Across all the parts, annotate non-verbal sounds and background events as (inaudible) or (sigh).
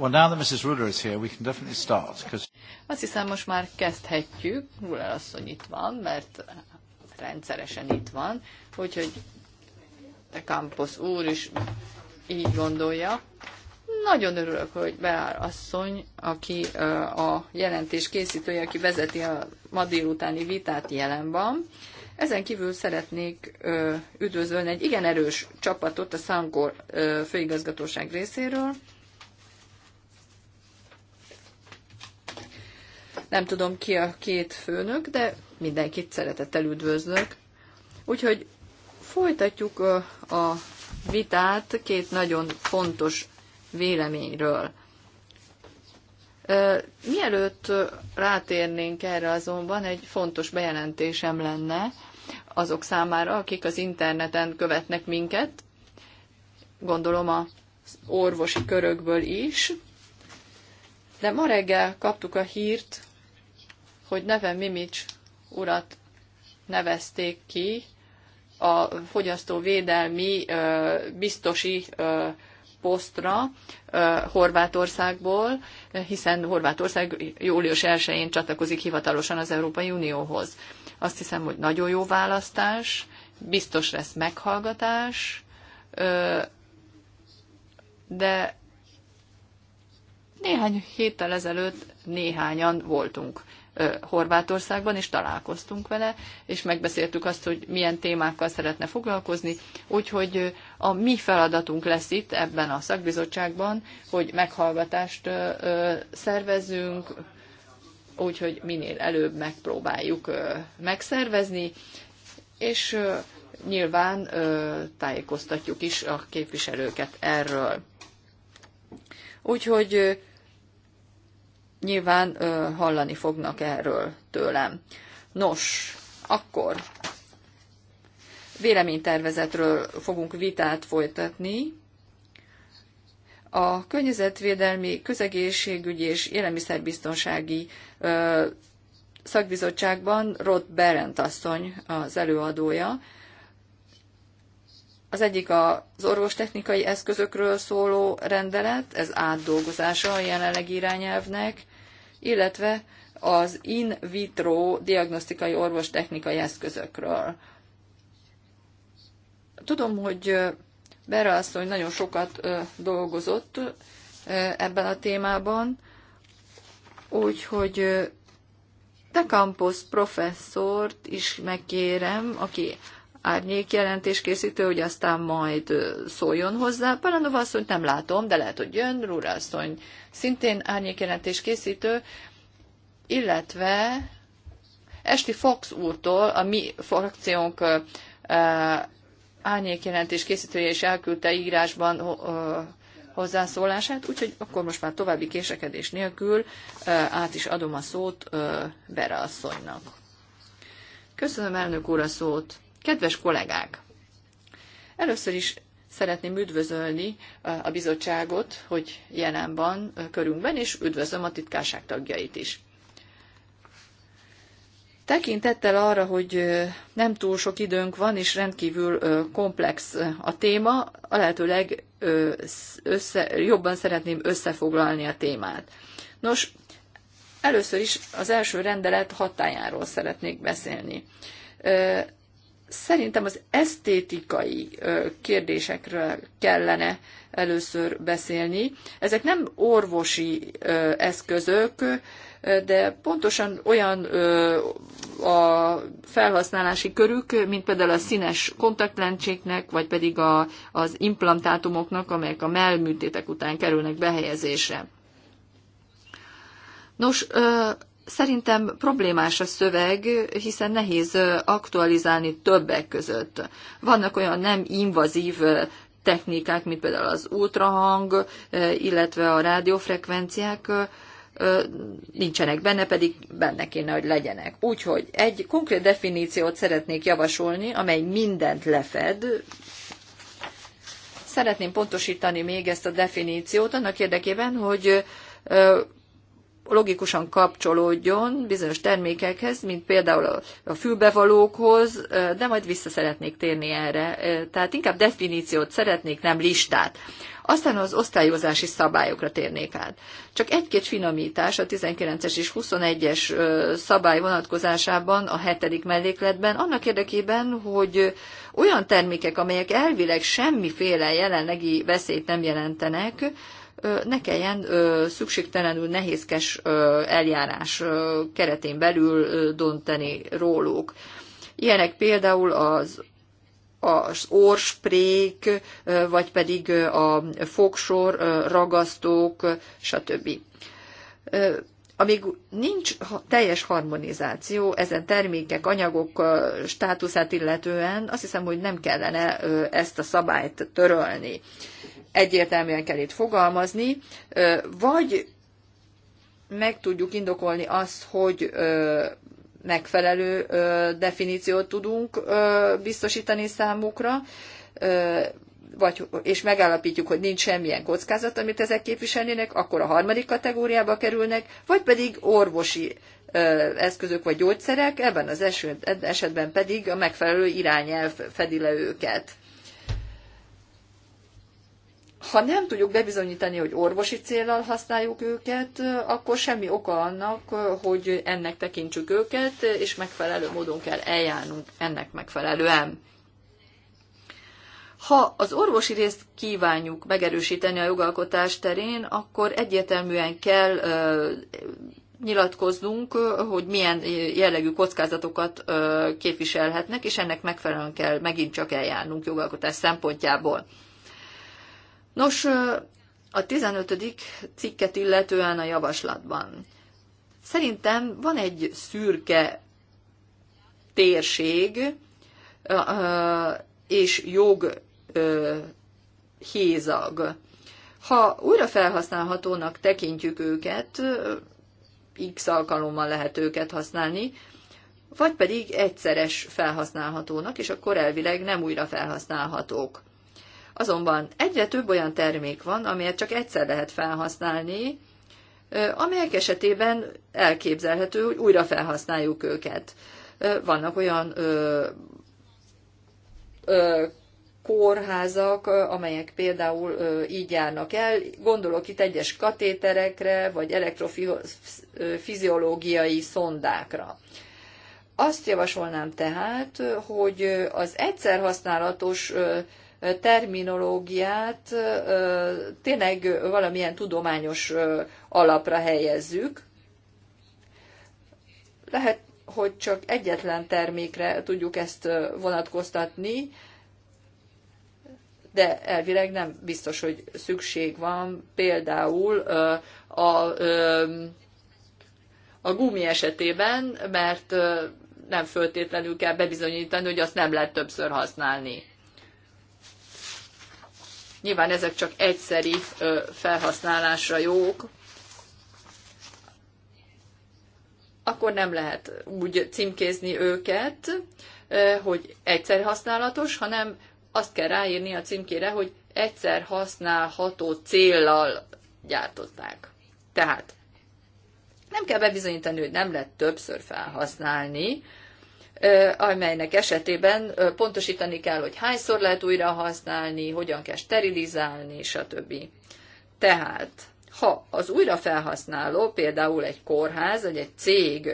Well, now that Mrs. Ruler is here, we can definitely start. Cause... Azt hiszem, most már kezdhetjük. Ruler asszony itt van, mert rendszeresen itt van, úgyhogy a Campos úr is így gondolja. Nagyon örülök, hogy Beár asszony, aki a jelentés készítője, aki vezeti a ma délutáni vitát jelen van. Ezen kívül szeretnék üdvözölni egy igen erős csapatot a Szangor főigazgatóság részéről, Nem tudom ki a két főnök, de mindenkit szeretettel üdvözlök. Úgyhogy folytatjuk a vitát két nagyon fontos véleményről. Mielőtt rátérnénk erre azonban, egy fontos bejelentésem lenne azok számára, akik az interneten követnek minket, gondolom az orvosi körökből is, de ma reggel kaptuk a hírt, hogy Neven Mimics urat nevezték ki a fogyasztóvédelmi biztosi posztra Horvátországból, hiszen Horvátország július 1-én csatlakozik hivatalosan az Európai Unióhoz. Azt hiszem, hogy nagyon jó választás, biztos lesz meghallgatás, de néhány héttel ezelőtt néhányan voltunk Horvátországban, és találkoztunk vele, és megbeszéltük azt, hogy milyen témákkal szeretne foglalkozni. Úgyhogy a mi feladatunk lesz itt ebben a szakbizottságban, hogy meghallgatást szervezünk, úgyhogy minél előbb megpróbáljuk megszervezni, és nyilván tájékoztatjuk is a képviselőket erről. Úgyhogy nyilván hallani fognak erről tőlem. Nos, akkor véleménytervezetről fogunk vitát folytatni. A környezetvédelmi, közegészségügyi és élelmiszerbiztonsági ö, szakbizottságban Rod Berent asszony az előadója. Az egyik az orvostechnikai eszközökről szóló rendelet, ez átdolgozása a jelenlegi irányelvnek, illetve az in vitro diagnosztikai orvostechnikai eszközökről. Tudom, hogy Bera asszony nagyon sokat dolgozott ebben a témában, úgyhogy De Campos professzort is megkérem, aki árnyék jelentés készítő, hogy aztán majd szóljon hozzá. Paranova asszonyt nem látom, de lehet, hogy jön, Rúra asszony szintén árnyékjelentés készítő, illetve Esti Fox úrtól, a mi frakciónk árnyékjelentés készítője is elküldte írásban hozzászólását, úgyhogy akkor most már további késekedés nélkül át is adom a szót Bera asszonynak. Köszönöm elnök úr a szót. Kedves kollégák! Először is Szeretném üdvözölni a bizottságot, hogy jelen van körünkben, és üdvözlöm a titkárság tagjait is. Tekintettel arra, hogy nem túl sok időnk van, és rendkívül komplex a téma, a lehető össze, jobban szeretném összefoglalni a témát. Nos, először is az első rendelet hatájáról szeretnék beszélni. Szerintem az esztétikai kérdésekről kellene először beszélni. Ezek nem orvosi eszközök, de pontosan olyan a felhasználási körük, mint például a színes kontaktlencséknek, vagy pedig a, az implantátumoknak, amelyek a melműtétek után kerülnek behelyezésre. Nos, Szerintem problémás a szöveg, hiszen nehéz aktualizálni többek között. Vannak olyan nem invazív technikák, mint például az ultrahang, illetve a rádiófrekvenciák, nincsenek benne, pedig benne kéne, hogy legyenek. Úgyhogy egy konkrét definíciót szeretnék javasolni, amely mindent lefed. Szeretném pontosítani még ezt a definíciót annak érdekében, hogy logikusan kapcsolódjon bizonyos termékekhez, mint például a fülbevalókhoz, de majd vissza szeretnék térni erre. Tehát inkább definíciót szeretnék, nem listát. Aztán az osztályozási szabályokra térnék át. Csak egy-két finomítás a 19-es és 21-es szabály vonatkozásában a hetedik mellékletben, annak érdekében, hogy olyan termékek, amelyek elvileg semmiféle jelenlegi veszélyt nem jelentenek, ne kelljen szükségtelenül nehézkes eljárás keretén belül dönteni róluk. Ilyenek például az az orsprék, vagy pedig a fogsor, ragasztók, stb. Amíg nincs teljes harmonizáció ezen termékek, anyagok státuszát illetően, azt hiszem, hogy nem kellene ezt a szabályt törölni egyértelműen kell itt fogalmazni, vagy meg tudjuk indokolni azt, hogy megfelelő definíciót tudunk biztosítani számukra, vagy, és megállapítjuk, hogy nincs semmilyen kockázat, amit ezek képviselnének, akkor a harmadik kategóriába kerülnek, vagy pedig orvosi eszközök vagy gyógyszerek, ebben az esetben pedig a megfelelő irányelv fedi le őket ha nem tudjuk bebizonyítani, hogy orvosi célral használjuk őket, akkor semmi oka annak, hogy ennek tekintsük őket, és megfelelő módon kell eljárnunk ennek megfelelően. Ha az orvosi részt kívánjuk megerősíteni a jogalkotás terén, akkor egyértelműen kell nyilatkoznunk, hogy milyen jellegű kockázatokat képviselhetnek, és ennek megfelelően kell megint csak eljárnunk jogalkotás szempontjából. Nos, a 15. cikket illetően a javaslatban. Szerintem van egy szürke térség és jog hézag. Ha újra felhasználhatónak tekintjük őket, x alkalommal lehet őket használni, vagy pedig egyszeres felhasználhatónak, és akkor elvileg nem újra felhasználhatók. Azonban egyre több olyan termék van, amelyet csak egyszer lehet felhasználni, amelyek esetében elképzelhető, hogy újra felhasználjuk őket. Vannak olyan ö, ö, kórházak, amelyek például így járnak el. Gondolok itt egyes katéterekre, vagy elektrofiziológiai szondákra. Azt javasolnám tehát, hogy az egyszer használatos terminológiát tényleg valamilyen tudományos alapra helyezzük. Lehet, hogy csak egyetlen termékre tudjuk ezt vonatkoztatni, de elvileg nem biztos, hogy szükség van például a, a, gumi esetében, mert nem föltétlenül kell bebizonyítani, hogy azt nem lehet többször használni. Nyilván ezek csak egyszeri felhasználásra jók, akkor nem lehet úgy címkézni őket, hogy egyszer használatos, hanem azt kell ráírni a címkére, hogy egyszer használható céllal gyártották. Tehát nem kell bebizonyítani, hogy nem lehet többször felhasználni, amelynek esetében pontosítani kell, hogy hányszor lehet újra használni, hogyan kell sterilizálni, stb. Tehát, ha az újrafelhasználó, például egy kórház, vagy egy cég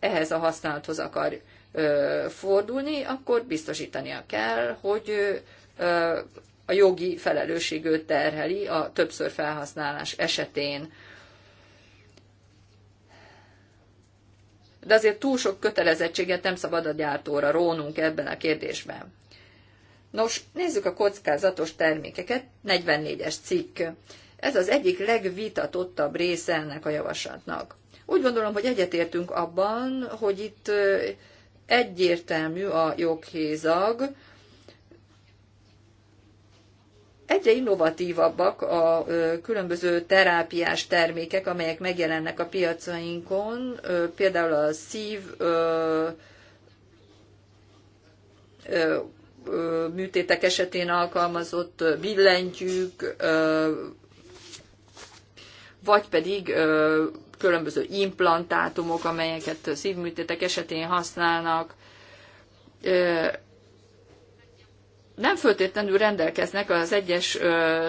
ehhez a használathoz akar fordulni, akkor biztosítania kell, hogy a jogi felelősség terheli a többször felhasználás esetén. de azért túl sok kötelezettséget nem szabad a gyártóra rónunk ebben a kérdésben. Nos, nézzük a kockázatos termékeket, 44-es cikk. Ez az egyik legvitatottabb része ennek a javaslatnak. Úgy gondolom, hogy egyetértünk abban, hogy itt egyértelmű a joghézag, egyre innovatívabbak a különböző terápiás termékek, amelyek megjelennek a piacainkon, például a szív műtétek esetén alkalmazott billentyűk, vagy pedig különböző implantátumok, amelyeket szívműtétek esetén használnak, nem föltétlenül rendelkeznek az egyes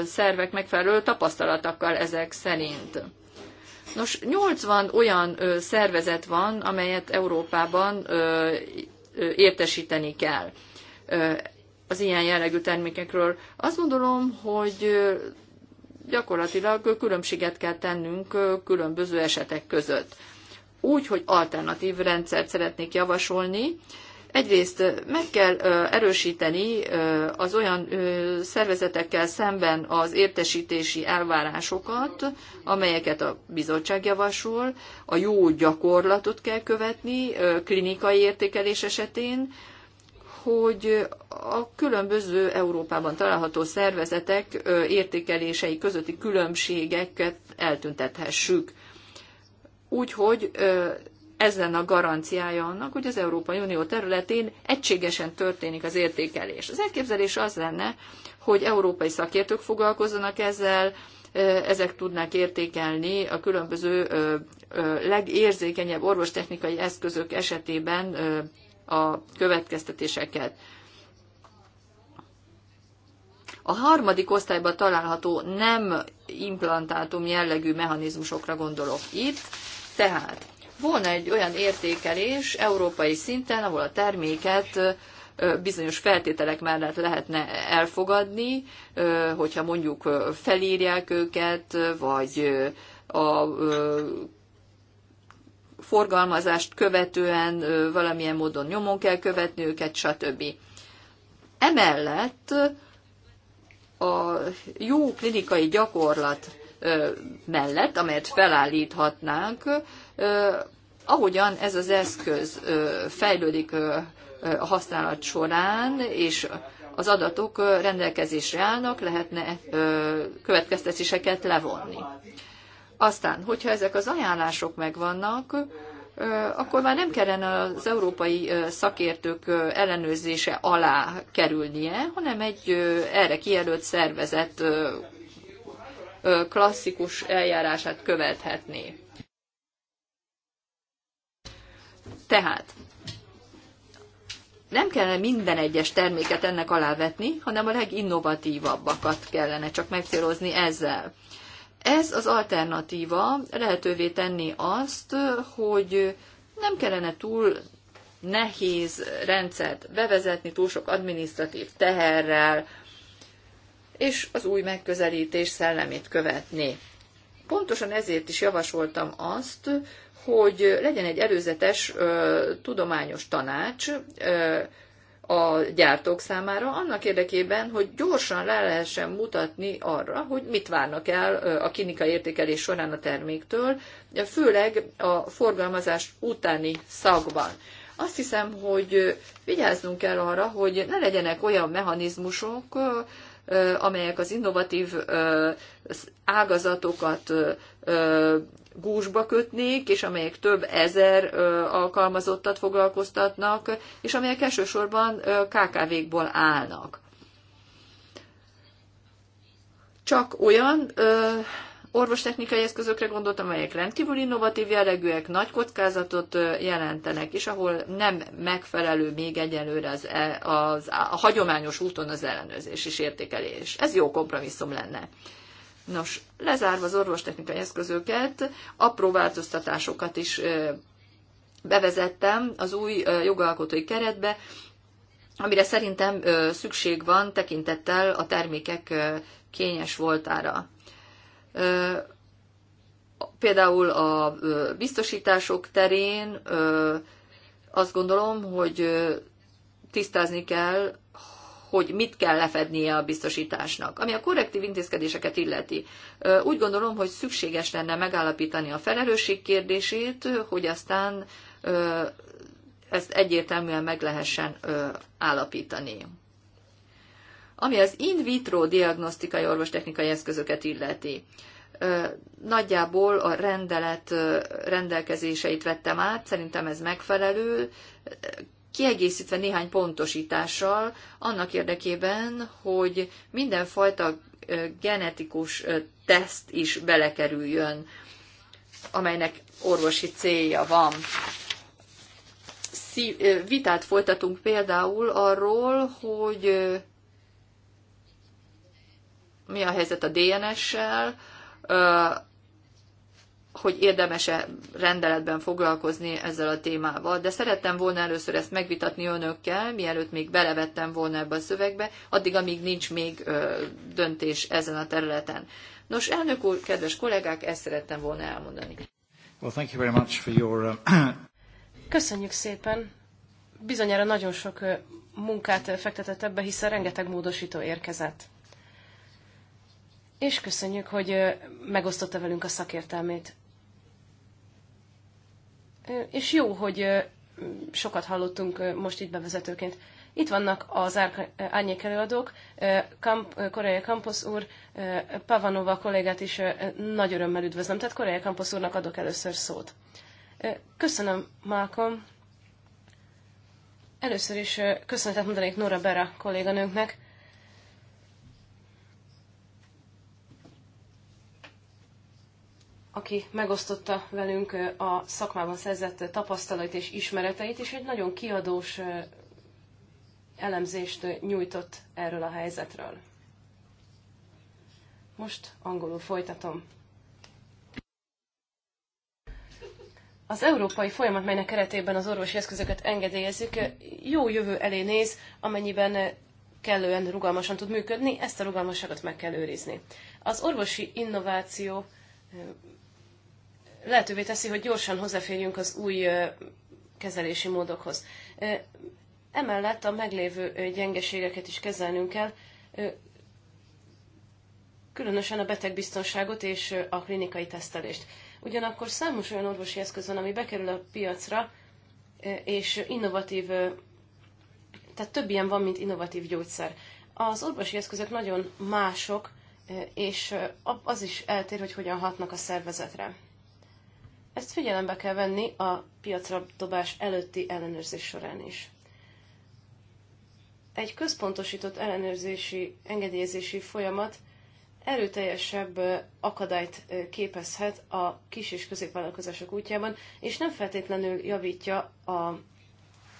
szervek megfelelő tapasztalatokkal ezek szerint. Nos, 80 olyan szervezet van, amelyet Európában értesíteni kell az ilyen jellegű termékekről. Azt gondolom, hogy gyakorlatilag különbséget kell tennünk különböző esetek között. Úgy, hogy alternatív rendszert szeretnék javasolni, Egyrészt meg kell erősíteni az olyan szervezetekkel szemben az értesítési elvárásokat, amelyeket a bizottság javasol, a jó gyakorlatot kell követni klinikai értékelés esetén, hogy a különböző Európában található szervezetek értékelései közötti különbségeket eltüntethessük. Úgyhogy ez lenne a garanciája annak, hogy az Európai Unió területén egységesen történik az értékelés. Az elképzelés az lenne, hogy európai szakértők foglalkozzanak ezzel, ezek tudnák értékelni a különböző legérzékenyebb orvostechnikai eszközök esetében a következtetéseket. A harmadik osztályban található nem implantátum jellegű mechanizmusokra gondolok itt, tehát volna egy olyan értékelés európai szinten, ahol a terméket bizonyos feltételek mellett lehetne elfogadni, hogyha mondjuk felírják őket, vagy a forgalmazást követően valamilyen módon nyomon kell követni őket, stb. Emellett a jó klinikai gyakorlat mellett, amelyet felállíthatnánk, ahogyan ez az eszköz fejlődik a használat során, és az adatok rendelkezésre állnak, lehetne következtetéseket levonni. Aztán, hogyha ezek az ajánlások megvannak, akkor már nem kellene az európai szakértők ellenőrzése alá kerülnie, hanem egy erre kijelölt szervezet klasszikus eljárását követhetné. Tehát nem kellene minden egyes terméket ennek alávetni, hanem a leginnovatívabbakat kellene csak megcélozni ezzel. Ez az alternatíva lehetővé tenni azt, hogy nem kellene túl nehéz rendszert bevezetni, túl sok adminisztratív teherrel, és az új megközelítés szellemét követni. Pontosan ezért is javasoltam azt, hogy legyen egy előzetes tudományos tanács a gyártók számára, annak érdekében, hogy gyorsan le lehessen mutatni arra, hogy mit várnak el a klinika értékelés során a terméktől, főleg a forgalmazás utáni szakban. Azt hiszem, hogy vigyáznunk kell arra, hogy ne legyenek olyan mechanizmusok, amelyek az innovatív ágazatokat gúzsba kötnék, és amelyek több ezer alkalmazottat foglalkoztatnak, és amelyek elsősorban KKV-kból állnak. Csak olyan orvostechnikai eszközökre gondoltam, amelyek rendkívül innovatív jellegűek, nagy kockázatot jelentenek, és ahol nem megfelelő még egyelőre az, e, az, a hagyományos úton az ellenőrzés és értékelés. Ez jó kompromisszum lenne. Nos, lezárva az orvostechnikai eszközöket, apró változtatásokat is bevezettem az új jogalkotói keretbe, amire szerintem szükség van tekintettel a termékek kényes voltára. Például a biztosítások terén azt gondolom, hogy tisztázni kell hogy mit kell lefednie a biztosításnak. Ami a korrektív intézkedéseket illeti, úgy gondolom, hogy szükséges lenne megállapítani a felelősség kérdését, hogy aztán ezt egyértelműen meg lehessen állapítani. Ami az in vitro diagnosztikai orvostechnikai eszközöket illeti, nagyjából a rendelet rendelkezéseit vettem át, szerintem ez megfelelő, kiegészítve néhány pontosítással, annak érdekében, hogy mindenfajta genetikus teszt is belekerüljön, amelynek orvosi célja van. Vitát folytatunk például arról, hogy mi a helyzet a DNS-sel, hogy érdemese rendeletben foglalkozni ezzel a témával, de szerettem volna először ezt megvitatni önökkel, mielőtt még belevettem volna ebbe a szövegbe, addig, amíg nincs még döntés ezen a területen. Nos, elnök úr, kedves kollégák, ezt szerettem volna elmondani. Well, thank you very much for your, uh... (clears throat) Köszönjük szépen. Bizonyára nagyon sok munkát fektetett ebbe, hiszen rengeteg módosító érkezett. És köszönjük, hogy megosztotta velünk a szakértelmét és jó, hogy sokat hallottunk most itt bevezetőként. Itt vannak az árnyék előadók, Kamp, Korea Campos úr, Pavanova kollégát is nagy örömmel üdvözlöm, tehát Korea Campos úrnak adok először szót. Köszönöm, Malcolm. Először is köszönetet mondanék Nora Bera kolléganőnknek, aki megosztotta velünk a szakmában szerzett tapasztalait és ismereteit, és egy nagyon kiadós elemzést nyújtott erről a helyzetről. Most angolul folytatom. Az európai folyamat, melynek keretében az orvosi eszközöket engedélyezik. jó jövő elé néz, amennyiben kellően rugalmasan tud működni, ezt a rugalmasságot meg kell őrizni. Az orvosi innováció lehetővé teszi, hogy gyorsan hozzáférjünk az új kezelési módokhoz. Emellett a meglévő gyengeségeket is kezelnünk kell, különösen a betegbiztonságot és a klinikai tesztelést. Ugyanakkor számos olyan orvosi eszköz van, ami bekerül a piacra, és innovatív, tehát több ilyen van, mint innovatív gyógyszer. Az orvosi eszközök nagyon mások, és az is eltér, hogy hogyan hatnak a szervezetre. Ezt figyelembe kell venni a piacra dobás előtti ellenőrzés során is. Egy központosított ellenőrzési, engedélyezési folyamat erőteljesebb akadályt képezhet a kis és középvállalkozások útjában, és nem feltétlenül javítja a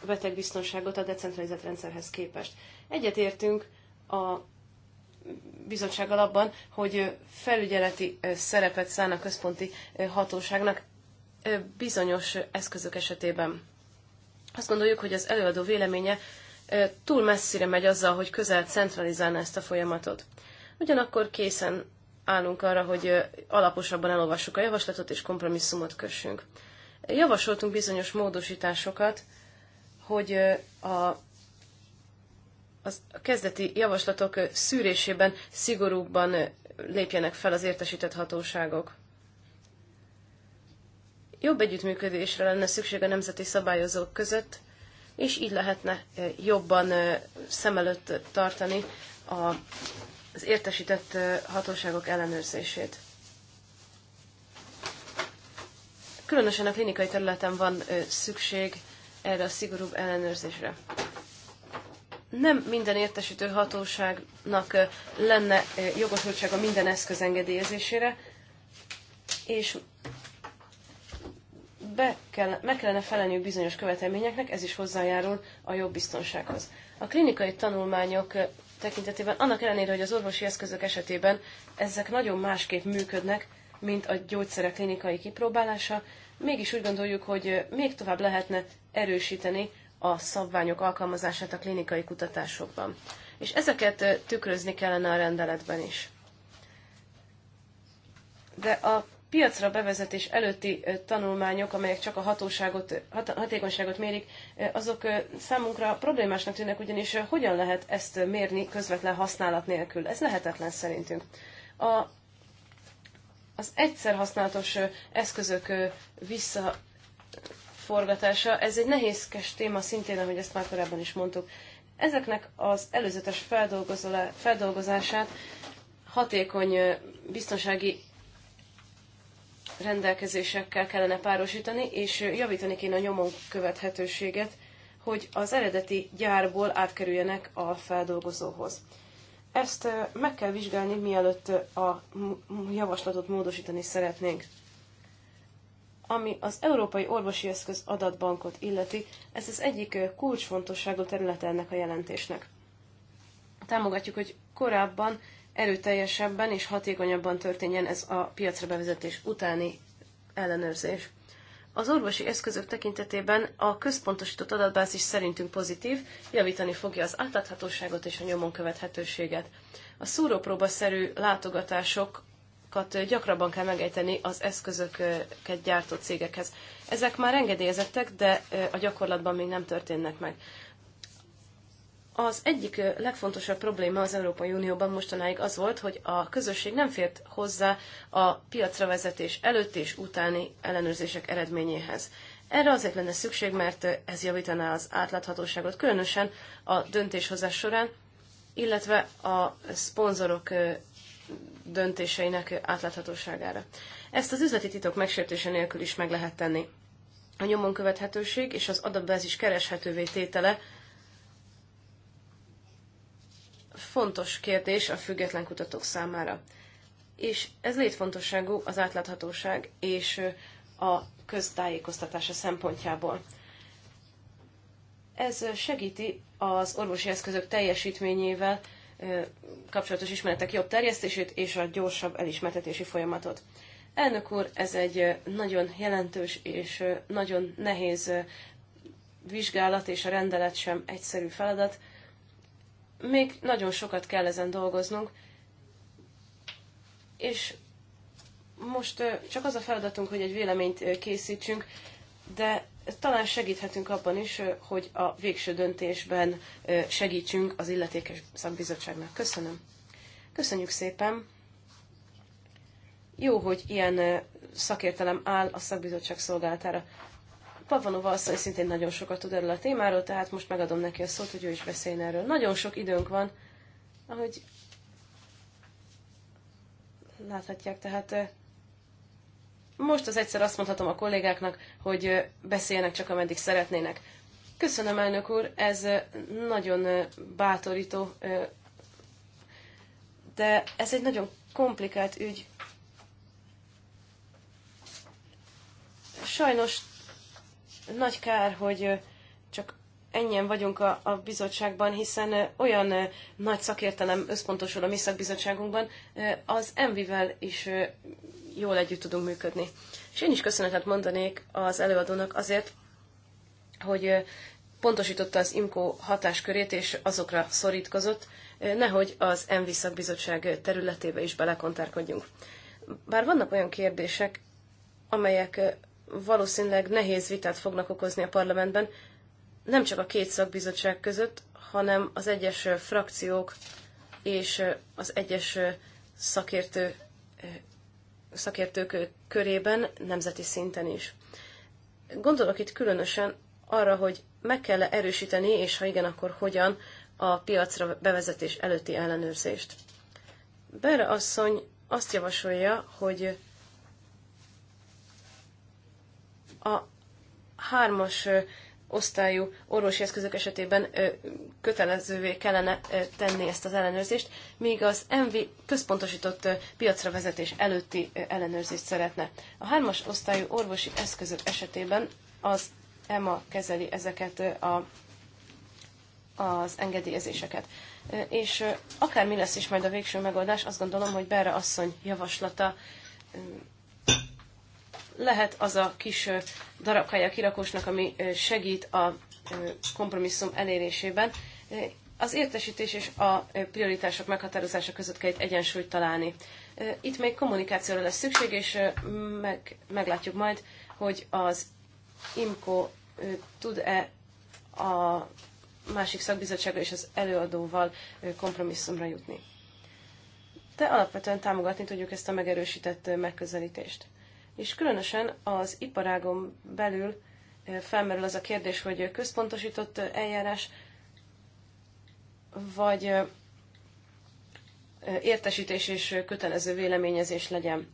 betegbiztonságot a decentralizált rendszerhez képest. Egyetértünk a bizottsággal abban, hogy felügyeleti szerepet szán a központi hatóságnak bizonyos eszközök esetében. Azt gondoljuk, hogy az előadó véleménye túl messzire megy azzal, hogy közel centralizálna ezt a folyamatot. Ugyanakkor készen állunk arra, hogy alaposabban elolvassuk a javaslatot és kompromisszumot kössünk. Javasoltunk bizonyos módosításokat, hogy a az kezdeti javaslatok szűrésében szigorúbban lépjenek fel az értesített hatóságok. Jobb együttműködésre lenne szükség a nemzeti szabályozók között, és így lehetne jobban szem előtt tartani az értesített hatóságok ellenőrzését. Különösen a klinikai területen van szükség erre a szigorúbb ellenőrzésre nem minden értesítő hatóságnak lenne jogosultsága minden eszköz engedélyezésére, és be kell, meg kellene felelniük bizonyos követelményeknek, ez is hozzájárul a jobb biztonsághoz. A klinikai tanulmányok tekintetében, annak ellenére, hogy az orvosi eszközök esetében ezek nagyon másképp működnek, mint a gyógyszerek klinikai kipróbálása, mégis úgy gondoljuk, hogy még tovább lehetne erősíteni a szabványok alkalmazását a klinikai kutatásokban. És ezeket tükrözni kellene a rendeletben is. De a piacra bevezetés előtti tanulmányok, amelyek csak a hatóságot, hat, hatékonyságot mérik, azok számunkra problémásnak tűnnek, ugyanis hogyan lehet ezt mérni közvetlen használat nélkül? Ez lehetetlen szerintünk. A, az egyszer használatos eszközök vissza forgatása, ez egy nehézkes téma szintén, ahogy ezt már korábban is mondtuk. Ezeknek az előzetes feldolgozását hatékony biztonsági rendelkezésekkel kellene párosítani, és javítani kéne a nyomon követhetőséget, hogy az eredeti gyárból átkerüljenek a feldolgozóhoz. Ezt meg kell vizsgálni, mielőtt a javaslatot módosítani szeretnénk. Ami az Európai Orvosi Eszköz adatbankot illeti, ez az egyik kulcsfontosságú területe ennek a jelentésnek. Támogatjuk, hogy korábban erőteljesebben és hatékonyabban történjen ez a piacra bevezetés utáni ellenőrzés. Az orvosi eszközök tekintetében a központosított adatbázis szerintünk pozitív, javítani fogja az átláthatóságot és a nyomon követhetőséget. A szúrópróbaszerű látogatások normákat gyakrabban kell megejteni az eszközöket gyártó cégekhez. Ezek már engedélyezettek, de a gyakorlatban még nem történnek meg. Az egyik legfontosabb probléma az Európai Unióban mostanáig az volt, hogy a közösség nem fért hozzá a piacra vezetés előtt és utáni ellenőrzések eredményéhez. Erre azért lenne szükség, mert ez javítaná az átláthatóságot, különösen a döntéshozás során, illetve a szponzorok döntéseinek átláthatóságára. Ezt az üzleti titok megsértése nélkül is meg lehet tenni. A nyomon követhetőség és az adatbázis kereshetővé tétele fontos kérdés a független kutatók számára. És ez létfontosságú az átláthatóság és a köztájékoztatása szempontjából. Ez segíti az orvosi eszközök teljesítményével kapcsolatos ismeretek jobb terjesztését és a gyorsabb elismertetési folyamatot. Elnök úr, ez egy nagyon jelentős és nagyon nehéz vizsgálat, és a rendelet sem egyszerű feladat. Még nagyon sokat kell ezen dolgoznunk, és most csak az a feladatunk, hogy egy véleményt készítsünk, de talán segíthetünk abban is, hogy a végső döntésben segítsünk az illetékes szakbizottságnak. Köszönöm. Köszönjük szépen. Jó, hogy ilyen szakértelem áll a szakbizottság szolgálatára. Pavanova asszony szintén nagyon sokat tud erről a témáról, tehát most megadom neki a szót, hogy ő is beszéljen erről. Nagyon sok időnk van, ahogy láthatják, tehát most az egyszer azt mondhatom a kollégáknak, hogy beszéljenek csak ameddig szeretnének. Köszönöm, elnök úr, ez nagyon bátorító, de ez egy nagyon komplikált ügy. Sajnos nagy kár, hogy csak ennyien vagyunk a, a bizottságban, hiszen olyan nagy szakértelem összpontosul a mi szakbizottságunkban, az Envivel is jól együtt tudunk működni. És én is köszönetet mondanék az előadónak azért, hogy pontosította az IMCO hatáskörét, és azokra szorítkozott, nehogy az MV szakbizottság területébe is belekontárkodjunk. Bár vannak olyan kérdések, amelyek valószínűleg nehéz vitát fognak okozni a parlamentben, nem csak a két szakbizottság között, hanem az egyes frakciók és az egyes szakértő szakértők körében, nemzeti szinten is. Gondolok itt különösen arra, hogy meg kell -e erősíteni, és ha igen, akkor hogyan a piacra bevezetés előtti ellenőrzést. Berre asszony azt javasolja, hogy a hármas osztályú orvosi eszközök esetében kötelezővé kellene tenni ezt az ellenőrzést, míg az MV központosított piacra vezetés előtti ellenőrzést szeretne. A hármas osztályú orvosi eszközök esetében az EMA kezeli ezeket a, az engedélyezéseket. És akár mi lesz is majd a végső megoldás, azt gondolom, hogy Berre asszony javaslata lehet az a kis darabkája kirakósnak, ami segít a kompromisszum elérésében. Az értesítés és a prioritások meghatározása között kell egy egyensúlyt találni. Itt még kommunikációra lesz szükség, és meg, meglátjuk majd, hogy az IMCO tud-e a másik szakbizottsággal és az előadóval kompromisszumra jutni. De alapvetően támogatni tudjuk ezt a megerősített megközelítést és különösen az iparágon belül felmerül az a kérdés, hogy központosított eljárás, vagy értesítés és kötelező véleményezés legyen.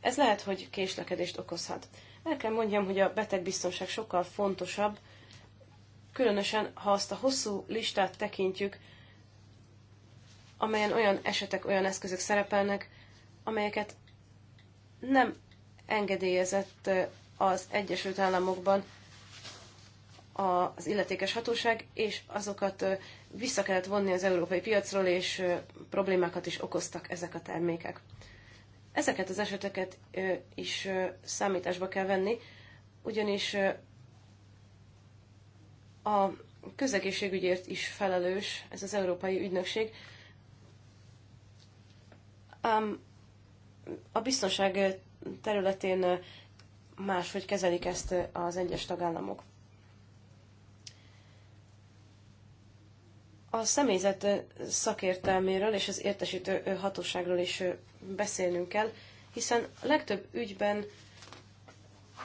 Ez lehet, hogy késlekedést okozhat. El kell mondjam, hogy a betegbiztonság sokkal fontosabb, különösen ha azt a hosszú listát tekintjük, amelyen olyan esetek, olyan eszközök szerepelnek, amelyeket nem engedélyezett eh, az Egyesült Államokban az illetékes hatóság, és azokat eh, vissza kellett vonni az európai piacról, és eh, problémákat is okoztak ezek a termékek. Ezeket az eseteket is számításba kell venni, ugyanis a közegészségügyért is felelős ez az Európai Ügynökség. a biztonság területén máshogy kezelik ezt az egyes tagállamok. A személyzet szakértelméről és az értesítő hatóságról is beszélnünk kell, hiszen a legtöbb ügyben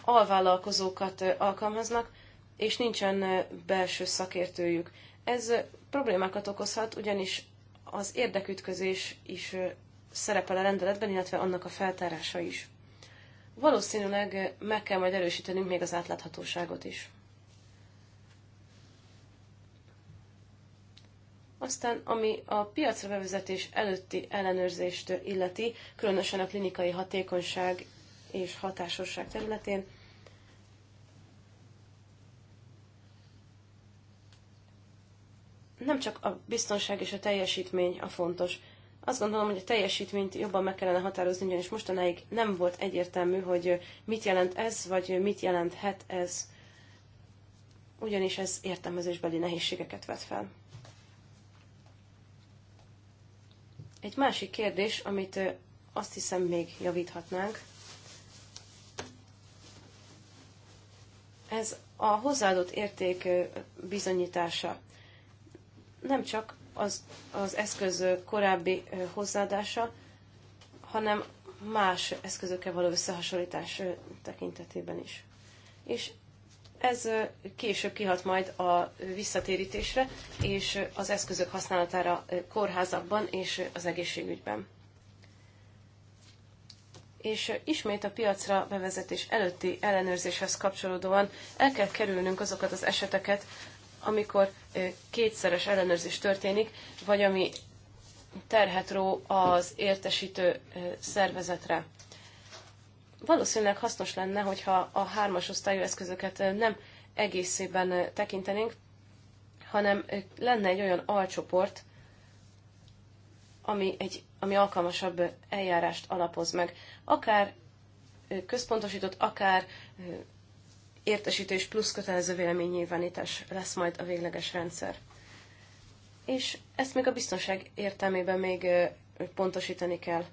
alvállalkozókat alkalmaznak, és nincsen belső szakértőjük. Ez problémákat okozhat, ugyanis az érdekütközés is szerepel a rendeletben, illetve annak a feltárása is valószínűleg meg kell majd erősítenünk még az átláthatóságot is. Aztán, ami a piacra bevezetés előtti ellenőrzést illeti, különösen a klinikai hatékonyság és hatásosság területén, nem csak a biztonság és a teljesítmény a fontos. Azt gondolom, hogy a teljesítményt jobban meg kellene határozni, ugyanis mostanáig nem volt egyértelmű, hogy mit jelent ez, vagy mit jelenthet ez. Ugyanis ez értelmezésbeli nehézségeket vet fel. Egy másik kérdés, amit azt hiszem még javíthatnánk, ez a hozzáadott érték bizonyítása. Nem csak az, az eszköz korábbi hozzáadása, hanem más eszközökkel való összehasonlítás tekintetében is. És ez később kihat majd a visszatérítésre és az eszközök használatára kórházakban és az egészségügyben. És ismét a piacra bevezetés előtti ellenőrzéshez kapcsolódóan el kell kerülnünk azokat az eseteket, amikor kétszeres ellenőrzés történik, vagy ami terhet ró az értesítő szervezetre. Valószínűleg hasznos lenne, hogyha a hármas osztályú eszközöket nem egészében tekintenénk, hanem lenne egy olyan alcsoport, ami, egy, ami alkalmasabb eljárást alapoz meg. Akár központosított, akár értesítés plusz kötelező véleménynyilvánítás lesz majd a végleges rendszer. És ezt még a biztonság értelmében még pontosítani kell.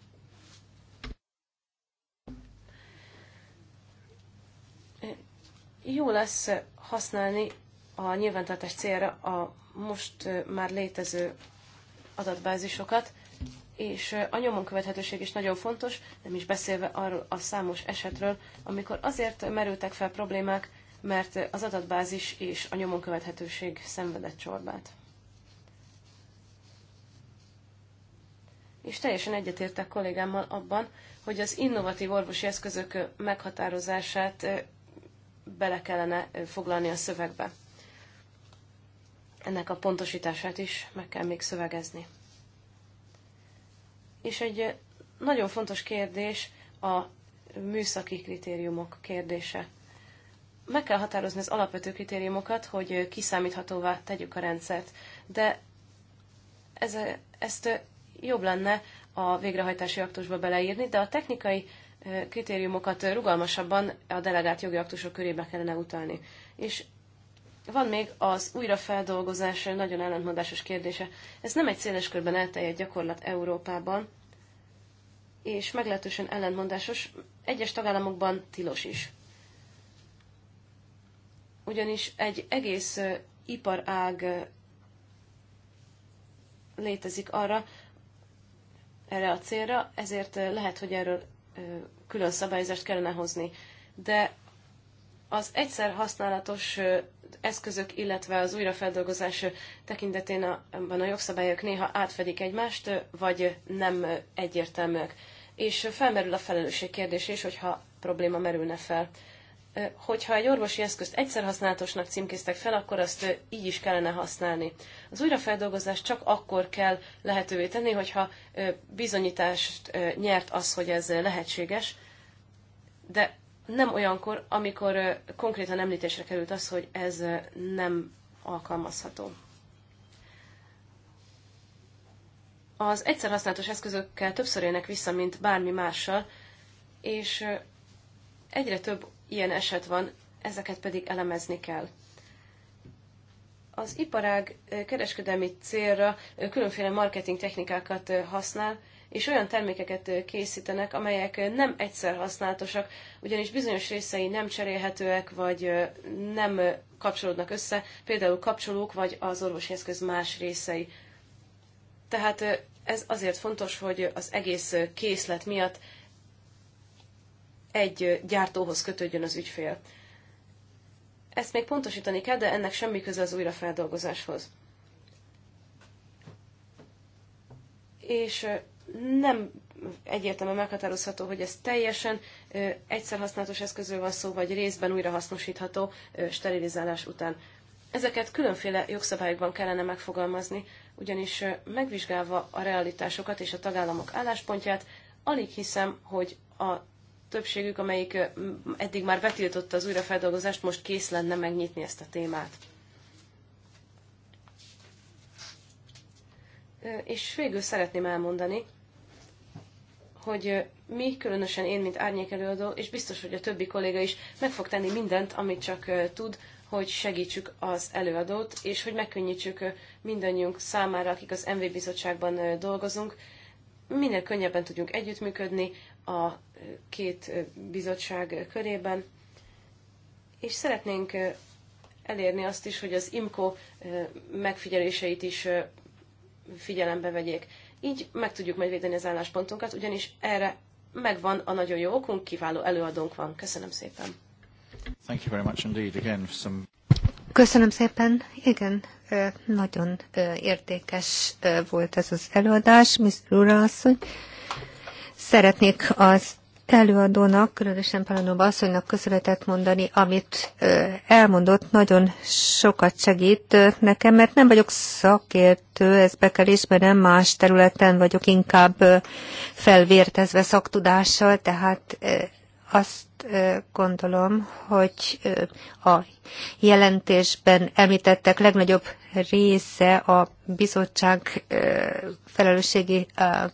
Jó lesz használni a nyilvántartás célra a most már létező adatbázisokat, és a nyomon követhetőség is nagyon fontos, nem is beszélve arról a számos esetről, amikor azért merültek fel problémák, mert az adatbázis és a nyomon követhetőség szenvedett csorbát. És teljesen egyetértek kollégámmal abban, hogy az innovatív orvosi eszközök meghatározását bele kellene foglalni a szövegbe. Ennek a pontosítását is meg kell még szövegezni és egy nagyon fontos kérdés a műszaki kritériumok kérdése. Meg kell határozni az alapvető kritériumokat, hogy kiszámíthatóvá tegyük a rendszert, de ez, ezt jobb lenne a végrehajtási aktusba beleírni, de a technikai kritériumokat rugalmasabban a delegált jogi aktusok körébe kellene utalni. És van még az újrafeldolgozás nagyon ellentmondásos kérdése. Ez nem egy széles körben elterjedt gyakorlat Európában, és meglehetősen ellentmondásos, egyes tagállamokban tilos is. Ugyanis egy egész iparág létezik arra, erre a célra, ezért lehet, hogy erről külön szabályzást kellene hozni. De az egyszer használatos eszközök, illetve az újrafeldolgozás tekintetén a, a jogszabályok néha átfedik egymást, vagy nem egyértelműek. És felmerül a felelősség kérdése is, hogyha probléma merülne fel. Hogyha egy orvosi eszközt egyszer használatosnak címkéztek fel, akkor azt így is kellene használni. Az újrafeldolgozást csak akkor kell lehetővé tenni, hogyha bizonyítást nyert az, hogy ez lehetséges, de nem olyankor, amikor konkrétan említésre került az, hogy ez nem alkalmazható. Az egyszer használatos eszközökkel többször élnek vissza, mint bármi mással, és egyre több ilyen eset van, ezeket pedig elemezni kell. Az iparág kereskedelmi célra különféle marketing technikákat használ, és olyan termékeket készítenek, amelyek nem egyszer használatosak, ugyanis bizonyos részei nem cserélhetőek, vagy nem kapcsolódnak össze, például kapcsolók, vagy az orvosi eszköz más részei. Tehát ez azért fontos, hogy az egész készlet miatt egy gyártóhoz kötődjön az ügyfél. Ezt még pontosítani kell, de ennek semmi köze az újrafeldolgozáshoz. És nem egyértelműen meghatározható, hogy ez teljesen egyszer használatos eszközről van szó, vagy részben újrahasznosítható sterilizálás után. Ezeket különféle jogszabályokban kellene megfogalmazni, ugyanis megvizsgálva a realitásokat és a tagállamok álláspontját, alig hiszem, hogy a többségük, amelyik eddig már betiltotta az újrafeldolgozást, most kész lenne megnyitni ezt a témát. És végül szeretném elmondani, hogy mi, különösen én, mint árnyékelőadó, és biztos, hogy a többi kolléga is meg fog tenni mindent, amit csak tud, hogy segítsük az előadót, és hogy megkönnyítsük mindannyiunk számára, akik az MV bizottságban dolgozunk, minél könnyebben tudjunk együttműködni a két bizottság körében, és szeretnénk elérni azt is, hogy az IMCO megfigyeléseit is figyelembe vegyék. Így meg tudjuk megvédeni az álláspontunkat, ugyanis erre megvan a nagyon jó okunk, kiváló előadónk van. Köszönöm szépen. Thank you very much indeed again for some... Köszönöm szépen. Igen, nagyon értékes volt ez az előadás, Mr. Ura asszony. Szeretnék az előadónak, különösen Palanova asszonynak köszönetet mondani, amit elmondott, nagyon sokat segít nekem, mert nem vagyok szakértő, ezt be kell ismernem, más területen vagyok inkább felvértezve szaktudással, tehát azt gondolom, hogy a jelentésben említettek legnagyobb része a bizottság felelősségi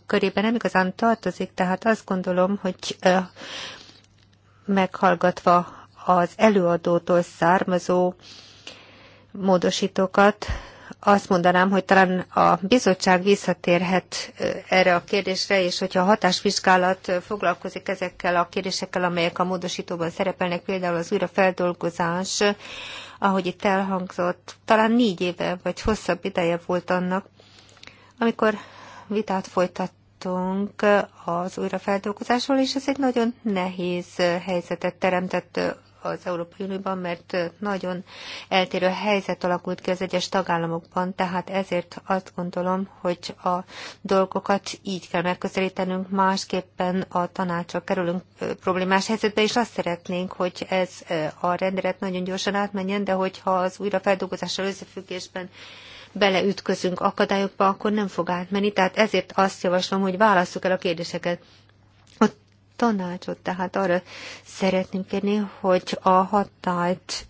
körében nem igazán tartozik, tehát azt gondolom, hogy meghallgatva az előadótól származó módosítókat, azt mondanám, hogy talán a bizottság visszatérhet erre a kérdésre, és hogyha a hatásvizsgálat foglalkozik ezekkel a kérdésekkel, amelyek a módosítóban szerepelnek, például az újrafeldolgozás, ahogy itt elhangzott, talán négy éve vagy hosszabb ideje volt annak, amikor vitát folytattunk az újrafeldolgozásról, és ez egy nagyon nehéz helyzetet teremtett az Európai Unióban, mert nagyon eltérő helyzet alakult ki az egyes tagállamokban, tehát ezért azt gondolom, hogy a dolgokat így kell megközelítenünk, másképpen a tanácsra kerülünk problémás helyzetbe, és azt szeretnénk, hogy ez a rendelet nagyon gyorsan átmenjen, de hogyha az újrafeldolgozással összefüggésben beleütközünk akadályokba, akkor nem fog átmenni. Tehát ezért azt javaslom, hogy válasszuk el a kérdéseket tanácsot, tehát arra szeretném kérni, hogy a hatályt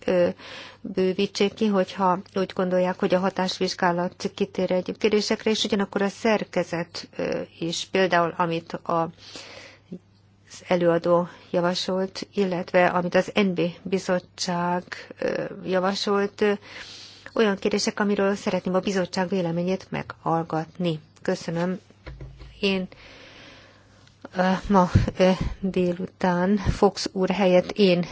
bővítsék ki, hogyha úgy gondolják, hogy a hatásvizsgálat kitér egyéb kérdésekre, és ugyanakkor a szerkezet is, például amit a az előadó javasolt, illetve amit az NB bizottság javasolt, olyan kérdések, amiről szeretném a bizottság véleményét meghallgatni. Köszönöm. Én ma délután Fox úr helyett én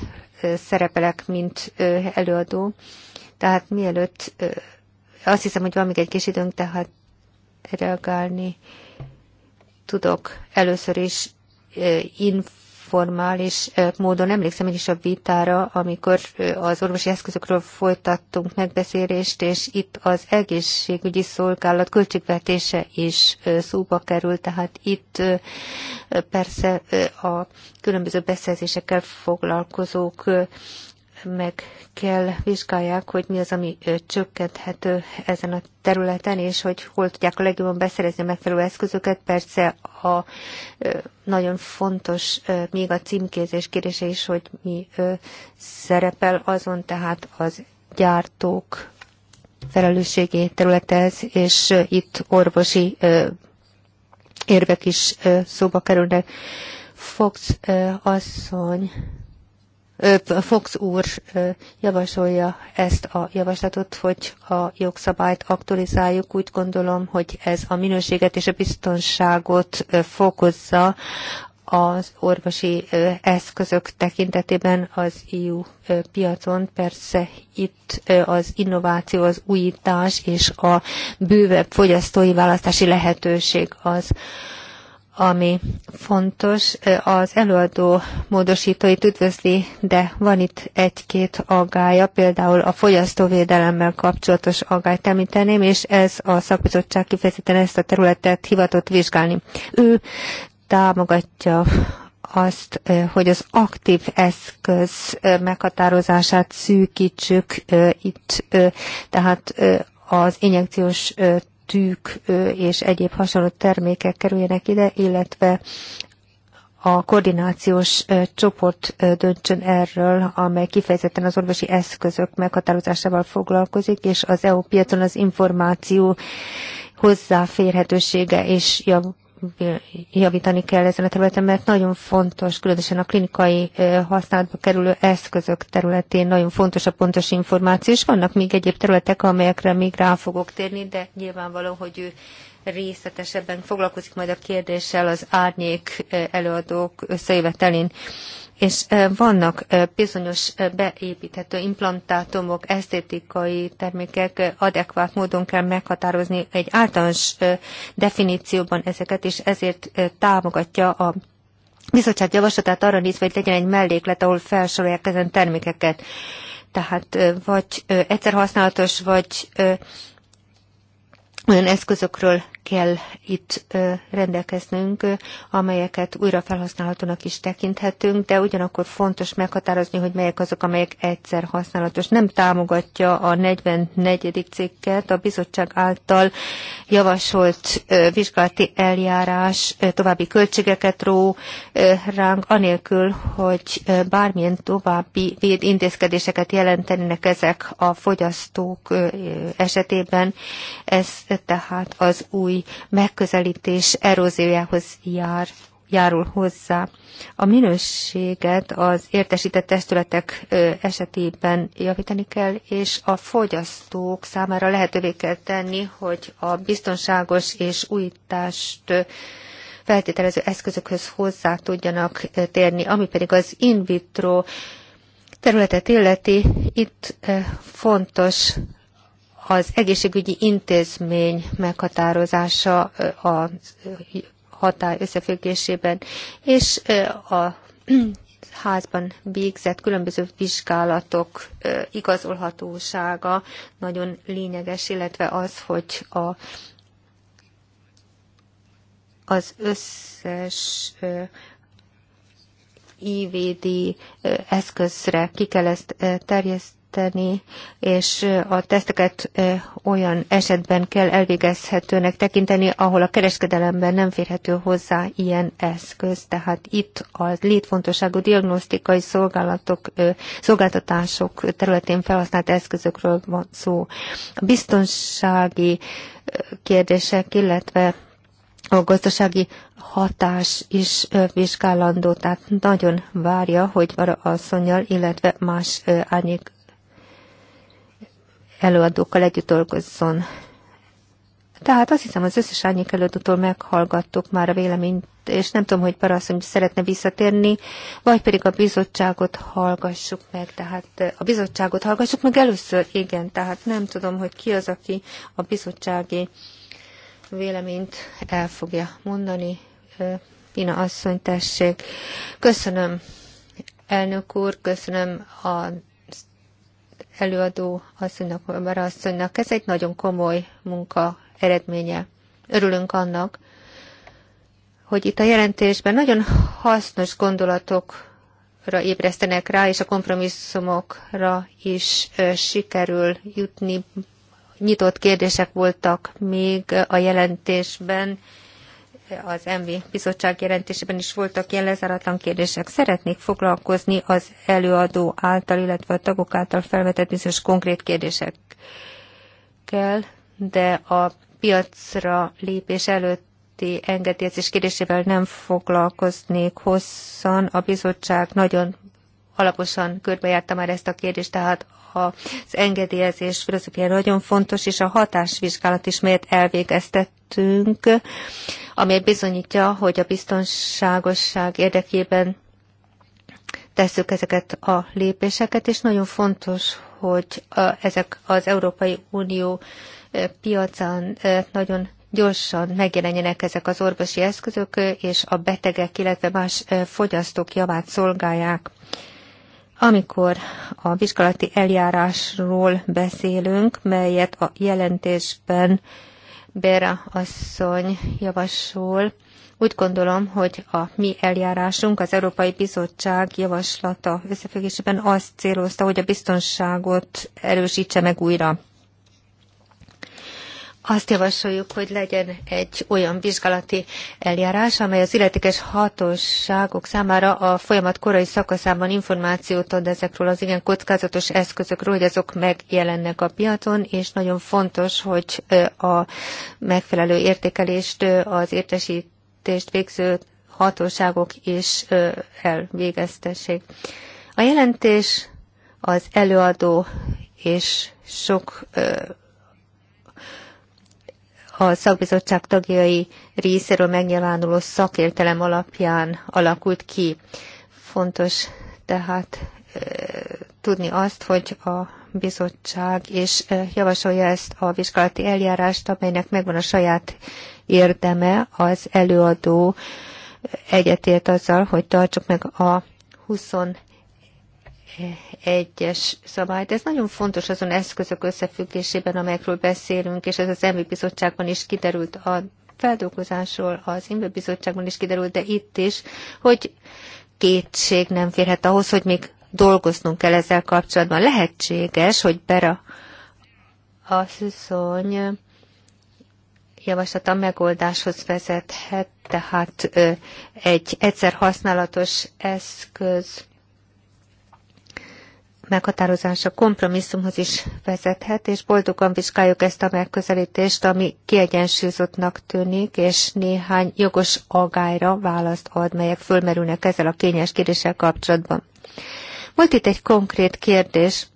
szerepelek, mint előadó. Tehát mielőtt azt hiszem, hogy van még egy kis időnk, tehát reagálni tudok. Először is inf informális módon emlékszem én is a vitára, amikor az orvosi eszközökről folytattunk megbeszélést, és itt az egészségügyi szolgálat költségvetése is szóba került, tehát itt persze a különböző beszerzésekkel foglalkozók meg kell vizsgálják, hogy mi az, ami csökkenthető ezen a területen, és hogy hol tudják a legjobban beszerezni a megfelelő eszközöket. Persze a nagyon fontos még a címkézés kérdése is, hogy mi szerepel azon, tehát az gyártók felelősségi területez, és itt orvosi érvek is szóba kerülnek. Fox asszony Fox úr javasolja ezt a javaslatot, hogy a jogszabályt aktualizáljuk. Úgy gondolom, hogy ez a minőséget és a biztonságot fokozza az orvosi eszközök tekintetében az EU piacon. Persze itt az innováció, az újítás és a bővebb fogyasztói választási lehetőség az, ami fontos, az előadó módosítóit üdvözli, de van itt egy-két aggája, például a fogyasztóvédelemmel kapcsolatos aggályt említeném, és ez a szakbizottság kifejezetten ezt a területet hivatott vizsgálni. Ő támogatja azt, hogy az aktív eszköz meghatározását szűkítsük itt, tehát az injekciós tűk és egyéb hasonló termékek kerüljenek ide, illetve a koordinációs csoport döntsön erről, amely kifejezetten az orvosi eszközök meghatározásával foglalkozik, és az EU piacon az információ hozzáférhetősége és jav, javítani kell ezen a területen, mert nagyon fontos, különösen a klinikai használatba kerülő eszközök területén nagyon fontos a pontos információ, és vannak még egyéb területek, amelyekre még rá fogok térni, de nyilvánvaló, hogy ő részletesebben foglalkozik majd a kérdéssel az árnyék előadók összejövetelén és vannak bizonyos beépíthető implantátumok, esztétikai termékek, adekvát módon kell meghatározni egy általános definícióban ezeket, és ezért támogatja a bizottság javaslatát arra nézve, hogy legyen egy melléklet, ahol felsorolják ezen termékeket. Tehát vagy egyszer használatos, vagy olyan eszközökről kell itt rendelkeznünk, amelyeket újra felhasználhatónak is tekinthetünk, de ugyanakkor fontos meghatározni, hogy melyek azok, amelyek egyszer használatos. Nem támogatja a 44. cikket a bizottság által javasolt vizsgálati eljárás további költségeket ró ránk, anélkül, hogy bármilyen további intézkedéseket jelentenének ezek a fogyasztók esetében. ez tehát az új megközelítés eróziójához jár járul hozzá. A minőséget az értesített testületek esetében javítani kell, és a fogyasztók számára lehetővé kell tenni, hogy a biztonságos és újítást feltételező eszközökhöz hozzá tudjanak térni, ami pedig az in vitro területet illeti, itt fontos az egészségügyi intézmény meghatározása a hatály összefüggésében, és a házban végzett különböző vizsgálatok igazolhatósága nagyon lényeges, illetve az, hogy a, az összes IVD eszközre ki kell ezt terjeszteni, tenni, és a teszteket olyan esetben kell elvégezhetőnek tekinteni, ahol a kereskedelemben nem férhető hozzá ilyen eszköz. Tehát itt a létfontosságú diagnosztikai szolgálatok, szolgáltatások területén felhasznált eszközökről van szó. A biztonsági kérdések, illetve a gazdasági hatás is vizsgálandó, tehát nagyon várja, hogy arra asszonyjal, illetve más árnyék előadókkal együtt dolgozzon. Tehát azt hiszem, az összes árnyék előadótól meghallgattuk már a véleményt, és nem tudom, hogy Parasszony szeretne visszatérni, vagy pedig a bizottságot hallgassuk meg. Tehát a bizottságot hallgassuk meg először, igen, tehát nem tudom, hogy ki az, aki a bizottsági véleményt el fogja mondani. Pina asszony, tessék. Köszönöm, elnök úr, köszönöm a előadó asszonynak, Barbara asszonynak. Ez egy nagyon komoly munka eredménye. Örülünk annak, hogy itt a jelentésben nagyon hasznos gondolatokra ébresztenek rá, és a kompromisszumokra is sikerül jutni. Nyitott kérdések voltak még a jelentésben, az MV bizottság jelentésében is voltak ilyen lezáratlan kérdések. Szeretnék foglalkozni az előadó által, illetve a tagok által felvetett bizonyos konkrét kérdésekkel, de a piacra lépés előtt engedélyezés kérdésével nem foglalkoznék hosszan. A bizottság nagyon alaposan körbejárta már ezt a kérdést, tehát az engedélyezés filozófia nagyon fontos, és a hatásvizsgálat is, melyet elvégeztettünk, amely bizonyítja, hogy a biztonságosság érdekében tesszük ezeket a lépéseket, és nagyon fontos, hogy ezek az Európai Unió e, piacán e, nagyon gyorsan megjelenjenek ezek az orvosi eszközök, e, és a betegek, illetve más fogyasztók javát szolgálják. Amikor a vizsgálati eljárásról beszélünk, melyet a jelentésben Béra asszony javasol, úgy gondolom, hogy a mi eljárásunk az Európai Bizottság javaslata összefüggésében azt célozta, hogy a biztonságot erősítse meg újra azt javasoljuk, hogy legyen egy olyan vizsgálati eljárás, amely az illetékes hatóságok számára a folyamat korai szakaszában információt ad ezekről az igen kockázatos eszközökről, hogy azok megjelennek a piacon, és nagyon fontos, hogy a megfelelő értékelést az értesítést végző hatóságok is elvégeztessék. A jelentés az előadó és sok a szakbizottság tagjai részéről megnyilvánuló szakértelem alapján alakult ki. Fontos tehát tudni azt, hogy a bizottság és javasolja ezt a vizsgálati eljárást, amelynek megvan a saját érdeme, az előadó egyetért azzal, hogy tartsuk meg a 27 egyes szabályt. Ez nagyon fontos azon eszközök összefüggésében, amelyekről beszélünk, és ez az EMI bizottságban is kiderült a feldolgozásról, az IMBE bizottságban is kiderült, de itt is, hogy kétség nem férhet ahhoz, hogy még dolgoznunk kell ezzel kapcsolatban. Lehetséges, hogy Bera javaslat javaslata megoldáshoz vezethet, tehát egy egyszer használatos eszköz meghatározása kompromisszumhoz is vezethet, és boldogan vizsgáljuk ezt a megközelítést, ami kiegyensúlyozottnak tűnik, és néhány jogos agályra választ ad, melyek fölmerülnek ezzel a kényes kérdéssel kapcsolatban. Volt itt egy konkrét kérdés,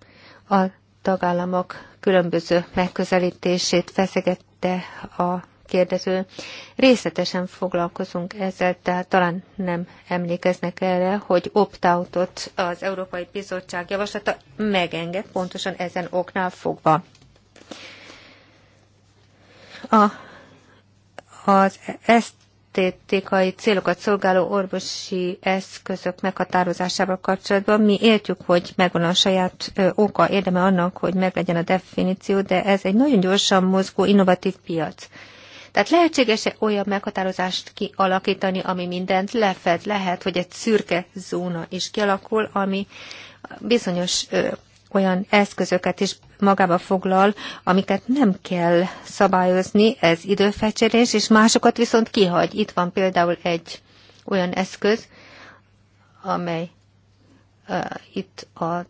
a tagállamok különböző megközelítését feszegette a kérdező. Részletesen foglalkozunk ezzel, tehát talán nem emlékeznek erre, hogy opt-outot az Európai Bizottság javaslata megenged, pontosan ezen oknál fogva. A, az esztétikai célokat szolgáló orvosi eszközök meghatározásával kapcsolatban mi értjük, hogy megvan a saját oka, érdeme annak, hogy meglegyen a definíció, de ez egy nagyon gyorsan mozgó, innovatív piac. Tehát lehetséges-e olyan meghatározást kialakítani, ami mindent lefed? Lehet, hogy egy szürke zóna is kialakul, ami bizonyos ö, olyan eszközöket is magába foglal, amiket nem kell szabályozni, ez időfecserés, és másokat viszont kihagy. Itt van például egy olyan eszköz, amely itt a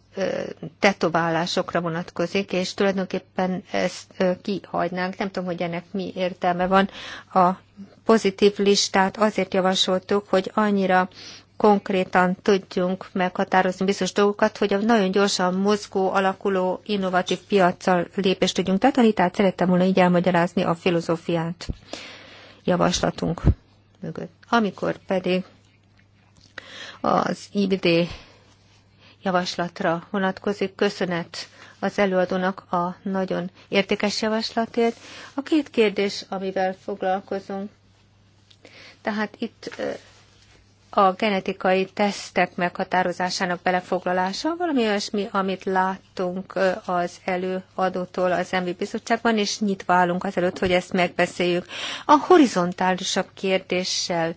tetoválásokra vonatkozik, és tulajdonképpen ezt kihagynánk. Nem tudom, hogy ennek mi értelme van. A pozitív listát azért javasoltuk, hogy annyira konkrétan tudjunk meghatározni biztos dolgokat, hogy a nagyon gyorsan mozgó, alakuló, innovatív piaccal lépést tudjunk tartani, tehát szerettem volna így elmagyarázni a filozófiát javaslatunk mögött. Amikor pedig az IBD javaslatra vonatkozik. Köszönet az előadónak a nagyon értékes javaslatért. A két kérdés, amivel foglalkozunk, tehát itt a genetikai tesztek meghatározásának belefoglalása, valami olyasmi, amit láttunk az előadótól az MV Bizottságban, és nyitva állunk azelőtt, hogy ezt megbeszéljük. A horizontálisabb kérdéssel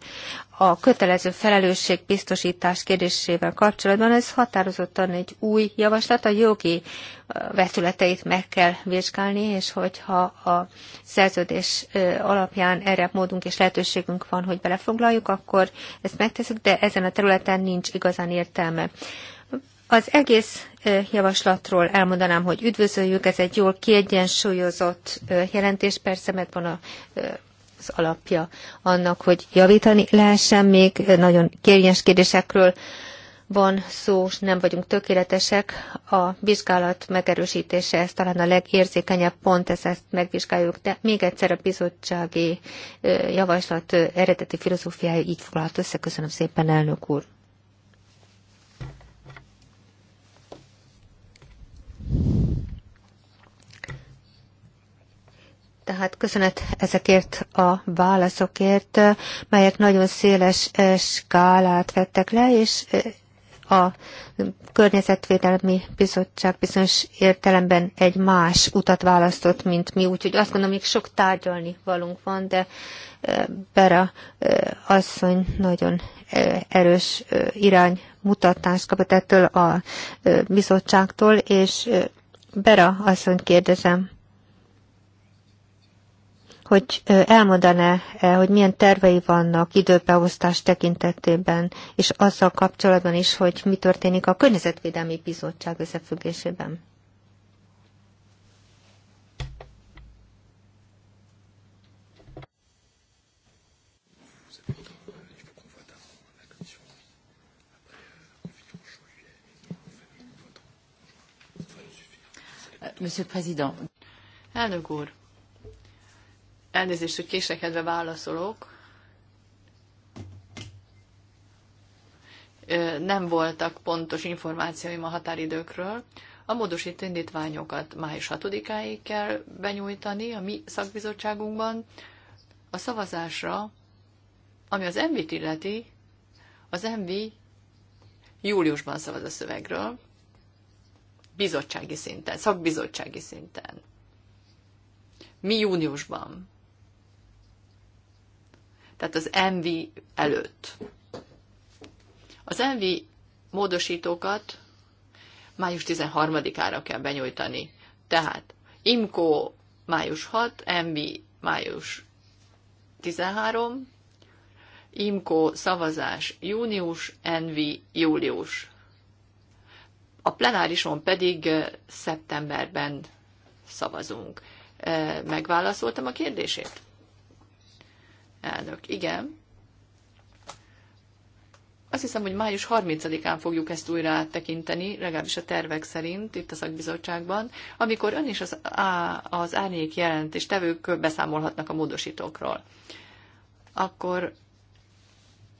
a kötelező felelősség biztosítás kérdésével kapcsolatban ez határozottan egy új javaslat, a jogi vetületeit meg kell vizsgálni, és hogyha a szerződés alapján erre módunk és lehetőségünk van, hogy belefoglaljuk, akkor ezt megteszünk, de ezen a területen nincs igazán értelme. Az egész javaslatról elmondanám, hogy üdvözöljük, ez egy jól kiegyensúlyozott jelentés, persze megvan a az alapja annak, hogy javítani lehessen még. Nagyon kérvényes kérdésekről van szó, és nem vagyunk tökéletesek. A vizsgálat megerősítése, ez talán a legérzékenyebb pont, ezt, ezt megvizsgáljuk, de még egyszer a bizottsági javaslat eredeti filozófiája így foglalt össze. Köszönöm szépen, elnök úr. Tehát köszönet ezekért a válaszokért, melyek nagyon széles eh, skálát vettek le, és eh, a Környezetvédelmi Bizottság bizonyos értelemben egy más utat választott, mint mi, úgyhogy azt gondolom, még sok tárgyalni valunk van, de eh, Bera asszony nagyon erős irány kapott ettől a bizottságtól, és Bera asszony kérdezem, hogy elmondaná, -e, hogy milyen tervei vannak időbeosztás tekintetében, és azzal kapcsolatban is, hogy mi történik a Környezetvédelmi Bizottság összefüggésében. Monsieur le Président. Elnök úr, Elnézést, hogy késekedve válaszolok. Nem voltak pontos információim a határidőkről. A módosító indítványokat május 6-áig kell benyújtani a mi szakbizottságunkban. A szavazásra, ami az MV-t illeti, az MV júliusban szavaz a szövegről, bizottsági szinten, szakbizottsági szinten. Mi júniusban tehát az MV előtt. Az MV módosítókat május 13-ára kell benyújtani. Tehát IMCO május 6, MV május 13, IMCO szavazás június, NV július. A plenárison pedig szeptemberben szavazunk. Megválaszoltam a kérdését? Elnök, igen. Azt hiszem, hogy május 30-án fogjuk ezt újra áttekinteni, legalábbis a tervek szerint itt a szakbizottságban, amikor ön is az, á, az árnyék tevők beszámolhatnak a módosítókról. Akkor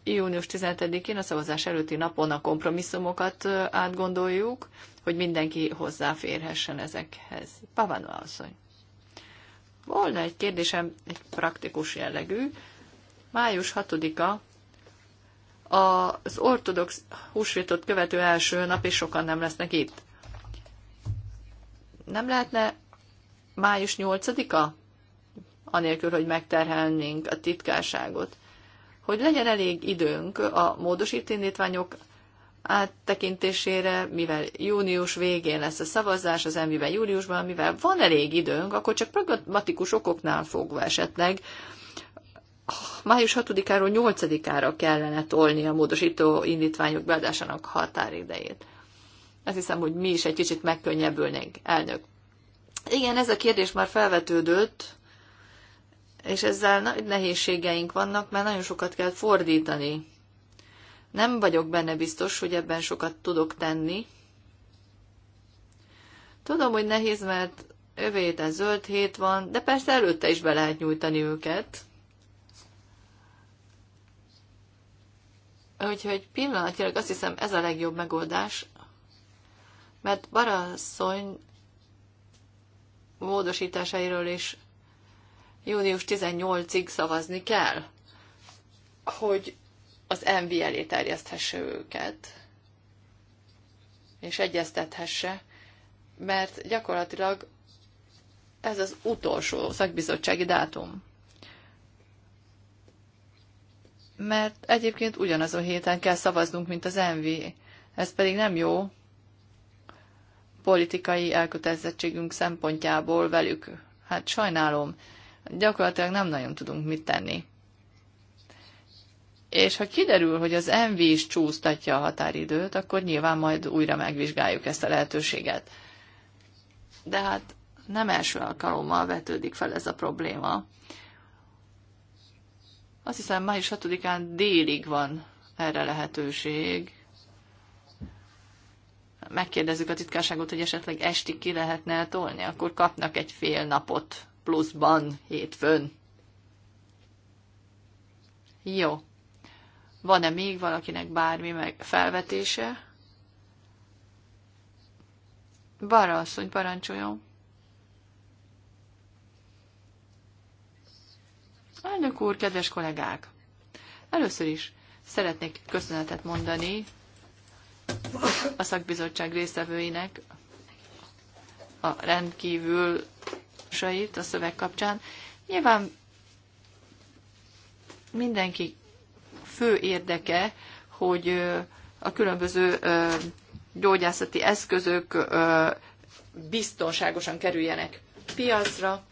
június 17 én a szavazás előtti napon a kompromisszumokat átgondoljuk, hogy mindenki hozzáférhessen ezekhez. Pavanó asszony. Volna egy kérdésem, egy praktikus jellegű. Május 6-a az ortodox húsvétot követő első nap, és sokan nem lesznek itt. Nem lehetne május 8-a? Anélkül, hogy megterhelnénk a titkárságot. Hogy legyen elég időnk a módosítindítványok áttekintésére, mivel június végén lesz a szavazás, az elmiben júliusban, mivel van elég időnk, akkor csak pragmatikus okoknál fogva esetleg május 6-áról 8-ára kellene tolni a módosító indítványok beadásának határidejét. Azt hiszem, hogy mi is egy kicsit megkönnyebbülnénk, elnök. Igen, ez a kérdés már felvetődött, és ezzel nagy nehézségeink vannak, mert nagyon sokat kell fordítani nem vagyok benne biztos, hogy ebben sokat tudok tenni. Tudom, hogy nehéz, mert jövő héten zöld hét van, de persze előtte is be lehet nyújtani őket. Úgyhogy pillanatilag azt hiszem ez a legjobb megoldás, mert Baraszony módosításairól is június 18-ig szavazni kell, hogy az MV elé terjeszthesse őket, és egyeztethesse, mert gyakorlatilag ez az utolsó szakbizottsági dátum. Mert egyébként ugyanazon héten kell szavaznunk, mint az MV. Ez pedig nem jó politikai elkötelezettségünk szempontjából velük. Hát sajnálom, gyakorlatilag nem nagyon tudunk mit tenni és ha kiderül, hogy az MV is csúsztatja a határidőt, akkor nyilván majd újra megvizsgáljuk ezt a lehetőséget. De hát nem első alkalommal vetődik fel ez a probléma. Azt hiszem, május 6-án délig van erre lehetőség. Megkérdezzük a titkárságot, hogy esetleg esti ki lehetne tolni, akkor kapnak egy fél napot pluszban hétfőn. Jó, van-e még valakinek bármi meg felvetése? Bara asszony, parancsoljon. Elnök úr, kedves kollégák! Először is szeretnék köszönetet mondani a szakbizottság résztvevőinek a rendkívül sait a szöveg kapcsán. Nyilván mindenki fő érdeke, hogy a különböző gyógyászati eszközök biztonságosan kerüljenek piacra,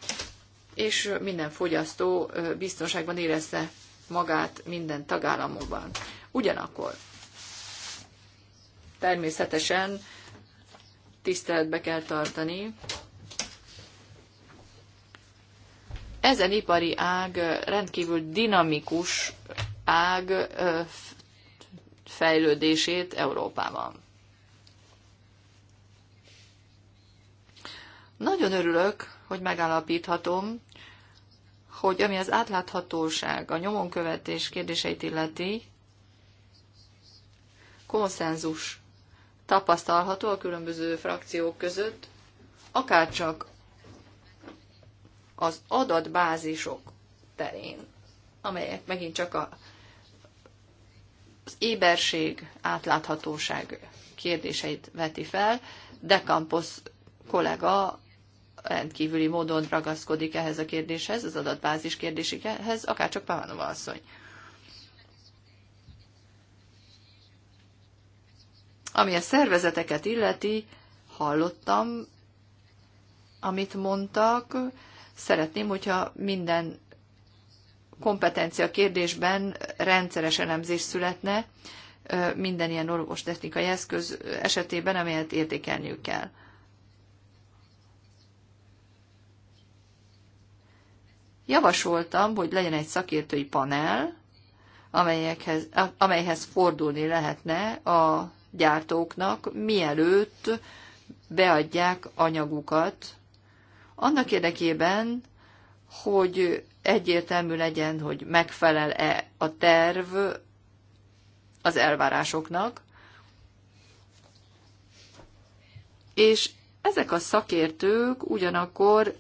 és minden fogyasztó biztonságban érezze magát minden tagállamokban. Ugyanakkor természetesen tiszteletbe kell tartani ezen ipari ág rendkívül dinamikus ág fejlődését Európában. Nagyon örülök, hogy megállapíthatom, hogy ami az átláthatóság, a nyomonkövetés kérdéseit illeti, konszenzus tapasztalható a különböző frakciók között, akárcsak az adatbázisok terén, amelyek megint csak a az éberség, átláthatóság kérdéseit veti fel. De Campos kollega rendkívüli módon ragaszkodik ehhez a kérdéshez, az adatbázis kérdéséhez, akárcsak Pavanova asszony. Ami a szervezeteket illeti, hallottam, amit mondtak. Szeretném, hogyha minden kompetencia kérdésben rendszeres elemzés születne minden ilyen technikai eszköz esetében, amelyet értékelniük kell. Javasoltam, hogy legyen egy szakértői panel, amelyekhez, amelyhez fordulni lehetne a gyártóknak, mielőtt beadják anyagukat, annak érdekében, hogy egyértelmű legyen, hogy megfelel-e a terv az elvárásoknak, és ezek a szakértők ugyanakkor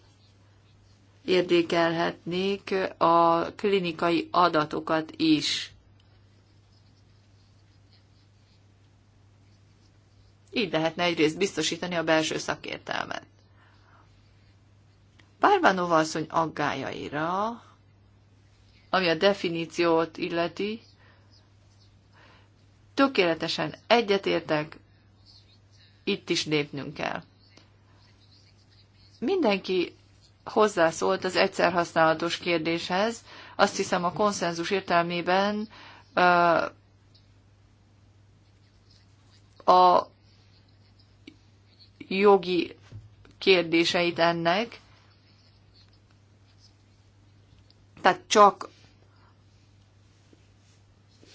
érdékelhetnék a klinikai adatokat is. Így lehetne egyrészt biztosítani a belső szakértelmet. Párvánova asszony aggájaira, ami a definíciót illeti, tökéletesen egyetértek, itt is lépnünk kell. Mindenki hozzászólt az egyszer használatos kérdéshez. Azt hiszem a konszenzus értelmében a jogi kérdéseit ennek, tehát csak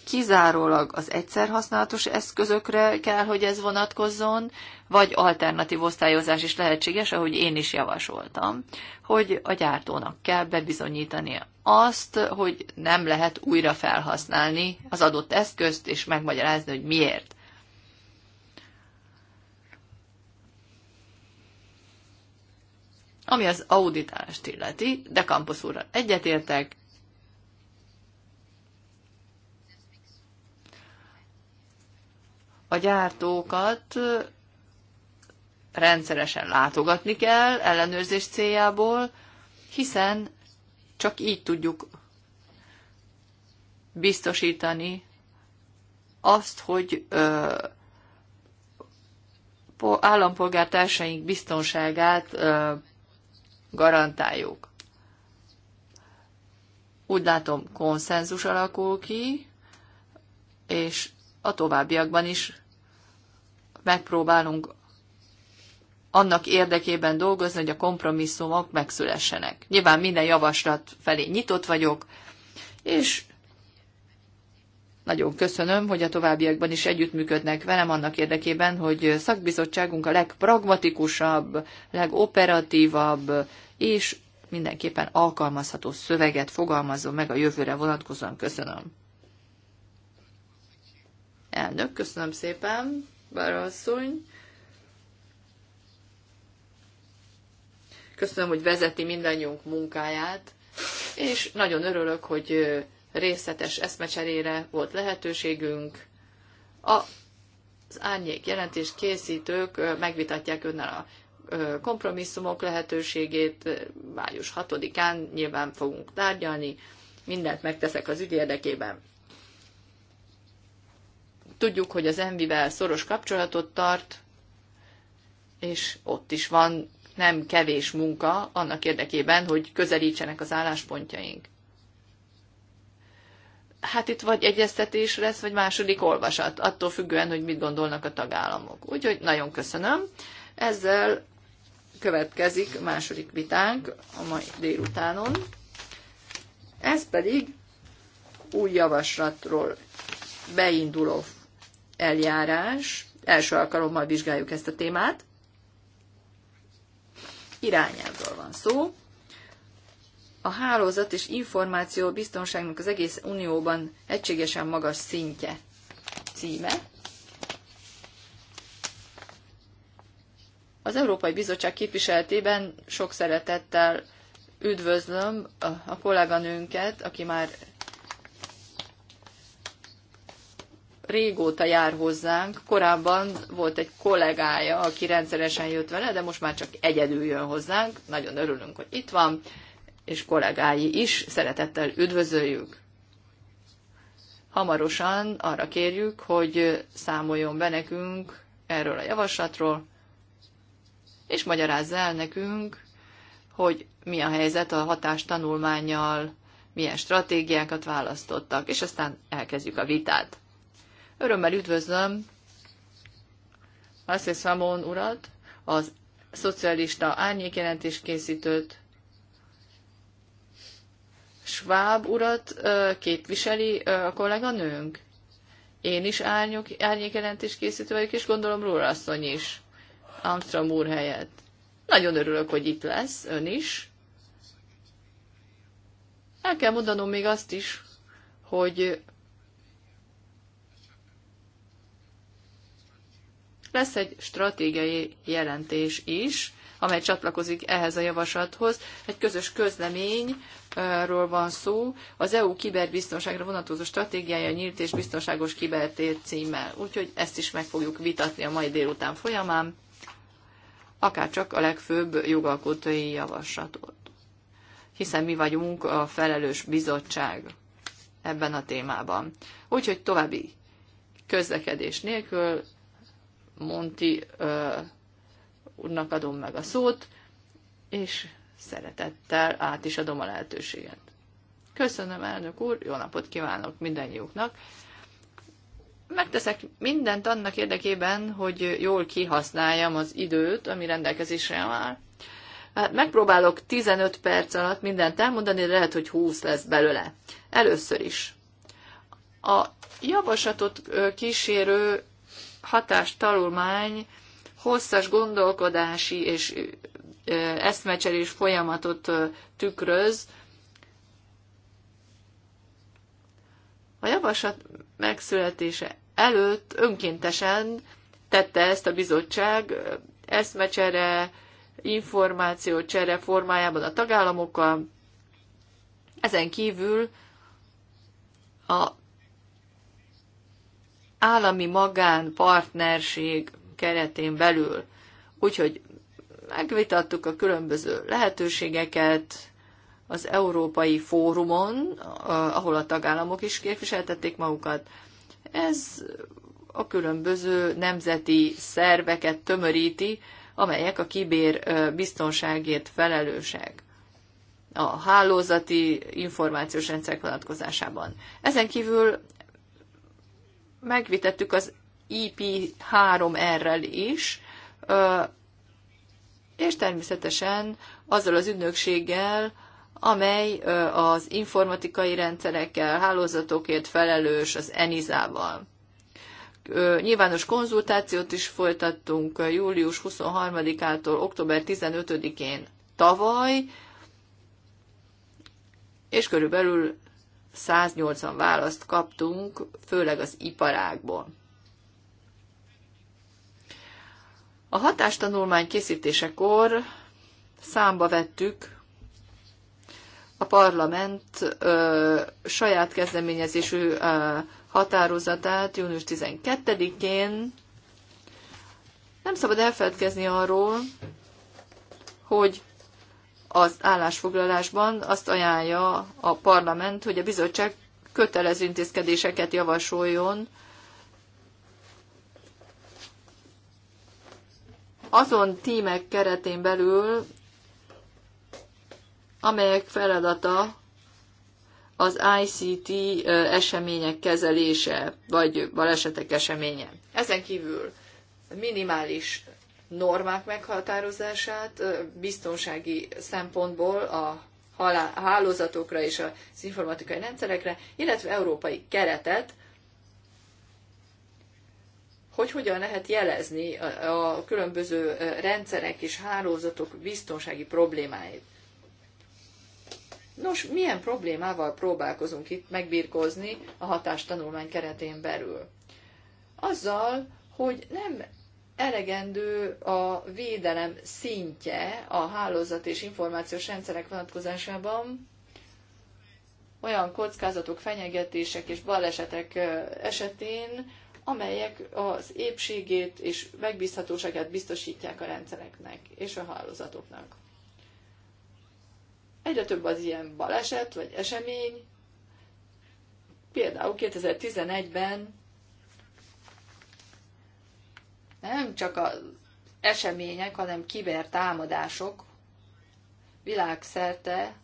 kizárólag az használatos eszközökre kell, hogy ez vonatkozzon, vagy alternatív osztályozás is lehetséges, ahogy én is javasoltam, hogy a gyártónak kell bebizonyítani azt, hogy nem lehet újra felhasználni az adott eszközt, és megmagyarázni, hogy miért. Ami az auditálást illeti, de Campos úrral egyetértek, a gyártókat rendszeresen látogatni kell ellenőrzés céljából, hiszen csak így tudjuk biztosítani azt, hogy ö, állampolgártársaink biztonságát ö, garantáljuk. Úgy látom, konszenzus alakul ki, és a továbbiakban is megpróbálunk annak érdekében dolgozni, hogy a kompromisszumok megszülessenek. Nyilván minden javaslat felé nyitott vagyok, és nagyon köszönöm, hogy a továbbiakban is együttműködnek velem annak érdekében, hogy szakbizottságunk a legpragmatikusabb, legoperatívabb és mindenképpen alkalmazható szöveget fogalmazzon meg a jövőre vonatkozóan. Köszönöm. Elnök, köszönöm szépen, Bárasszony. Köszönöm, hogy vezeti mindannyiunk munkáját, és nagyon örülök, hogy részletes eszmecserére volt lehetőségünk. A, az árnyék jelentés készítők megvitatják önnel a kompromisszumok lehetőségét. Május 6-án nyilván fogunk tárgyalni. Mindent megteszek az ügy érdekében. Tudjuk, hogy az Envivel szoros kapcsolatot tart, és ott is van nem kevés munka annak érdekében, hogy közelítsenek az álláspontjaink hát itt vagy egyeztetés lesz, vagy második olvasat, attól függően, hogy mit gondolnak a tagállamok. Úgyhogy nagyon köszönöm. Ezzel következik a második vitánk a mai délutánon. Ez pedig új javaslatról beinduló eljárás. Első alkalommal vizsgáljuk ezt a témát. Irányelvről van szó a hálózat és információ biztonságnak az egész unióban egységesen magas szintje címe. Az Európai Bizottság képviseletében sok szeretettel üdvözlöm a kolléganőnket, aki már régóta jár hozzánk. Korábban volt egy kollégája, aki rendszeresen jött vele, de most már csak egyedül jön hozzánk. Nagyon örülünk, hogy itt van és kollégái is szeretettel üdvözöljük. Hamarosan arra kérjük, hogy számoljon be nekünk erről a javaslatról, és magyarázza el nekünk, hogy mi a helyzet a hatástanulmányjal, milyen stratégiákat választottak, és aztán elkezdjük a vitát. Örömmel üdvözlöm Marcel Samon urat, az szocialista árnyékjelentés készítőt, Schwab urat képviseli a kolléganőnk? Én is árnyok, árnyékjelentés készítő vagyok, és gondolom Róla asszony is. Armstrong úr helyett. Nagyon örülök, hogy itt lesz, ön is. El kell mondanom még azt is, hogy lesz egy stratégiai jelentés is, amely csatlakozik ehhez a javaslathoz. Egy közös közleményről van szó, az EU kiberbiztonságra vonatkozó stratégiája nyílt és biztonságos kibertér címmel. Úgyhogy ezt is meg fogjuk vitatni a mai délután folyamán, akárcsak a legfőbb jogalkotói javaslatot. Hiszen mi vagyunk a felelős bizottság ebben a témában. Úgyhogy további közlekedés nélkül Monti uh, úrnak adom meg a szót, és szeretettel át is adom a lehetőséget. Köszönöm, elnök úr, jó napot kívánok jóknak. Megteszek mindent annak érdekében, hogy jól kihasználjam az időt, ami rendelkezésre áll. Hát megpróbálok 15 perc alatt mindent elmondani, de lehet, hogy 20 lesz belőle. Először is. A javaslatot kísérő hatástalulmány hosszas gondolkodási és eszmecserés folyamatot tükröz. A javaslat megszületése előtt önkéntesen tette ezt a bizottság eszmecsere, csere formájában a tagállamokkal. Ezen kívül a állami magánpartnerség keretén belül. Úgyhogy megvitattuk a különböző lehetőségeket az Európai Fórumon, ahol a tagállamok is képviseltették magukat. Ez a különböző nemzeti szerveket tömöríti, amelyek a kibér biztonságért felelősek a hálózati információs rendszerek vonatkozásában. Ezen kívül megvitettük az IP3R-rel e is, és természetesen azzal az ügynökséggel, amely az informatikai rendszerekkel, hálózatokért felelős az ENISA-val. Nyilvános konzultációt is folytattunk július 23-ától október 15-én tavaly, és körülbelül 180 választ kaptunk, főleg az iparágból. A hatástanulmány készítésekor számba vettük a parlament ö, saját kezdeményezésű ö, határozatát június 12-én. Nem szabad elfeledkezni arról, hogy az állásfoglalásban azt ajánlja a parlament, hogy a bizottság kötelező intézkedéseket javasoljon azon tímek keretén belül, amelyek feladata az ICT események kezelése, vagy balesetek eseménye. Ezen kívül minimális normák meghatározását biztonsági szempontból a hálózatokra és az informatikai rendszerekre, illetve európai keretet, hogy hogyan lehet jelezni a különböző rendszerek és hálózatok biztonsági problémáit. Nos, milyen problémával próbálkozunk itt megbírkozni a hatástanulmány keretén belül? Azzal, hogy nem elegendő a védelem szintje a hálózat és információs rendszerek vonatkozásában, olyan kockázatok, fenyegetések és balesetek esetén, amelyek az épségét és megbízhatóságát biztosítják a rendszereknek és a hálózatoknak. Egyre több az ilyen baleset vagy esemény. Például 2011-ben nem csak az események, hanem kibertámadások világszerte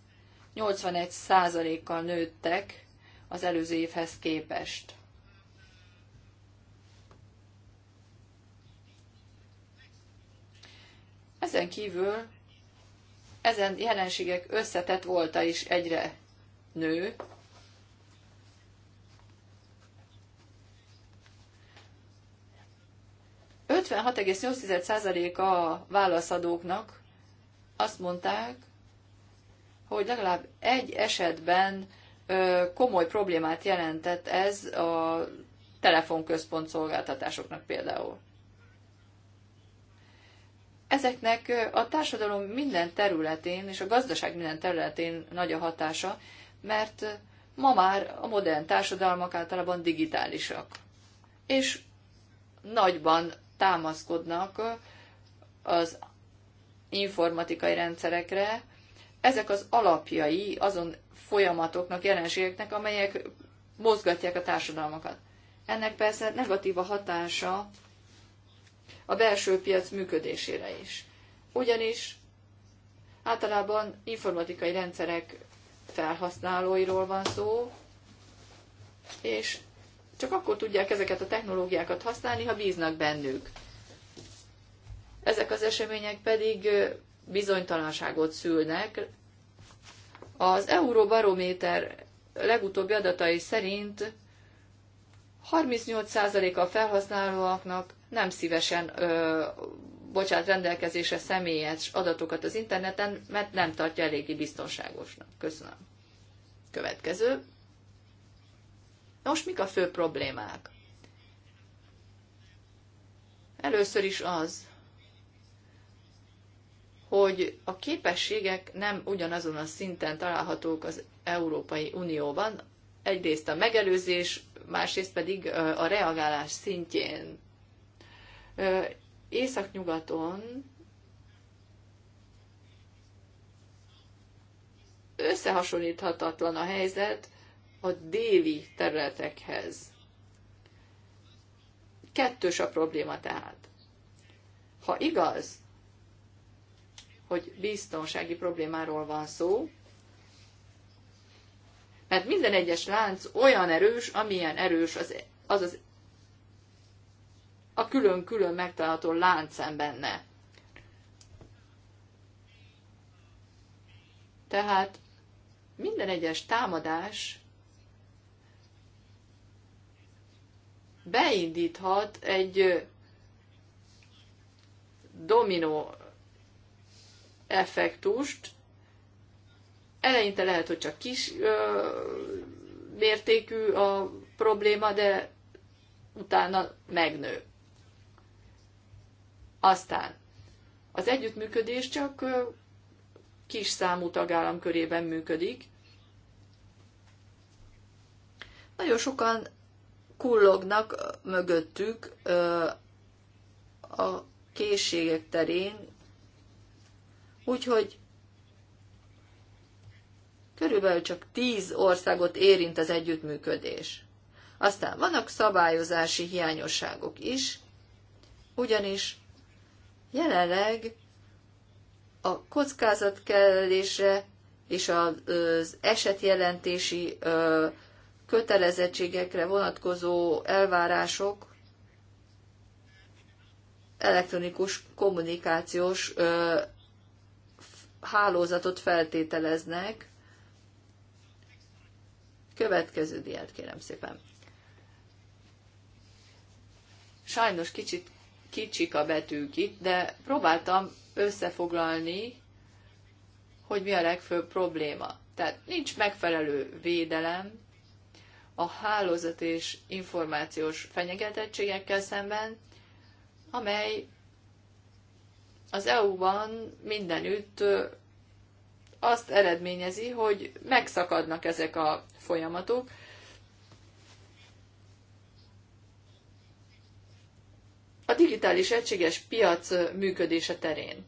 81%-kal nőttek az előző évhez képest. Ezen kívül ezen jelenségek összetett volta is egyre nő. a válaszadóknak azt mondták, hogy legalább egy esetben komoly problémát jelentett ez a telefonközpont szolgáltatásoknak például ezeknek a társadalom minden területén és a gazdaság minden területén nagy a hatása, mert ma már a modern társadalmak általában digitálisak, és nagyban támaszkodnak az informatikai rendszerekre, ezek az alapjai azon folyamatoknak, jelenségeknek, amelyek mozgatják a társadalmakat. Ennek persze negatív a hatása a belső piac működésére is. Ugyanis általában informatikai rendszerek felhasználóiról van szó, és csak akkor tudják ezeket a technológiákat használni, ha bíznak bennük. Ezek az események pedig bizonytalanságot szülnek. Az Euróbarométer legutóbbi adatai szerint 38% a felhasználóaknak nem szívesen ö, bocsát rendelkezésre személyes adatokat az interneten, mert nem tartja eléggé biztonságosnak. Köszönöm. Következő. Most mik a fő problémák? Először is az, hogy a képességek nem ugyanazon a szinten találhatók az Európai Unióban, egyrészt a megelőzés, másrészt pedig a reagálás szintjén északnyugaton összehasonlíthatatlan a helyzet a déli területekhez. Kettős a probléma tehát. Ha igaz, hogy biztonsági problémáról van szó, mert minden egyes lánc olyan erős, amilyen erős az az, az a külön-külön megtalálható láncem benne. Tehát minden egyes támadás beindíthat egy dominó effektust. Eleinte lehet, hogy csak kis ö, mértékű a probléma, de utána megnő. Aztán az együttműködés csak kis számú tagállam körében működik. Nagyon sokan kullognak mögöttük a készségek terén, úgyhogy körülbelül csak tíz országot érint az együttműködés. Aztán vannak szabályozási hiányosságok is, ugyanis Jelenleg a kockázatkezelésre és az esetjelentési kötelezettségekre vonatkozó elvárások elektronikus kommunikációs hálózatot feltételeznek. Következő diát kérem szépen. Sajnos kicsit kicsik a betűk itt, de próbáltam összefoglalni, hogy mi a legfőbb probléma. Tehát nincs megfelelő védelem a hálózat és információs fenyegetettségekkel szemben, amely az EU-ban mindenütt azt eredményezi, hogy megszakadnak ezek a folyamatok, a digitális egységes piac működése terén.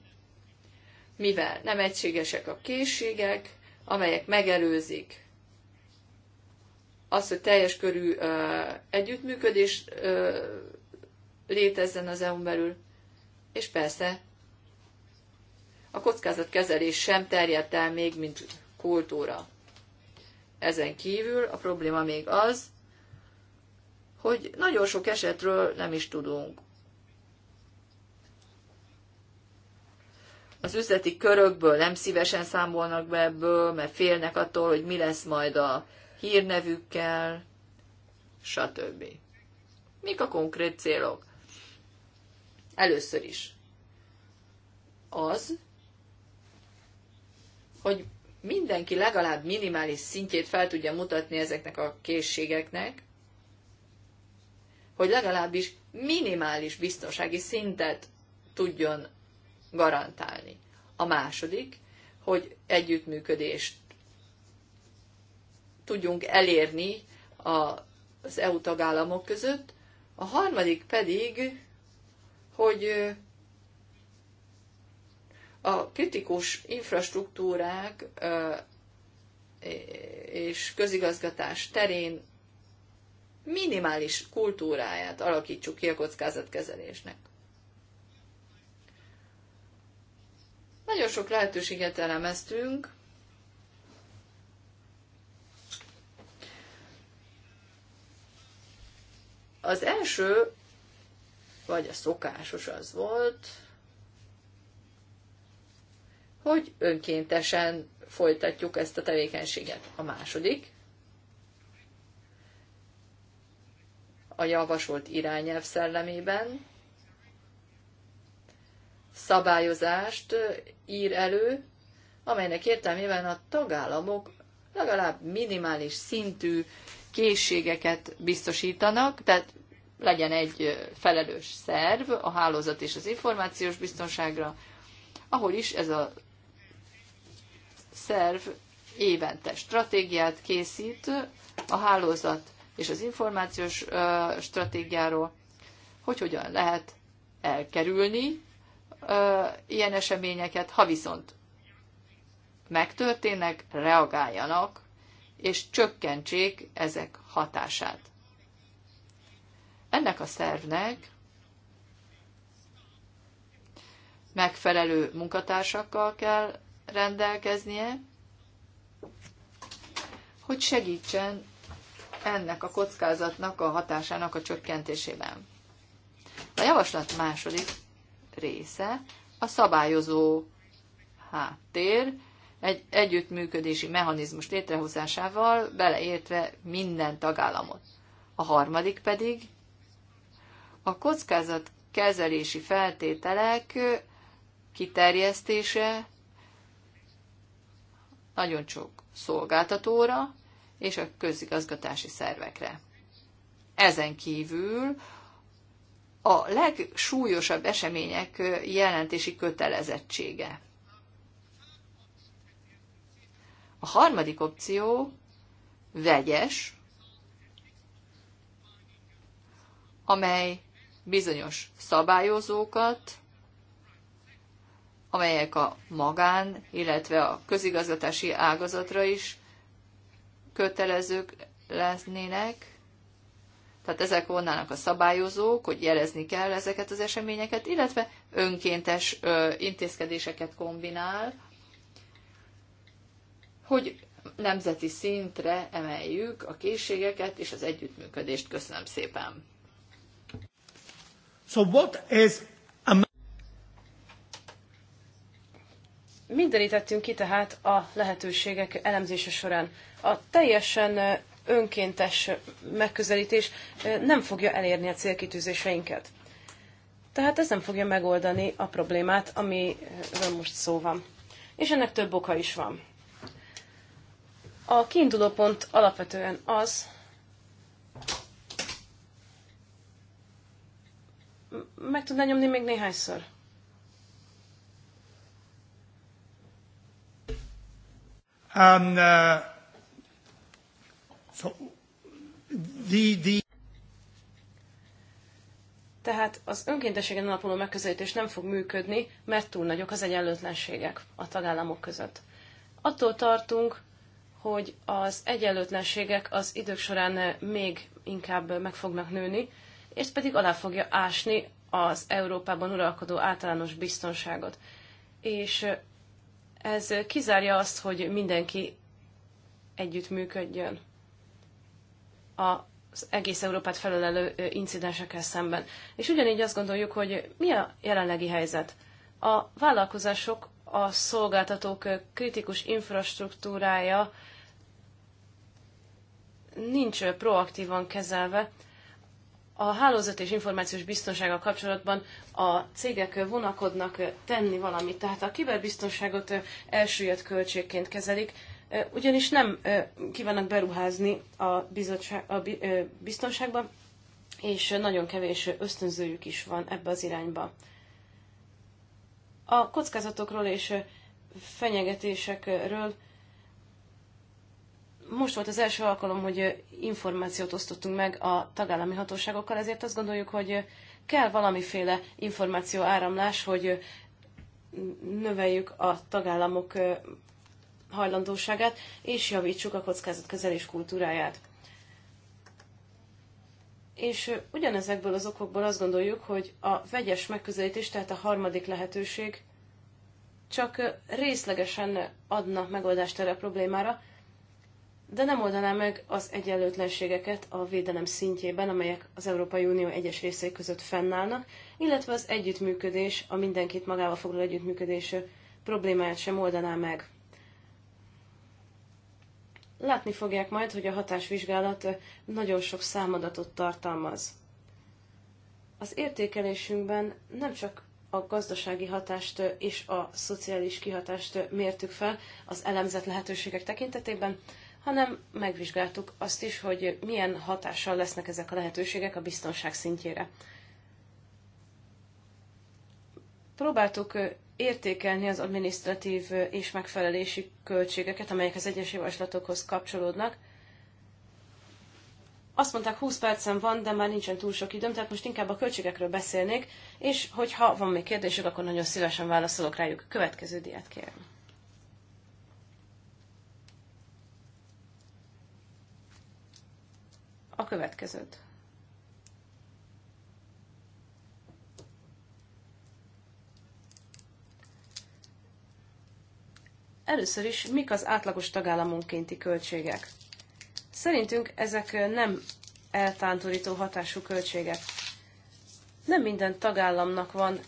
Mivel nem egységesek a készségek, amelyek megelőzik az, hogy teljes körű együttműködés létezzen az EU-n belül, és persze a kockázatkezelés sem terjedt el még, mint kultúra. Ezen kívül a probléma még az, hogy nagyon sok esetről nem is tudunk. az üzleti körökből nem szívesen számolnak be ebből, mert félnek attól, hogy mi lesz majd a hírnevükkel, stb. Mik a konkrét célok? Először is az, hogy mindenki legalább minimális szintjét fel tudja mutatni ezeknek a készségeknek, hogy legalábbis minimális biztonsági szintet tudjon garantálni. A második, hogy együttműködést tudjunk elérni az EU tagállamok között, a harmadik pedig, hogy a kritikus infrastruktúrák és közigazgatás terén minimális kultúráját alakítsuk ki a kockázatkezelésnek. Nagyon sok lehetőséget elemeztünk, Az első, vagy a szokásos az volt, hogy önkéntesen folytatjuk ezt a tevékenységet. A második, a javasolt irányelv szellemében, szabályozást ír elő, amelynek értelmében a tagállamok legalább minimális szintű készségeket biztosítanak, tehát legyen egy felelős szerv a hálózat és az információs biztonságra, ahol is ez a szerv évente stratégiát készít a hálózat és az információs stratégiáról, hogy hogyan lehet elkerülni ö, ilyen eseményeket, ha viszont megtörténnek, reagáljanak, és csökkentsék ezek hatását. Ennek a szervnek megfelelő munkatársakkal kell rendelkeznie, hogy segítsen ennek a kockázatnak a hatásának a csökkentésében. A javaslat második része a szabályozó háttér, egy együttműködési mechanizmus létrehozásával, beleértve minden tagállamot. A harmadik pedig a kockázat kezelési feltételek kiterjesztése nagyon sok szolgáltatóra és a közigazgatási szervekre. Ezen kívül a legsúlyosabb események jelentési kötelezettsége. A harmadik opció vegyes, amely bizonyos szabályozókat, amelyek a magán, illetve a közigazgatási ágazatra is kötelezők lesznének, tehát ezek volnának a szabályozók, hogy jelezni kell ezeket az eseményeket, illetve önkéntes ö, intézkedéseket kombinál, hogy nemzeti szintre emeljük a készségeket és az együttműködést. Köszönöm szépen! So what is a... Mindenítettünk ki tehát a lehetőségek elemzése során. A teljesen önkéntes megközelítés nem fogja elérni a célkitűzéseinket. Tehát ez nem fogja megoldani a problémát, amiről most szó van. És ennek több oka is van. A kiinduló pont alapvetően az, meg tudná nyomni még néhányszor. Um, uh... So, the, the... Tehát az önkéntességen alapuló megközelítés nem fog működni, mert túl nagyok az egyenlőtlenségek a tagállamok között. Attól tartunk, hogy az egyenlőtlenségek az idők során még inkább meg fognak nőni, és pedig alá fogja ásni az Európában uralkodó általános biztonságot. És ez kizárja azt, hogy mindenki együtt működjön az egész Európát felölelő incidensekkel szemben. És ugyanígy azt gondoljuk, hogy mi a jelenlegi helyzet. A vállalkozások, a szolgáltatók kritikus infrastruktúrája nincs proaktívan kezelve, a hálózat és információs biztonsága kapcsolatban a cégek vonakodnak tenni valamit, tehát a kiberbiztonságot elsüllyedt költségként kezelik, ugyanis nem kívánnak beruházni a, bizottság, a biztonságba, és nagyon kevés ösztönzőjük is van ebbe az irányba. A kockázatokról és fenyegetésekről most volt az első alkalom, hogy információt osztottunk meg a tagállami hatóságokkal, ezért azt gondoljuk, hogy kell valamiféle információ áramlás, hogy növeljük a tagállamok hajlandóságát, és javítsuk a kezelés kultúráját. És ugyanezekből az okokból azt gondoljuk, hogy a vegyes megközelítés, tehát a harmadik lehetőség csak részlegesen adna megoldást erre a problémára, de nem oldaná meg az egyenlőtlenségeket a védelem szintjében, amelyek az Európai Unió egyes részei között fennállnak, illetve az együttműködés, a mindenkit magával foglaló együttműködés problémáját sem oldaná meg. Látni fogják majd, hogy a hatásvizsgálat nagyon sok számadatot tartalmaz. Az értékelésünkben nem csak a gazdasági hatást és a szociális kihatást mértük fel az elemzett lehetőségek tekintetében, hanem megvizsgáltuk azt is, hogy milyen hatással lesznek ezek a lehetőségek a biztonság szintjére. Próbáltuk értékelni az administratív és megfelelési költségeket, amelyek az egyes javaslatokhoz kapcsolódnak. Azt mondták, 20 percem van, de már nincsen túl sok időm, tehát most inkább a költségekről beszélnék, és hogyha van még kérdésük, akkor nagyon szívesen válaszolok rájuk. Következő diát kérem. A következőt. Először is, mik az átlagos tagállamonkénti költségek? Szerintünk ezek nem eltántorító hatású költségek. Nem minden tagállamnak van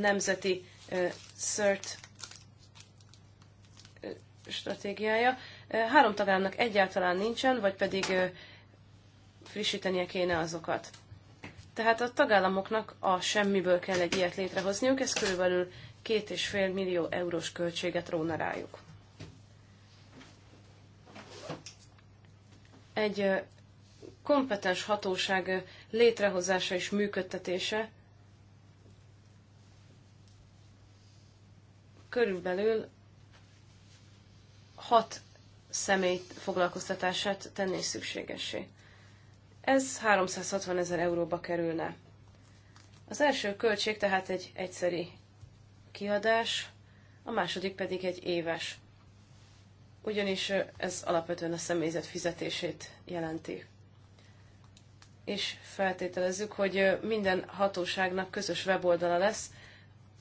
nemzeti CERT stratégiája. Három tagállamnak egyáltalán nincsen, vagy pedig frissítenie kéne azokat. Tehát a tagállamoknak a semmiből kell egy ilyet létrehozniuk, ez körülbelül két és fél millió eurós költséget róna rájuk. Egy kompetens hatóság létrehozása és működtetése körülbelül hat személy foglalkoztatását tenné szükségessé. Ez 360 ezer euróba kerülne. Az első költség tehát egy egyszeri kiadás, a második pedig egy éves. Ugyanis ez alapvetően a személyzet fizetését jelenti. És feltételezzük, hogy minden hatóságnak közös weboldala lesz,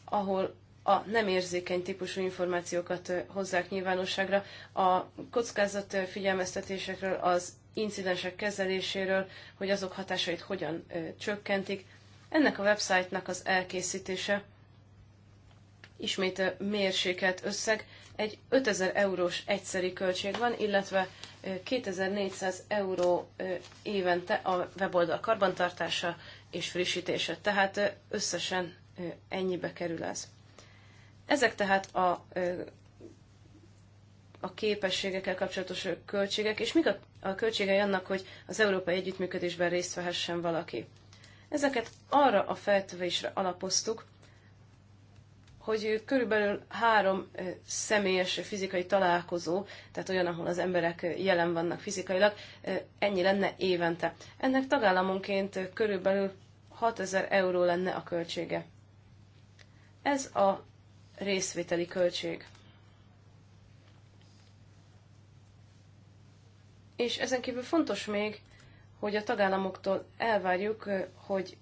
ahol a nem érzékeny típusú információkat hozzák nyilvánosságra, a kockázat figyelmeztetésekről, az incidensek kezeléséről, hogy azok hatásait hogyan csökkentik. Ennek a websájtnak az elkészítése ismét mérsékelt összeg, egy 5000 eurós egyszeri költség van, illetve 2400 euró évente a weboldal karbantartása és frissítése. Tehát összesen ennyibe kerül ez. Ezek tehát a, a képességekkel kapcsolatos költségek, és mik a, a költségei annak, hogy az európai együttműködésben részt vehessen valaki. Ezeket arra a feltövésre alapoztuk, hogy körülbelül három személyes fizikai találkozó, tehát olyan, ahol az emberek jelen vannak fizikailag, ennyi lenne évente. Ennek tagállamonként körülbelül 6000 euró lenne a költsége. Ez a részvételi költség. És ezen kívül fontos még, hogy a tagállamoktól elvárjuk, hogy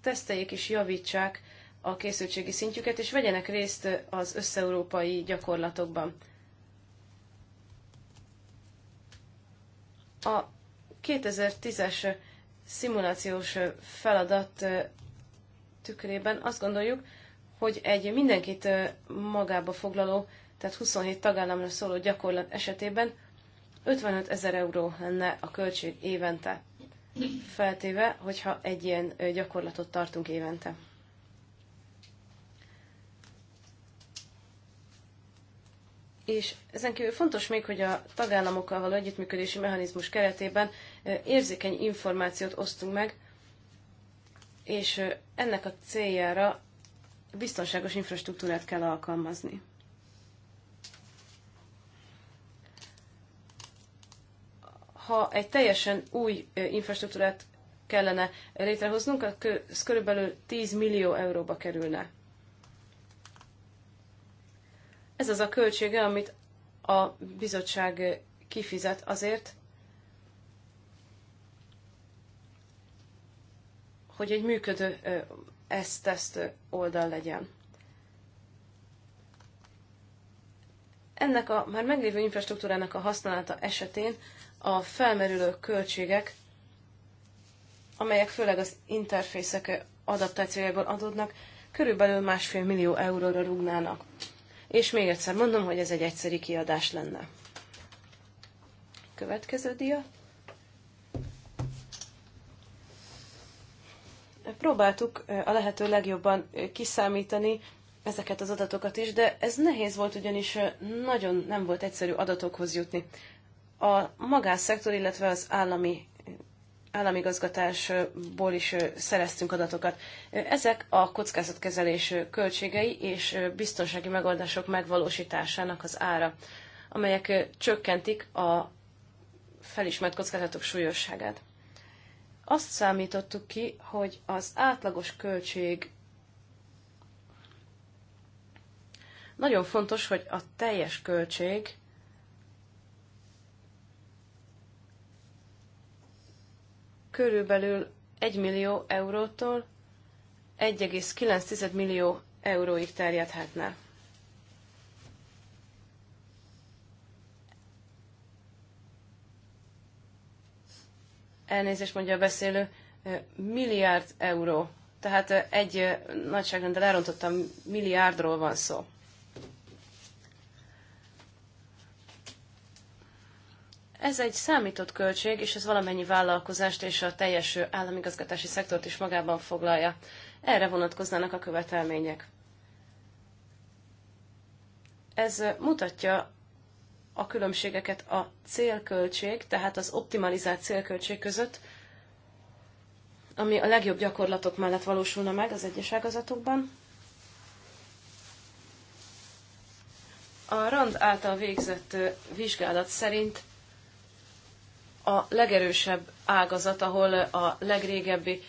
teszteljék és javítsák a készültségi szintjüket, és vegyenek részt az összeurópai gyakorlatokban. A 2010-es szimulációs feladat tükrében azt gondoljuk, hogy egy mindenkit magába foglaló, tehát 27 tagállamra szóló gyakorlat esetében 55 ezer euró lenne a költség évente. Feltéve, hogyha egy ilyen gyakorlatot tartunk évente. És ezen kívül fontos még, hogy a tagállamokkal való együttműködési mechanizmus keretében érzékeny információt osztunk meg, és ennek a céljára biztonságos infrastruktúrát kell alkalmazni. Ha egy teljesen új infrastruktúrát kellene létrehoznunk, az körülbelül 10 millió euróba kerülne. Ez az a költsége, amit a bizottság kifizet azért, hogy egy működő ezt teszt oldal legyen. Ennek a már meglévő infrastruktúrának a használata esetén a felmerülő költségek, amelyek főleg az interfészek adaptációjából adódnak, körülbelül másfél millió euróra rúgnának és még egyszer mondom, hogy ez egy egyszeri kiadás lenne. Következő dia. Próbáltuk a lehető legjobban kiszámítani ezeket az adatokat is, de ez nehéz volt, ugyanis nagyon nem volt egyszerű adatokhoz jutni. A szektor illetve az állami államigazgatásból is szereztünk adatokat. Ezek a kockázatkezelés költségei és biztonsági megoldások megvalósításának az ára, amelyek csökkentik a felismert kockázatok súlyosságát. Azt számítottuk ki, hogy az átlagos költség nagyon fontos, hogy a teljes költség körülbelül 1 millió eurótól 1,9 millió euróig terjedhetne. Elnézést mondja a beszélő, milliárd euró. Tehát egy nagyságrendel elrontottam, milliárdról van szó. Ez egy számított költség, és ez valamennyi vállalkozást és a teljes államigazgatási szektort is magában foglalja. Erre vonatkoznának a követelmények. Ez mutatja a különbségeket a célköltség, tehát az optimalizált célköltség között, ami a legjobb gyakorlatok mellett valósulna meg az egyes ágazatokban. A RAND által végzett vizsgálat szerint a legerősebb ágazat, ahol a legrégebbi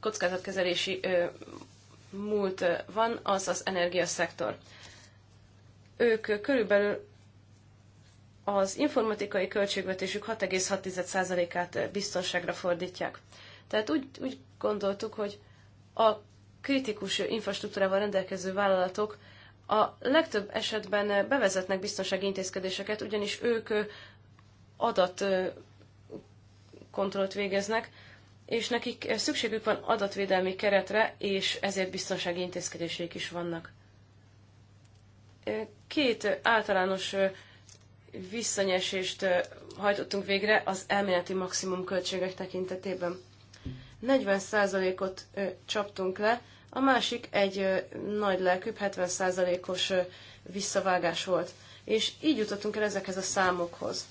kockázatkezelési múlt van, az az energiaszektor. Ők körülbelül az informatikai költségvetésük 6,6%-át biztonságra fordítják. Tehát úgy, úgy gondoltuk, hogy a kritikus infrastruktúrával rendelkező vállalatok a legtöbb esetben bevezetnek biztonsági intézkedéseket, ugyanis ők adatkontrollt végeznek, és nekik szükségük van adatvédelmi keretre, és ezért biztonsági intézkedéseik is vannak. Két általános visszanyesést hajtottunk végre az elméleti maximum költségek tekintetében. 40%-ot csaptunk le, a másik egy nagy lelkűbb 70%-os visszavágás volt. És így jutottunk el ezekhez a számokhoz.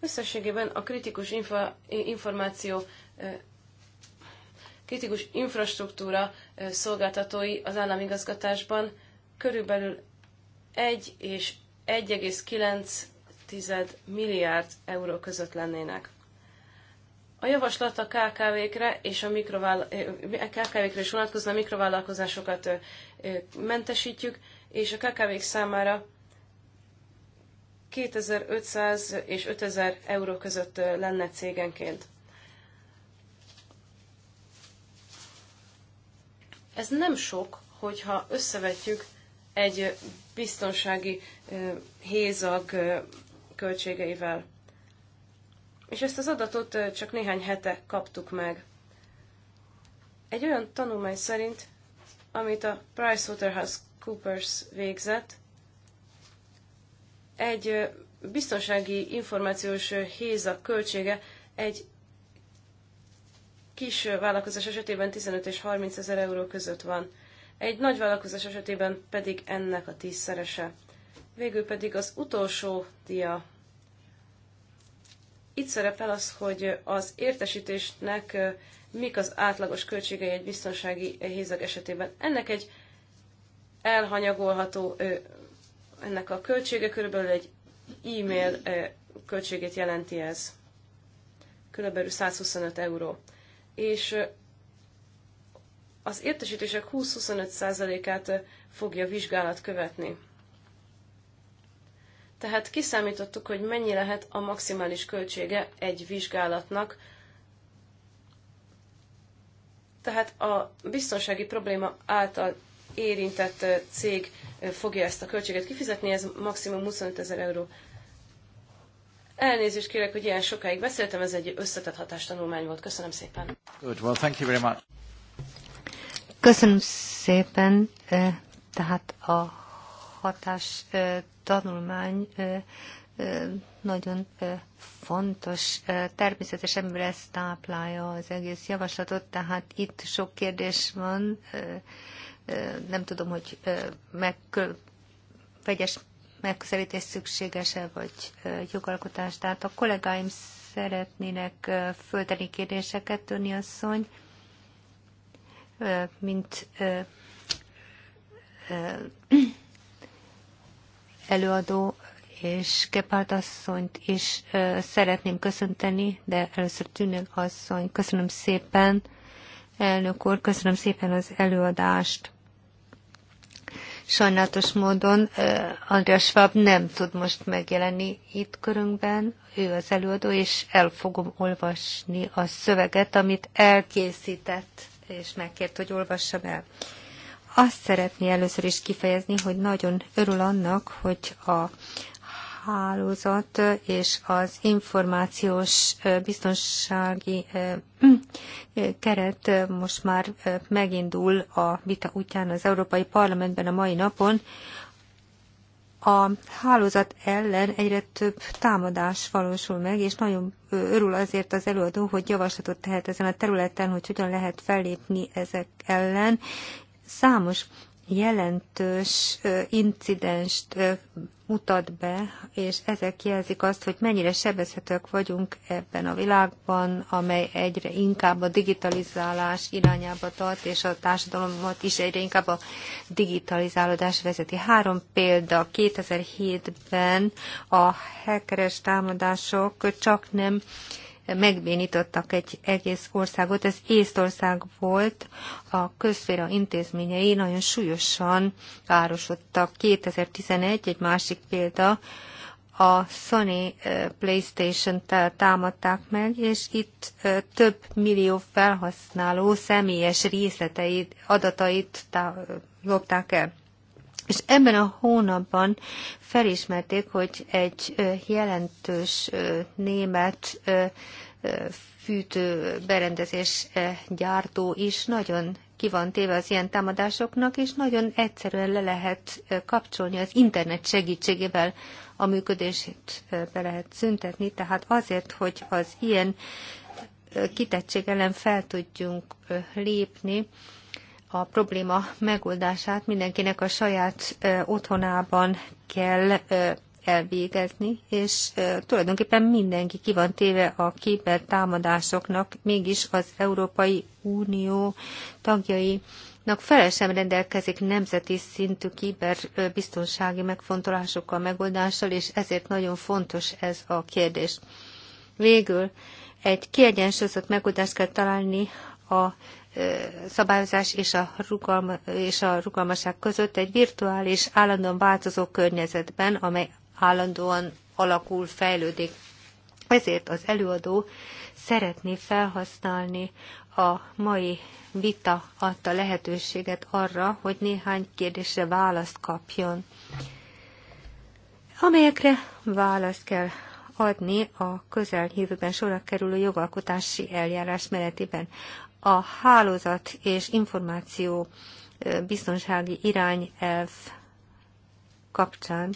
Összességében a kritikus infa, információ kritikus infrastruktúra szolgáltatói az államigazgatásban körülbelül 1 és 1,9 milliárd euró között lennének. A javaslat a KKV-kre és a KKV-kre is vonatkozna, a mikrovállalkozásokat mentesítjük, és a KKV-k számára 2500 és 5000 euró között lenne cégenként. Ez nem sok, hogyha összevetjük egy biztonsági hézag költségeivel. És ezt az adatot csak néhány hete kaptuk meg. Egy olyan tanulmány szerint, amit a PricewaterhouseCoopers végzett, egy biztonsági információs héza költsége egy kis vállalkozás esetében 15 és 30 ezer euró között van, egy nagy vállalkozás esetében pedig ennek a tízszerese. Végül pedig az utolsó dia. Itt szerepel az, hogy az értesítésnek mik az átlagos költségei egy biztonsági hézag esetében. Ennek egy elhanyagolható ennek a költsége körülbelül egy e-mail e, költségét jelenti ez. Körülbelül 125 euró. És e, az értesítések 20-25%-át e, fogja vizsgálat követni. Tehát kiszámítottuk, hogy mennyi lehet a maximális költsége egy vizsgálatnak. Tehát a biztonsági probléma által érintett cég fogja ezt a költséget kifizetni, ez maximum 25 ezer euró. Elnézést kérek, hogy ilyen sokáig beszéltem, ez egy összetett hatástanulmány volt. Köszönöm szépen. Good. Well, thank you very much. Köszönöm szépen. Tehát a hatás tanulmány nagyon fontos. Természetesen, mivel táplálja az egész javaslatot, tehát itt sok kérdés van, nem tudom, hogy meg, vegyes megközelítés szükséges-e, vagy jogalkotás. Tehát a kollégáim szeretnének földeni kérdéseket, Töni asszony, mint előadó, és Gepard asszonyt is szeretném köszönteni, de először Tűnök asszony, köszönöm szépen, elnök úr, köszönöm szépen az előadást. Sajnálatos módon Andrea Schwab nem tud most megjelenni itt körünkben, ő az előadó, és el fogom olvasni a szöveget, amit elkészített, és megkért, hogy olvassam el. Azt szeretné először is kifejezni, hogy nagyon örül annak, hogy a hálózat és az információs biztonsági keret most már megindul a vita útján az Európai Parlamentben a mai napon. A hálózat ellen egyre több támadás valósul meg, és nagyon örül azért az előadó, hogy javaslatot tehet ezen a területen, hogy hogyan lehet fellépni ezek ellen. Számos jelentős incidenst mutat be, és ezek jelzik azt, hogy mennyire sebezhetők vagyunk ebben a világban, amely egyre inkább a digitalizálás irányába tart, és a társadalomat is egyre inkább a digitalizálódás vezeti. Három példa. 2007-ben a hackeres támadások csak nem megbénítottak egy egész országot. Ez Észtország volt, a közféra intézményei nagyon súlyosan károsodtak. 2011 egy másik példa, a Sony eh, Playstation-t támadták meg, és itt eh, több millió felhasználó személyes részleteit, adatait lopták el. És ebben a hónapban felismerték, hogy egy jelentős német fűtő berendezés gyártó is nagyon ki van téve az ilyen támadásoknak, és nagyon egyszerűen le lehet kapcsolni az internet segítségével a működését be lehet szüntetni, tehát azért, hogy az ilyen kitettség ellen fel tudjunk lépni, a probléma megoldását mindenkinek a saját otthonában kell elvégezni, és tulajdonképpen mindenki ki van téve a képer támadásoknak, mégis az Európai Unió tagjai fel sem rendelkezik nemzeti szintű kiberbiztonsági megfontolásokkal, megoldással, és ezért nagyon fontos ez a kérdés. Végül egy kiegyensúlyozott megoldást kell találni a szabályozás és a, rugalma, és a rugalmaság között egy virtuális, állandóan változó környezetben, amely állandóan alakul, fejlődik. Ezért az előadó szeretné felhasználni a mai vita adta lehetőséget arra, hogy néhány kérdésre választ kapjon, amelyekre választ kell adni a közeljövőben sorra kerülő jogalkotási eljárás menetében a hálózat és információ biztonsági irányelv kapcsán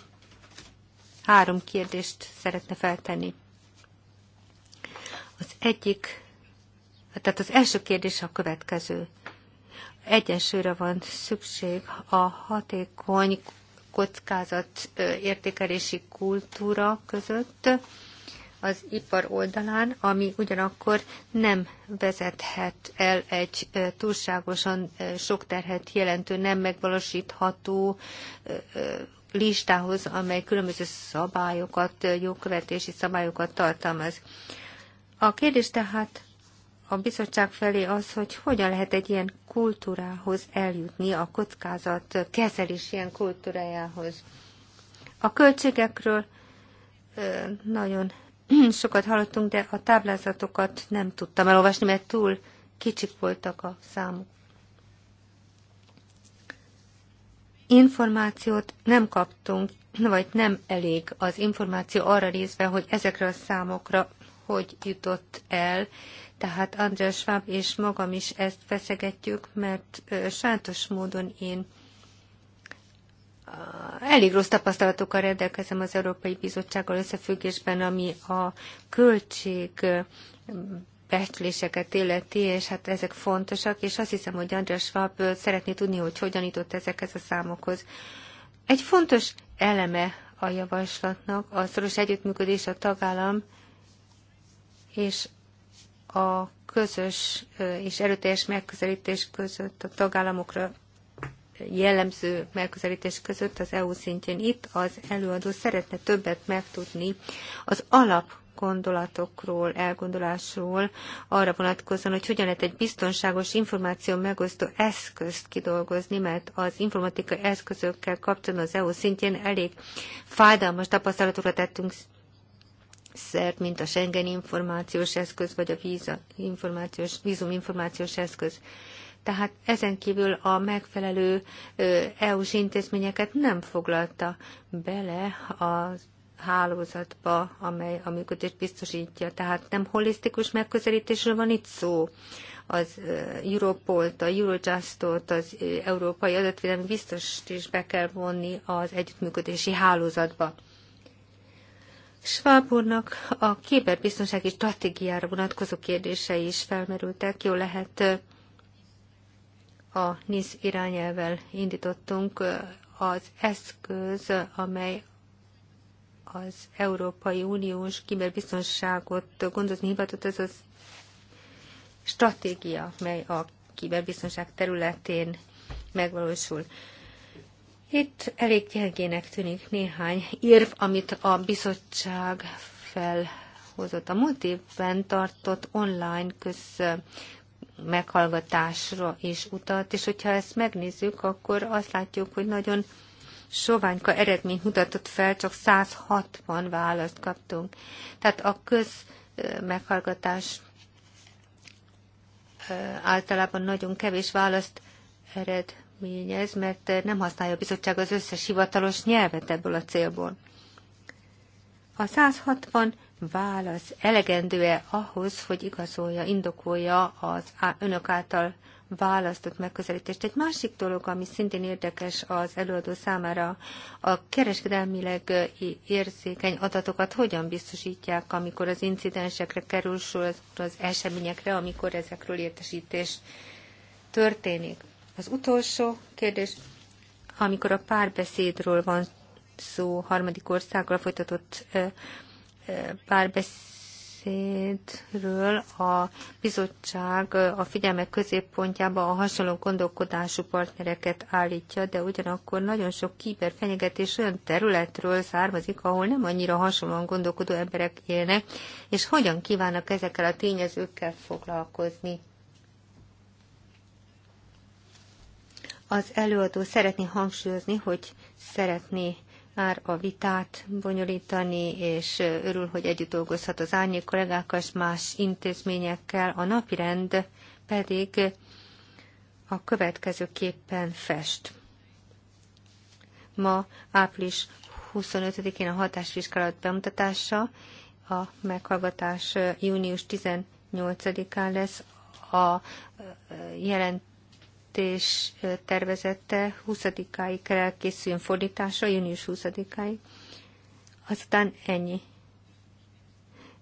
három kérdést szeretne feltenni. Az egyik, tehát az első kérdés a következő. Egyensúlyra van szükség a hatékony kockázat értékelési kultúra között, az ipar oldalán, ami ugyanakkor nem vezethet el egy túlságosan sok terhet jelentő, nem megvalósítható listához, amely különböző szabályokat, jogkövetési szabályokat tartalmaz. A kérdés tehát a bizottság felé az, hogy hogyan lehet egy ilyen kultúrához eljutni, a kockázat kezelés ilyen kultúrájához. A költségekről nagyon Hmm, sokat hallottunk, de a táblázatokat nem tudtam elolvasni, mert túl kicsik voltak a számok. Információt nem kaptunk, vagy nem elég az információ arra részben, hogy ezekre a számokra hogy jutott el. Tehát András Schwab és magam is ezt feszegetjük, mert sajátos módon én elég rossz tapasztalatokkal rendelkezem az Európai Bizottsággal összefüggésben, ami a költség becsléseket illeti, és hát ezek fontosak, és azt hiszem, hogy András Schwab szeretné tudni, hogy hogyan jutott ezekhez a számokhoz. Egy fontos eleme a javaslatnak a szoros együttműködés a tagállam és a közös és erőteljes megközelítés között a tagállamokra jellemző megközelítés között az EU szintjén. Itt az előadó szeretne többet megtudni az alap gondolatokról, elgondolásról arra vonatkozóan, hogy hogyan lehet egy biztonságos információ megosztó eszközt kidolgozni, mert az informatikai eszközökkel kapcsolatban az EU szintjén elég fájdalmas tapasztalatokra tettünk szert, mint a Schengen információs eszköz, vagy a víza információs, vízum információs eszköz tehát ezen kívül a megfelelő EU-s intézményeket nem foglalta bele a hálózatba, amely a működést biztosítja. Tehát nem holisztikus megközelítésről van itt szó. Az Europolt, a Eurojustot, az Európai Adatvédelmi biztos is be kell vonni az együttműködési hálózatba. Schwab úrnak a képerbiztonsági stratégiára vonatkozó kérdése is felmerültek. Jó lehet a NISZ irányelvel indítottunk az eszköz, amely az Európai Uniós kiberbiztonságot gondozni hivatott, ez az stratégia, mely a kiberbiztonság területén megvalósul. Itt elég gyengének tűnik néhány írv, amit a bizottság felhozott. A múlt évben tartott online köz meghallgatásra is utalt, és hogyha ezt megnézzük, akkor azt látjuk, hogy nagyon soványka eredmény mutatott fel, csak 160 választ kaptunk. Tehát a köz meghallgatás általában nagyon kevés választ eredményez, mert nem használja a bizottság az összes hivatalos nyelvet ebből a célból. A 160 válasz elegendő-e ahhoz, hogy igazolja, indokolja az önök által választott megközelítést. Egy másik dolog, ami szintén érdekes az előadó számára, a kereskedelmileg érzékeny adatokat hogyan biztosítják, amikor az incidensekre kerül sor, az eseményekre, amikor ezekről értesítés történik. Az utolsó kérdés, amikor a párbeszédről van szó harmadik országgal folytatott párbeszédről a bizottság a figyelmek középpontjába a hasonló gondolkodású partnereket állítja, de ugyanakkor nagyon sok kiberfenyegetés olyan területről származik, ahol nem annyira hasonlóan gondolkodó emberek élnek, és hogyan kívánnak ezekkel a tényezőkkel foglalkozni. Az előadó szeretné hangsúlyozni, hogy szeretné már a vitát bonyolítani, és örül, hogy együtt dolgozhat az árnyék kollégákkal és más intézményekkel. A napirend pedig a következőképpen fest. Ma április 25-én a hatásvizsgálat bemutatása, a meghallgatás június 18-án lesz, a jelent jelentés tervezette 20-áig kell elkészüljön fordítása, június 20-áig. Aztán ennyi.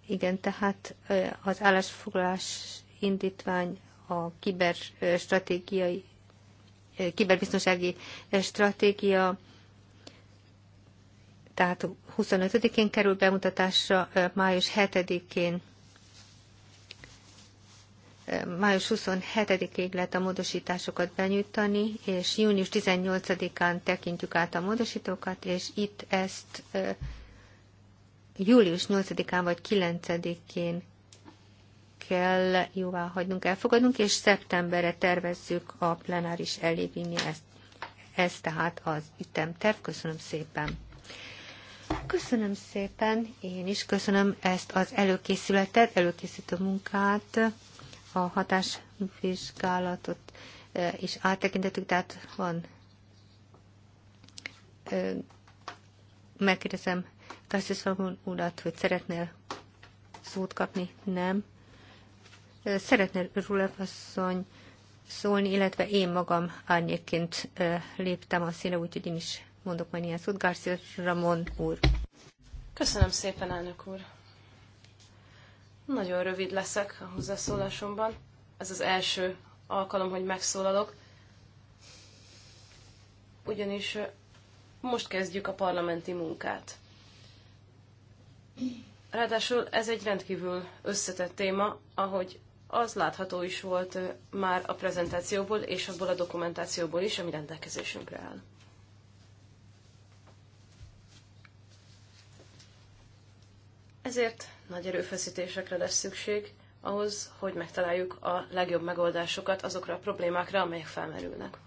Igen, tehát az állásfoglalás indítvány a kiberstratégiai, kiberbiztonsági stratégia, tehát 25-én kerül bemutatásra, május 7-én május 27-ig lehet a módosításokat benyújtani, és június 18-án tekintjük át a módosítókat, és itt ezt július 8-án vagy 9-én kell jóvá hagynunk, elfogadnunk, és szeptemberre tervezzük a plenáris elévinni ezt. Ez tehát az ütemterv. Köszönöm szépen! Köszönöm szépen, én is köszönöm ezt az előkészületet, előkészítő munkát a hatásvizsgálatot is áttekintettük, tehát van megkérdezem Kassis urat, hogy szeretnél szót kapni? Nem. Szeretnél Rulev asszony szólni, illetve én magam árnyékként léptem a színre, úgyhogy én is mondok majd ilyen szót. Garcia Ramon úr. Köszönöm szépen, elnök úr. Nagyon rövid leszek a hozzászólásomban. Ez az első alkalom, hogy megszólalok. Ugyanis most kezdjük a parlamenti munkát. Ráadásul ez egy rendkívül összetett téma, ahogy az látható is volt már a prezentációból és abból a dokumentációból is, ami rendelkezésünkre áll. Ezért nagy erőfeszítésekre lesz szükség ahhoz, hogy megtaláljuk a legjobb megoldásokat azokra a problémákra, amelyek felmerülnek.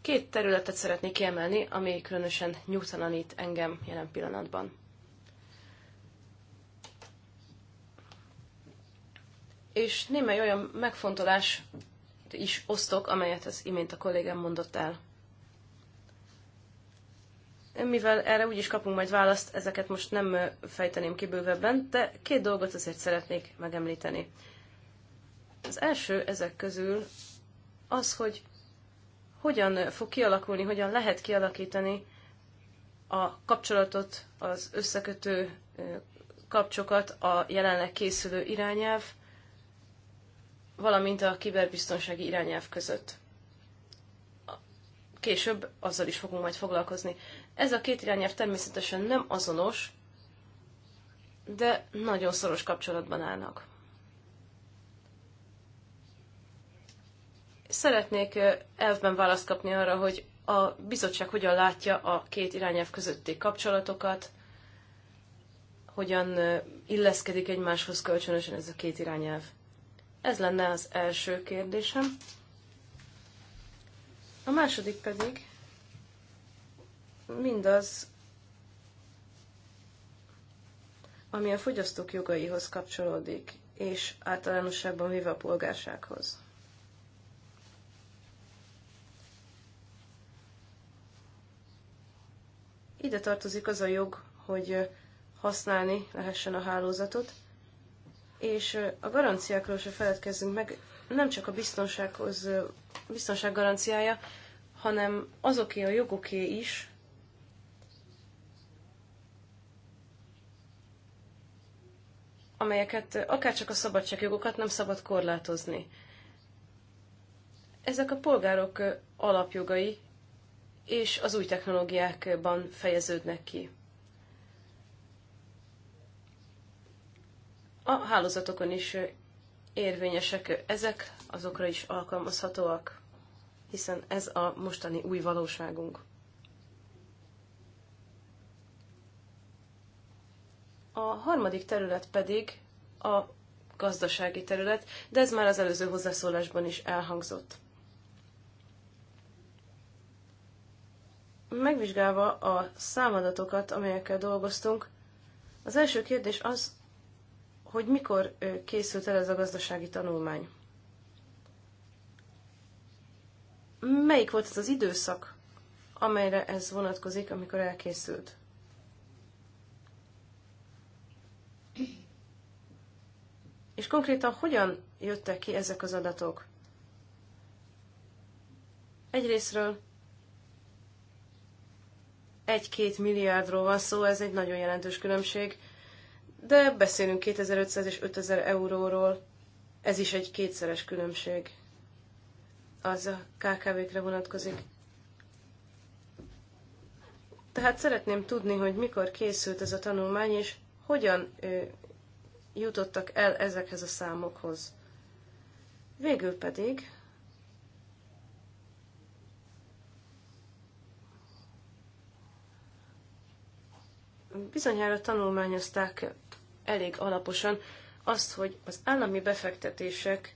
Két területet szeretnék kiemelni, ami különösen nyugtalanít engem jelen pillanatban. És némely olyan megfontolás is osztok, amelyet az imént a kollégám mondott el mivel erre úgyis kapunk majd választ, ezeket most nem fejteném ki bővebben, de két dolgot azért szeretnék megemlíteni. Az első ezek közül az, hogy hogyan fog kialakulni, hogyan lehet kialakítani a kapcsolatot, az összekötő kapcsokat a jelenleg készülő irányelv, valamint a kiberbiztonsági irányelv között később azzal is fogunk majd foglalkozni. Ez a két irányelv természetesen nem azonos, de nagyon szoros kapcsolatban állnak. Szeretnék elvben választ kapni arra, hogy a bizottság hogyan látja a két irányelv közötti kapcsolatokat, hogyan illeszkedik egymáshoz kölcsönösen ez a két irányelv. Ez lenne az első kérdésem. A második pedig mindaz, ami a fogyasztók jogaihoz kapcsolódik, és általánosságban véve a polgársághoz. Ide tartozik az a jog, hogy használni lehessen a hálózatot, és a garanciákról se feledkezzünk meg, nem csak a biztonsághoz, biztonság garanciája, hanem azoké a jogoké is, amelyeket csak a szabadságjogokat nem szabad korlátozni. Ezek a polgárok alapjogai, és az új technológiákban fejeződnek ki. A hálózatokon is érvényesek, ezek azokra is alkalmazhatóak, hiszen ez a mostani új valóságunk. A harmadik terület pedig a gazdasági terület, de ez már az előző hozzászólásban is elhangzott. Megvizsgálva a számadatokat, amelyekkel dolgoztunk, az első kérdés az, hogy mikor készült el ez a gazdasági tanulmány? Melyik volt ez az időszak, amelyre ez vonatkozik, amikor elkészült? És konkrétan hogyan jöttek ki ezek az adatok? Egyrésztről egy-két milliárdról van szó, ez egy nagyon jelentős különbség de beszélünk 2500 és 5000 euróról. Ez is egy kétszeres különbség. Az a KKV-kre vonatkozik. Tehát szeretném tudni, hogy mikor készült ez a tanulmány, és hogyan ő, jutottak el ezekhez a számokhoz. Végül pedig bizonyára tanulmányozták elég alaposan azt, hogy az állami befektetések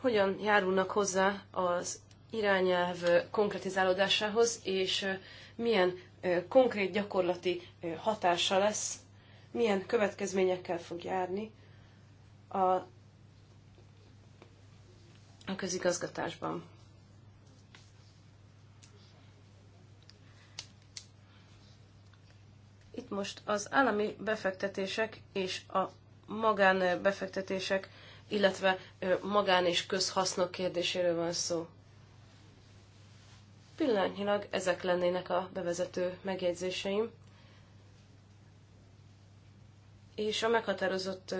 hogyan járulnak hozzá az irányelv konkretizálódásához, és milyen konkrét gyakorlati hatása lesz, milyen következményekkel fog járni a a közigazgatásban. Itt most az állami befektetések és a magánbefektetések, illetve magán és közhasznok kérdéséről van szó. Pillanatnyilag ezek lennének a bevezető megjegyzéseim. És a meghatározott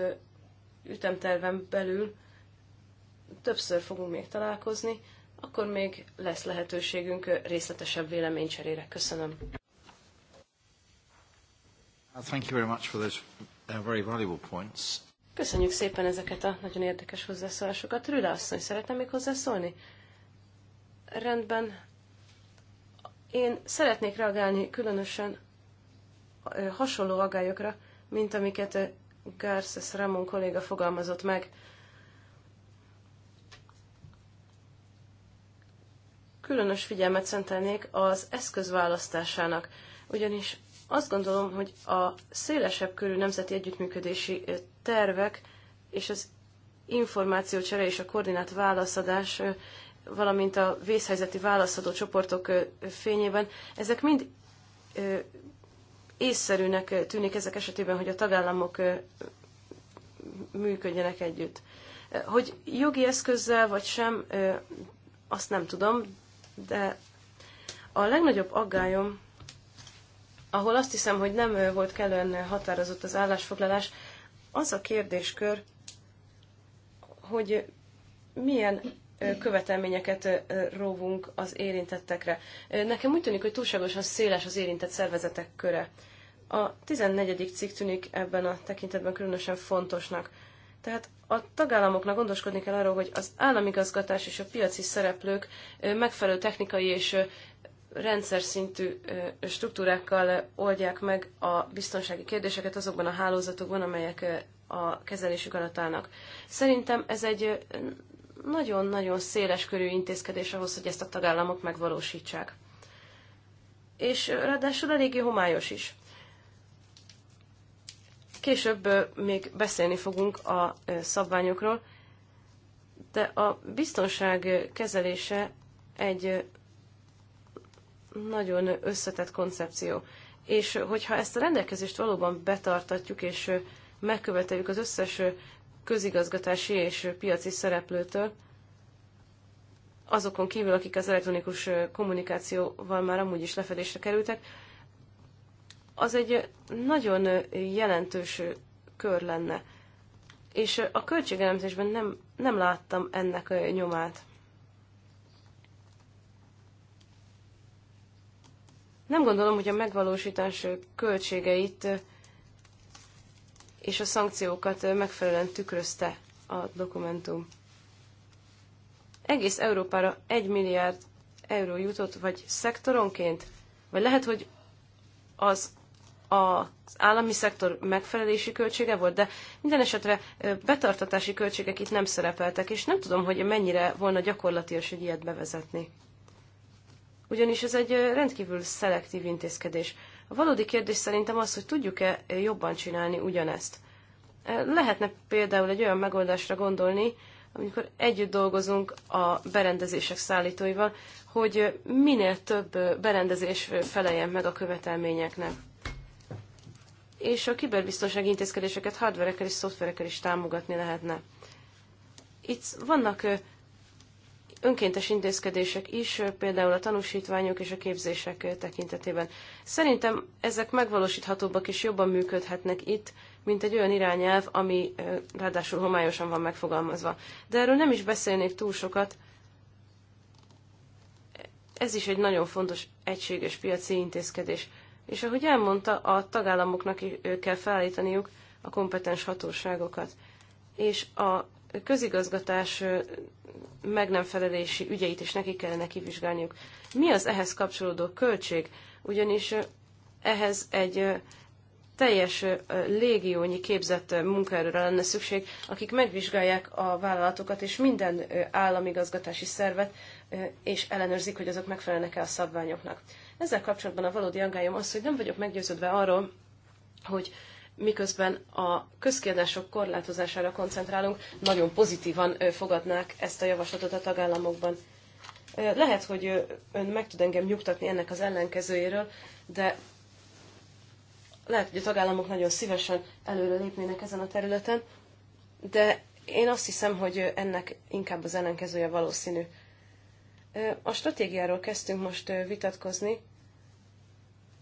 ütemterven belül többször fogunk még találkozni, akkor még lesz lehetőségünk részletesebb véleménycserére. Köszönöm. Thank you very much for those uh, very valuable points. Köszönjük szépen ezeket a nagyon érdekes hozzászólásokat. Rüle asszony, szeretne még hozzászólni? Rendben. Én szeretnék reagálni különösen hasonló agályokra, mint amiket Garces Ramon kolléga fogalmazott meg különös figyelmet szentelnék az eszköz választásának, ugyanis azt gondolom, hogy a szélesebb körű nemzeti együttműködési tervek és az információcsere és a koordinát válaszadás, valamint a vészhelyzeti válaszadó csoportok fényében, ezek mind észszerűnek tűnik ezek esetében, hogy a tagállamok működjenek együtt. Hogy jogi eszközzel vagy sem, azt nem tudom, de a legnagyobb aggályom, ahol azt hiszem, hogy nem volt kellően határozott az állásfoglalás, az a kérdéskör, hogy milyen követelményeket róvunk az érintettekre. Nekem úgy tűnik, hogy túlságosan széles az érintett szervezetek köre. A 14. cikk tűnik ebben a tekintetben különösen fontosnak. Tehát a tagállamoknak gondoskodni kell arról, hogy az államigazgatás és a piaci szereplők megfelelő technikai és rendszer szintű struktúrákkal oldják meg a biztonsági kérdéseket azokban a hálózatokban, amelyek a kezelésük alatt állnak. Szerintem ez egy nagyon-nagyon széles körű intézkedés ahhoz, hogy ezt a tagállamok megvalósítsák. És ráadásul eléggé homályos is. Később még beszélni fogunk a szabványokról, de a biztonság kezelése egy nagyon összetett koncepció. És hogyha ezt a rendelkezést valóban betartatjuk, és megköveteljük az összes közigazgatási és piaci szereplőtől, azokon kívül, akik az elektronikus kommunikációval már amúgy is lefedésre kerültek, az egy nagyon jelentős kör lenne. És a költségelemzésben nem, nem láttam ennek a nyomát. Nem gondolom, hogy a megvalósítás költségeit és a szankciókat megfelelően tükrözte a dokumentum. Egész Európára 1 milliárd euró jutott, vagy szektoronként, vagy lehet, hogy az az állami szektor megfelelési költsége volt, de minden esetre betartatási költségek itt nem szerepeltek, és nem tudom, hogy mennyire volna gyakorlatilag hogy ilyet bevezetni. Ugyanis ez egy rendkívül szelektív intézkedés. A valódi kérdés szerintem az, hogy tudjuk-e jobban csinálni ugyanezt. Lehetne például egy olyan megoldásra gondolni, amikor együtt dolgozunk a berendezések szállítóival, hogy minél több berendezés feleljen meg a követelményeknek és a kiberbiztonsági intézkedéseket hardverekkel és szoftverekkel is támogatni lehetne. Itt vannak önkéntes intézkedések is, például a tanúsítványok és a képzések tekintetében. Szerintem ezek megvalósíthatóbbak és jobban működhetnek itt, mint egy olyan irányelv, ami ráadásul homályosan van megfogalmazva. De erről nem is beszélnék túl sokat. Ez is egy nagyon fontos egységes piaci intézkedés. És ahogy elmondta, a tagállamoknak kell felállítaniuk a kompetens hatóságokat. És a közigazgatás meg nem felelési ügyeit is neki kellene kivizsgálniuk. Mi az ehhez kapcsolódó költség? Ugyanis ehhez egy teljes légiónyi képzett munkaerőre lenne szükség, akik megvizsgálják a vállalatokat és minden államigazgatási szervet, és ellenőrzik, hogy azok megfelelnek-e a szabványoknak. Ezzel kapcsolatban a valódi aggályom az, hogy nem vagyok meggyőződve arról, hogy miközben a közkiadások korlátozására koncentrálunk, nagyon pozitívan fogadnák ezt a javaslatot a tagállamokban. Lehet, hogy ön meg tud engem nyugtatni ennek az ellenkezőjéről, de lehet, hogy a tagállamok nagyon szívesen előre lépnének ezen a területen, de én azt hiszem, hogy ennek inkább az ellenkezője valószínű. A stratégiáról kezdtünk most vitatkozni,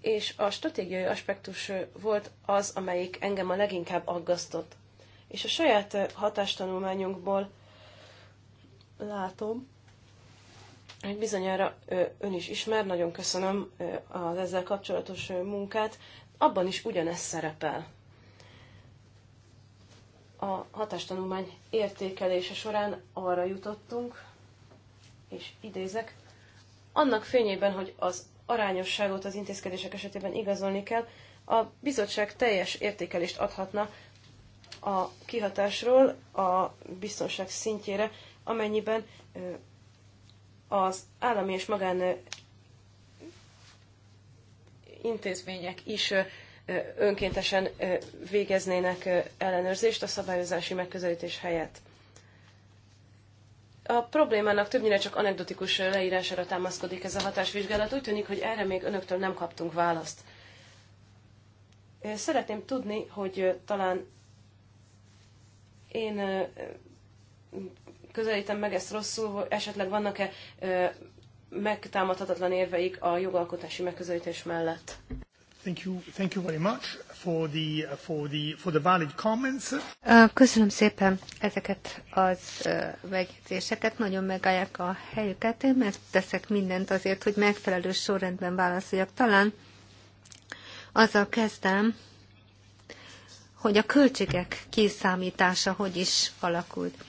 és a stratégiai aspektus volt az, amelyik engem a leginkább aggasztott. És a saját hatástanulmányunkból látom, hogy bizonyára ön is ismer, nagyon köszönöm az ezzel kapcsolatos munkát, abban is ugyanez szerepel. A hatástanulmány értékelése során arra jutottunk, és idézek, annak fényében, hogy az arányosságot az intézkedések esetében igazolni kell, a bizottság teljes értékelést adhatna a kihatásról a biztonság szintjére, amennyiben az állami és magán intézmények is önkéntesen végeznének ellenőrzést a szabályozási megközelítés helyett. A problémának többnyire csak anekdotikus leírására támaszkodik ez a hatásvizsgálat. Úgy tűnik, hogy erre még önöktől nem kaptunk választ. Szeretném tudni, hogy talán én közelítem meg ezt rosszul, esetleg vannak-e megtámadhatatlan érveik a jogalkotási megközelítés mellett. Thank you, thank you very much for the, for the, for the valid comments. Köszönöm szépen ezeket az megjegyzéseket, nagyon megállják a helyüket. Én megteszek mindent azért, hogy megfelelő sorrendben válaszoljak. Talán azzal kezdem, hogy a költségek kiszámítása hogy is alakult.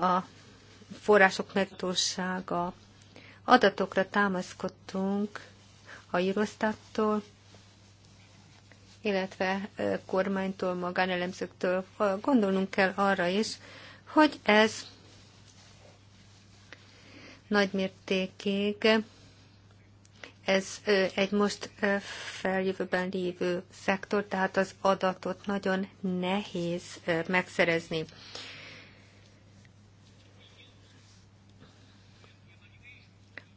A források megtósága. Adatokra támaszkodtunk a Eurostattól, illetve kormánytól, magánelemzőktől gondolnunk kell arra is, hogy ez nagymértékig ez egy most feljövőben lévő szektor, tehát az adatot nagyon nehéz megszerezni.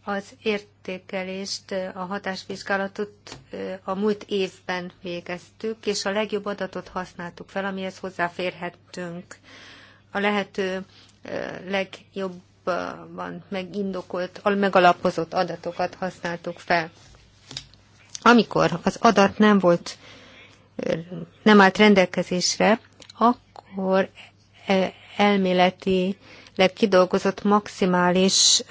Az értékelést, a hatásvizsgálatot a múlt évben végeztük, és a legjobb adatot használtuk fel, amihez hozzáférhettünk. A lehető legjobban megindokolt, megalapozott adatokat használtuk fel. Amikor az adat nem volt, nem állt rendelkezésre, akkor e-, elméleti, kidolgozott maximális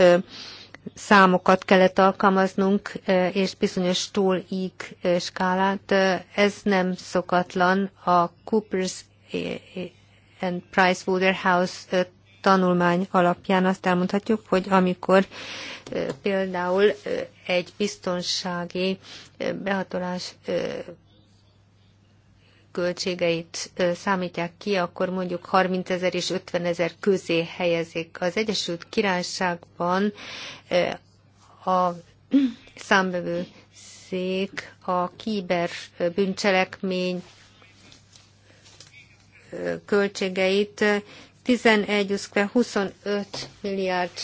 számokat kellett alkalmaznunk, és bizonyos túl-íg skálát. Ez nem szokatlan. A Coopers and Price tanulmány alapján azt elmondhatjuk, hogy amikor például egy biztonsági behatolás költségeit számítják ki, akkor mondjuk 30 ezer és 50 ezer közé helyezik. Az Egyesült Királyságban a (clears throat) számbevő szék a kiber bűncselekmény költségeit 11-25 milliárd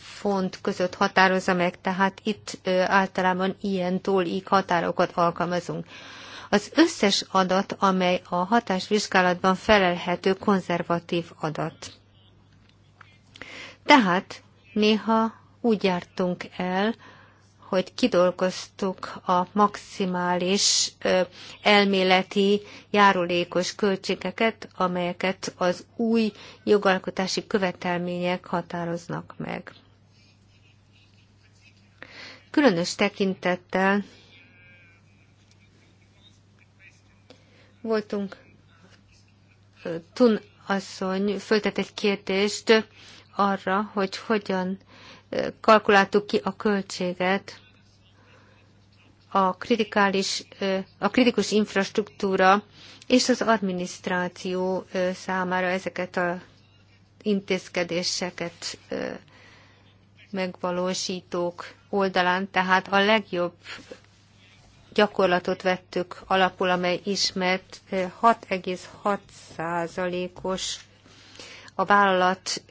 font között határozza meg, tehát itt általában ilyen tólig határokat alkalmazunk. Az összes adat, amely a hatásvizsgálatban felelhető konzervatív adat. Tehát néha úgy jártunk el, hogy kidolgoztuk a maximális elméleti járulékos költségeket, amelyeket az új jogalkotási követelmények határoznak meg. Különös tekintettel voltunk. Tun asszony föltett egy kérdést arra, hogy hogyan kalkuláltuk ki a költséget a, kritikális, a kritikus infrastruktúra és az adminisztráció számára ezeket a intézkedéseket megvalósítók oldalán, tehát a legjobb gyakorlatot vettük alapul, amely ismert 6,6%-os a vállalat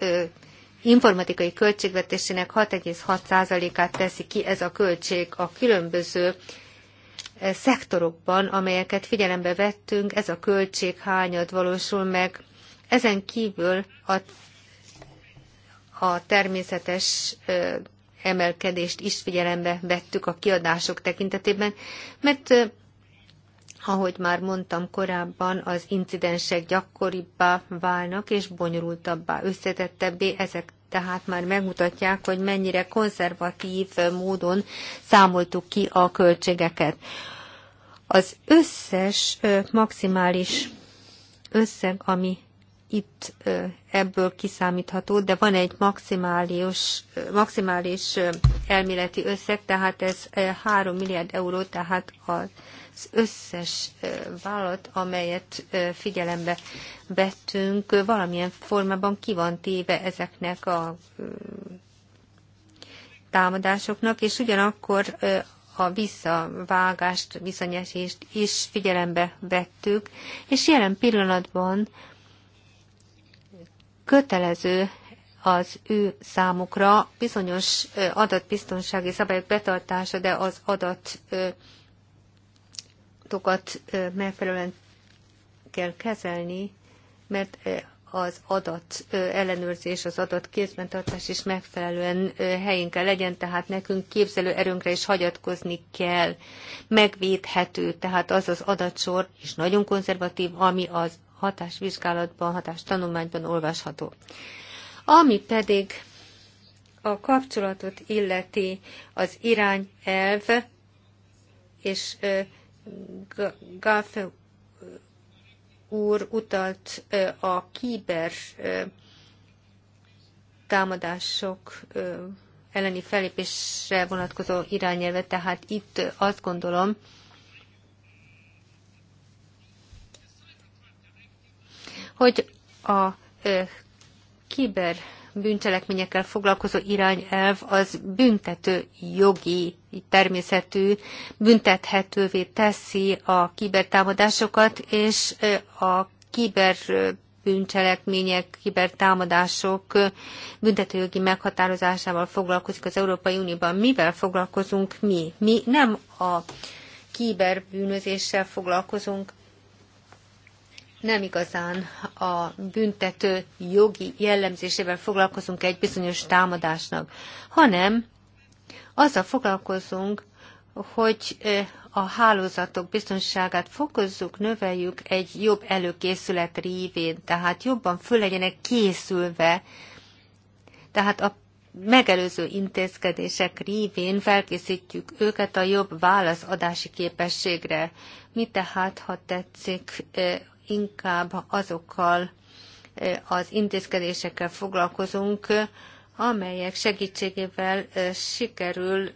informatikai költségvetésének 6,6%-át teszi ki ez a költség a különböző szektorokban, amelyeket figyelembe vettünk, ez a költség hányad valósul meg. Ezen kívül a, a természetes emelkedést is figyelembe vettük a kiadások tekintetében, mert ahogy már mondtam korábban, az incidensek gyakoribbá válnak és bonyolultabbá, összetettebbé, ezek tehát már megmutatják, hogy mennyire konzervatív módon számoltuk ki a költségeket. Az összes maximális összeg, ami itt ebből kiszámítható, de van egy maximális, maximális elméleti összeg, tehát ez 3 milliárd euró, tehát az összes vállalat, amelyet figyelembe vettünk, valamilyen formában ki van téve ezeknek a támadásoknak, és ugyanakkor a visszavágást, viszonyesést is figyelembe vettük, és jelen pillanatban kötelező az ő számukra bizonyos adatbiztonsági szabályok betartása, de az adatokat megfelelően kell kezelni, mert az adat ellenőrzés, az adat kézbentartás is megfelelően helyén kell legyen, tehát nekünk képzelő erőnkre is hagyatkozni kell, megvédhető, tehát az az adatsor is nagyon konzervatív, ami az hatásvizsgálatban, hatástanulmányban olvasható. Ami pedig a kapcsolatot illeti az irányelv, és Gaffe úr utalt a kiber támadások elleni felépésre vonatkozó irányelve, tehát itt azt gondolom, hogy a kiber bűncselekményekkel foglalkozó irányelv az büntető jogi természetű, büntethetővé teszi a kibertámadásokat, és a kiber bűncselekmények, kibertámadások büntetőjogi meghatározásával foglalkozik az Európai Unióban. Mivel foglalkozunk mi? Mi nem a kiberbűnözéssel foglalkozunk, nem igazán a büntető jogi jellemzésével foglalkozunk egy bizonyos támadásnak, hanem azzal foglalkozunk, hogy a hálózatok biztonságát fokozzuk, növeljük egy jobb előkészület révén, tehát jobban föl legyenek készülve, tehát a megelőző intézkedések révén felkészítjük őket a jobb válaszadási képességre. Mi tehát, ha tetszik, inkább azokkal az intézkedésekkel foglalkozunk, amelyek segítségével sikerül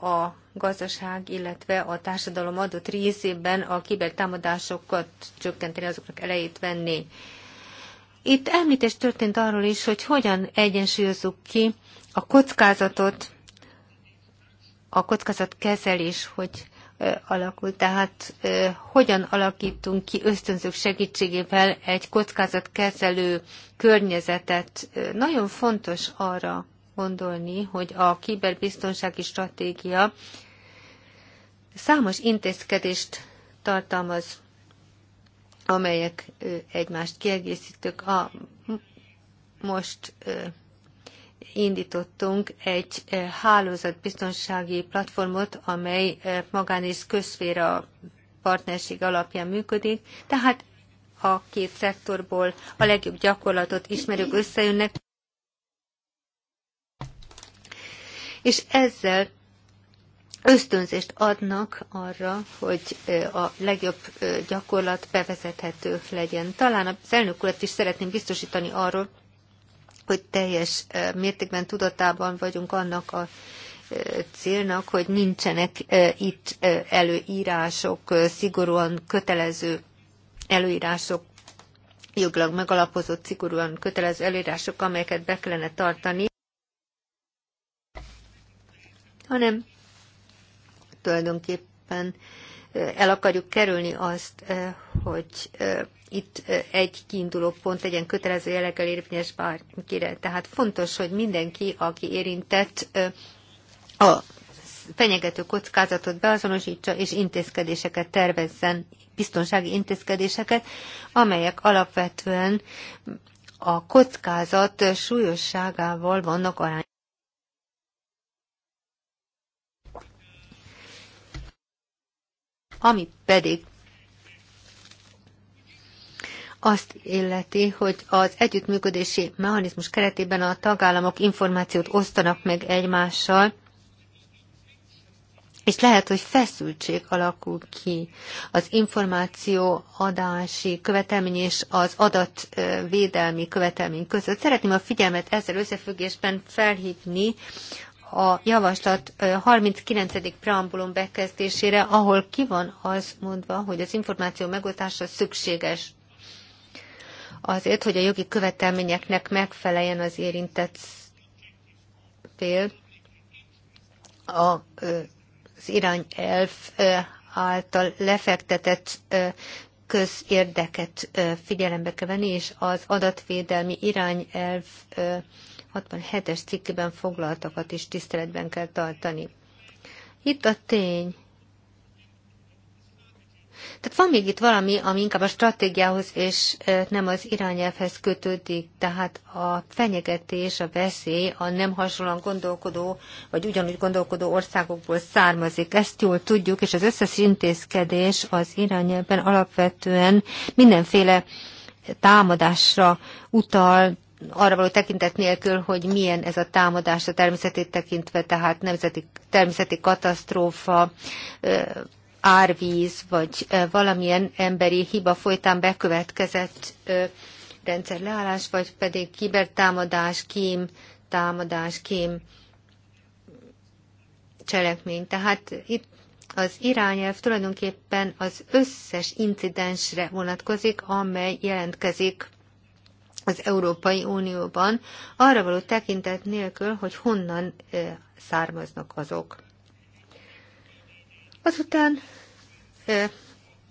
a gazdaság, illetve a társadalom adott részében a kibertámadásokat csökkenteni, azoknak elejét venni. Itt említés történt arról is, hogy hogyan egyensúlyozzuk ki a kockázatot, a kockázatkezelés, hogy alakul. Tehát hogyan alakítunk ki ösztönzők segítségével egy kockázatkezelő környezetet? Nagyon fontos arra gondolni, hogy a kiberbiztonsági stratégia számos intézkedést tartalmaz, amelyek egymást kiegészítők. A most indítottunk egy eh, hálózatbiztonsági platformot, amely eh, magán és közféra partnerség alapján működik, tehát a két szektorból a legjobb gyakorlatot ismerők összejönnek, és ezzel ösztönzést adnak arra, hogy eh, a legjobb gyakorlat bevezethető legyen. Talán az elnök urat is szeretném biztosítani arról, hogy teljes mértékben tudatában vagyunk annak a célnak, hogy nincsenek itt előírások, szigorúan kötelező előírások, jogilag megalapozott, szigorúan kötelező előírások, amelyeket be kellene tartani, hanem tulajdonképpen el akarjuk kerülni azt, hogy itt egy kiinduló pont legyen kötelező jelleggel érvényes bárkire. Tehát fontos, hogy mindenki, aki érintett, a fenyegető kockázatot beazonosítsa és intézkedéseket tervezzen, biztonsági intézkedéseket, amelyek alapvetően a kockázat súlyosságával vannak arány. Ami pedig azt illeti, hogy az együttműködési mechanizmus keretében a tagállamok információt osztanak meg egymással, és lehet, hogy feszültség alakul ki az információ adási követelmény és az adatvédelmi követelmény között. Szeretném a figyelmet ezzel összefüggésben felhívni a javaslat 39. preambulum bekezdésére, ahol ki van az mondva, hogy az információ megosztása szükséges azért, hogy a jogi követelményeknek megfeleljen az érintett fél az irányelv által lefektetett közérdeket figyelembe kell venni, és az adatvédelmi irányelv 67-es cikkében foglaltakat is tiszteletben kell tartani. Itt a tény, tehát van még itt valami, ami inkább a stratégiához és nem az irányelvhez kötődik, tehát a fenyegetés, a veszély a nem hasonlóan gondolkodó, vagy ugyanúgy gondolkodó országokból származik. Ezt jól tudjuk, és az összes intézkedés az irányelvben alapvetően mindenféle támadásra utal, arra való tekintet nélkül, hogy milyen ez a támadás a természetét tekintve, tehát nemzeti, természeti katasztrófa, árvíz vagy valamilyen emberi hiba folytán bekövetkezett rendszerleállás, vagy pedig kibertámadás, kém támadás, kém cselekmény. Tehát itt az irányelv tulajdonképpen az összes incidensre vonatkozik, amely jelentkezik az Európai Unióban, arra való tekintet nélkül, hogy honnan származnak azok. Azután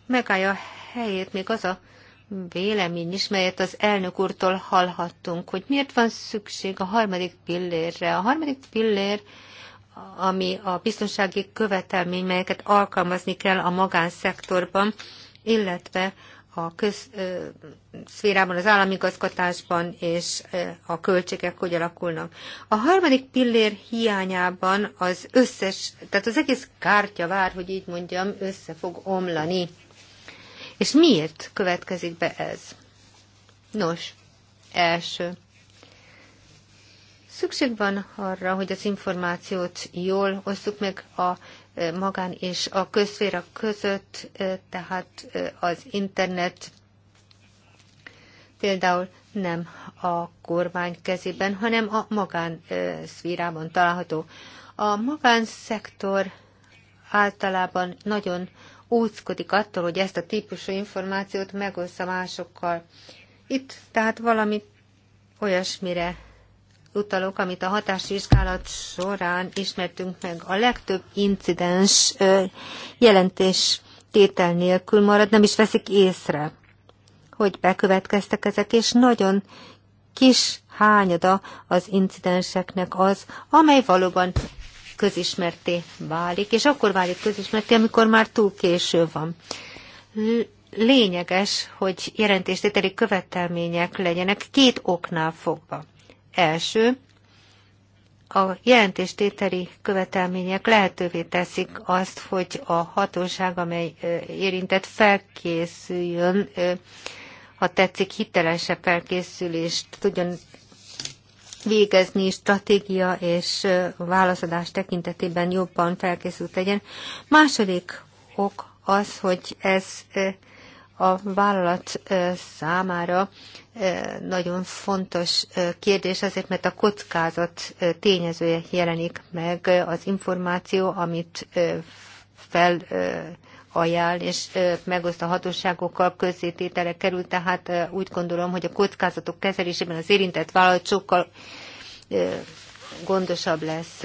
megállja a helyét még az a vélemény is, melyet az elnök úrtól hallhattunk, hogy miért van szükség a harmadik pillérre. A harmadik pillér, ami a biztonsági követelmény, melyeket alkalmazni kell a magánszektorban, illetve a közszférában, az államigazgatásban és a költségek hogy alakulnak. A harmadik pillér hiányában az összes, tehát az egész kártya vár, hogy így mondjam, össze fog omlani. És miért következik be ez? Nos, első. Szükség van arra, hogy az információt jól osszuk meg a magán és a közféra között, tehát az internet például nem a kormány kezében, hanem a magánszférában található. A magánszektor általában nagyon óckodik attól, hogy ezt a típusú információt megoszza másokkal. Itt tehát valami olyasmire utalok, amit a hatásvizsgálat során ismertünk meg. A legtöbb incidens jelentés tétel nélkül marad, nem is veszik észre, hogy bekövetkeztek ezek, és nagyon kis hányada az incidenseknek az, amely valóban közismerté válik, és akkor válik közismerté, amikor már túl késő van. Lényeges, hogy jelentéstételi követelmények legyenek két oknál fogva. Első, a jelentéstételi követelmények lehetővé teszik azt, hogy a hatóság, amely érintett, felkészüljön, ha tetszik, hitelesebb felkészülést tudjon végezni stratégia és válaszadás tekintetében jobban felkészült legyen. Második ok az, hogy ez a vállalat számára nagyon fontos kérdés, azért mert a kockázat tényezője jelenik meg az információ, amit fel ajánl, és megoszt a hatóságokkal közzététele kerül, tehát úgy gondolom, hogy a kockázatok kezelésében az érintett vállalat sokkal gondosabb lesz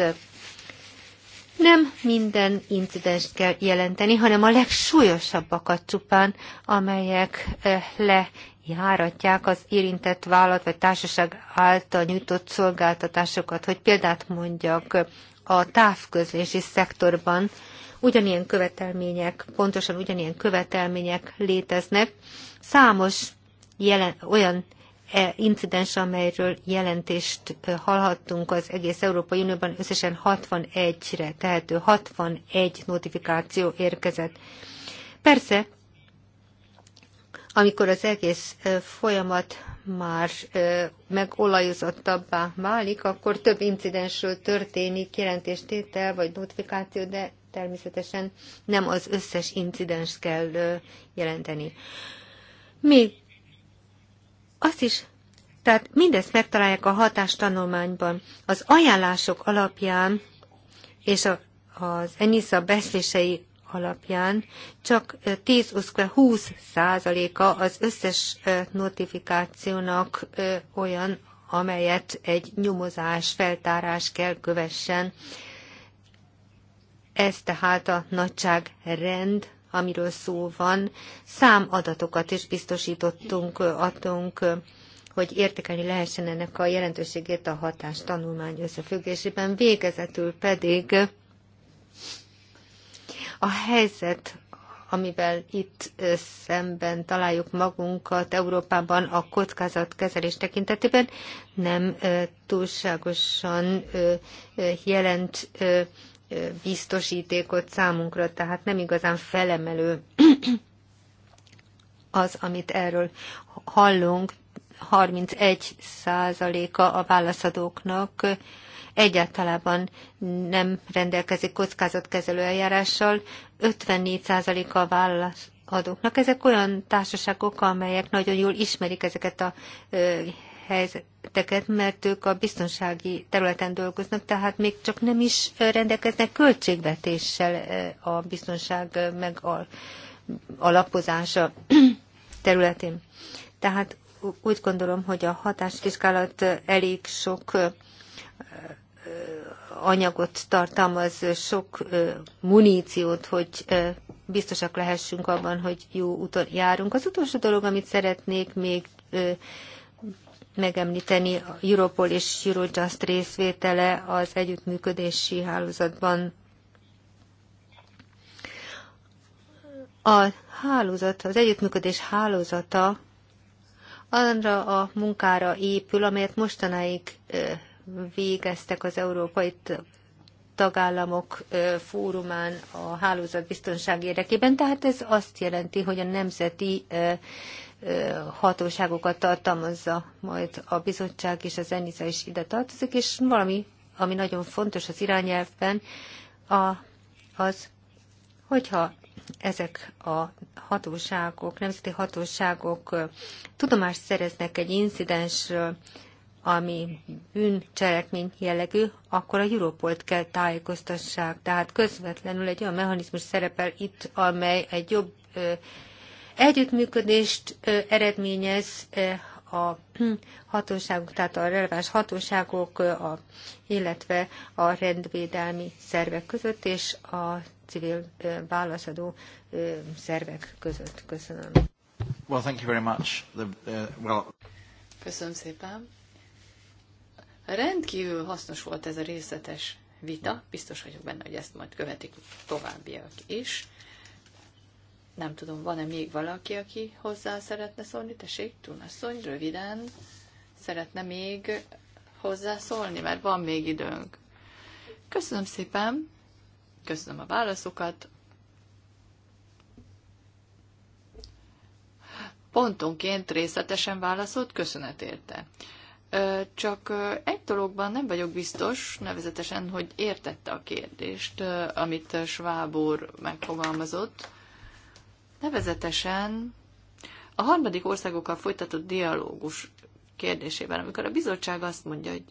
nem minden incidenst kell jelenteni, hanem a legsúlyosabbakat csupán, amelyek eh, lejáratják az érintett vállalat vagy társaság által nyújtott szolgáltatásokat. Hogy példát mondjak, a távközlési szektorban ugyanilyen követelmények, pontosan ugyanilyen követelmények léteznek. Számos jelen, olyan E incidens, amelyről jelentést hallhattunk az egész Európai Unióban, összesen 61-re, tehát 61 notifikáció érkezett. Persze, amikor az egész e, folyamat már e, megolajozottabbá válik, akkor több incidensről történik jelentéstétel vagy notifikáció, de természetesen nem az összes incidens kell jelenteni. Még azt is, tehát mindezt megtalálják a hatástanulmányban. Az ajánlások alapján és a, az Enisza beszései alapján csak 10-20 százaléka az összes notifikációnak olyan, amelyet egy nyomozás, feltárás kell kövessen. Ez tehát a nagyságrend, amiről szó van, számadatokat is biztosítottunk, adtunk, hogy értékelni lehessen ennek a jelentőségét a hatás tanulmány összefüggésében. Végezetül pedig a helyzet amivel itt szemben találjuk magunkat Európában a kockázatkezelés tekintetében, nem túlságosan jelent biztosítékot számunkra, tehát nem igazán felemelő az, amit erről hallunk. 31 százaléka a válaszadóknak egyáltalában nem rendelkezik kockázatkezelő eljárással, 54 százaléka a válaszadóknak. Ezek olyan társaságok, amelyek nagyon jól ismerik ezeket a helyzeteket, mert ők a biztonsági területen dolgoznak, tehát még csak nem is rendelkeznek költségvetéssel a biztonság meg a alapozása (clears throat) területén. Tehát úgy gondolom, hogy a hatásvizsgálat elég sok anyagot tartalmaz, sok muníciót, hogy biztosak lehessünk abban, hogy jó úton járunk. Az utolsó dolog, amit szeretnék még megemlíteni a Europol és Eurojust részvétele az együttműködési hálózatban. A hálózat, az együttműködés hálózata arra a munkára épül, amelyet mostanáig végeztek az európai tagállamok fórumán a hálózat biztonság érdekében. Tehát ez azt jelenti, hogy a nemzeti hatóságokat tartalmazza majd a bizottság, és az ENISA is ide tartozik, és valami, ami nagyon fontos az irányelvben, a, az, hogyha ezek a hatóságok, nemzeti hatóságok tudomást szereznek egy incidensről, ami bűncselekmény jellegű, akkor a Europolt kell tájékoztassák. Tehát közvetlenül egy olyan mechanizmus szerepel itt, amely egy jobb együttműködést eredményez a (clears throat) hatóságok, tehát a releváns hatóságok, a, illetve a rendvédelmi szervek között és a civil válaszadó szervek között. Köszönöm. Well, thank you very much. The, uh, well... Köszönöm szépen. Rendkívül hasznos volt ez a részletes vita, biztos vagyok benne, hogy ezt majd követik továbbiak is. Nem tudom, van-e még valaki, aki hozzá szeretne szólni? Tessék, Tunasszony, röviden szeretne még hozzászólni, mert van még időnk. Köszönöm szépen, köszönöm a válaszokat. Pontonként részletesen válaszolt, köszönet érte. Csak egy dologban nem vagyok biztos, nevezetesen, hogy értette a kérdést, amit Schwab úr megfogalmazott Nevezetesen a harmadik országokkal folytatott dialógus kérdésében, amikor a bizottság azt mondja, hogy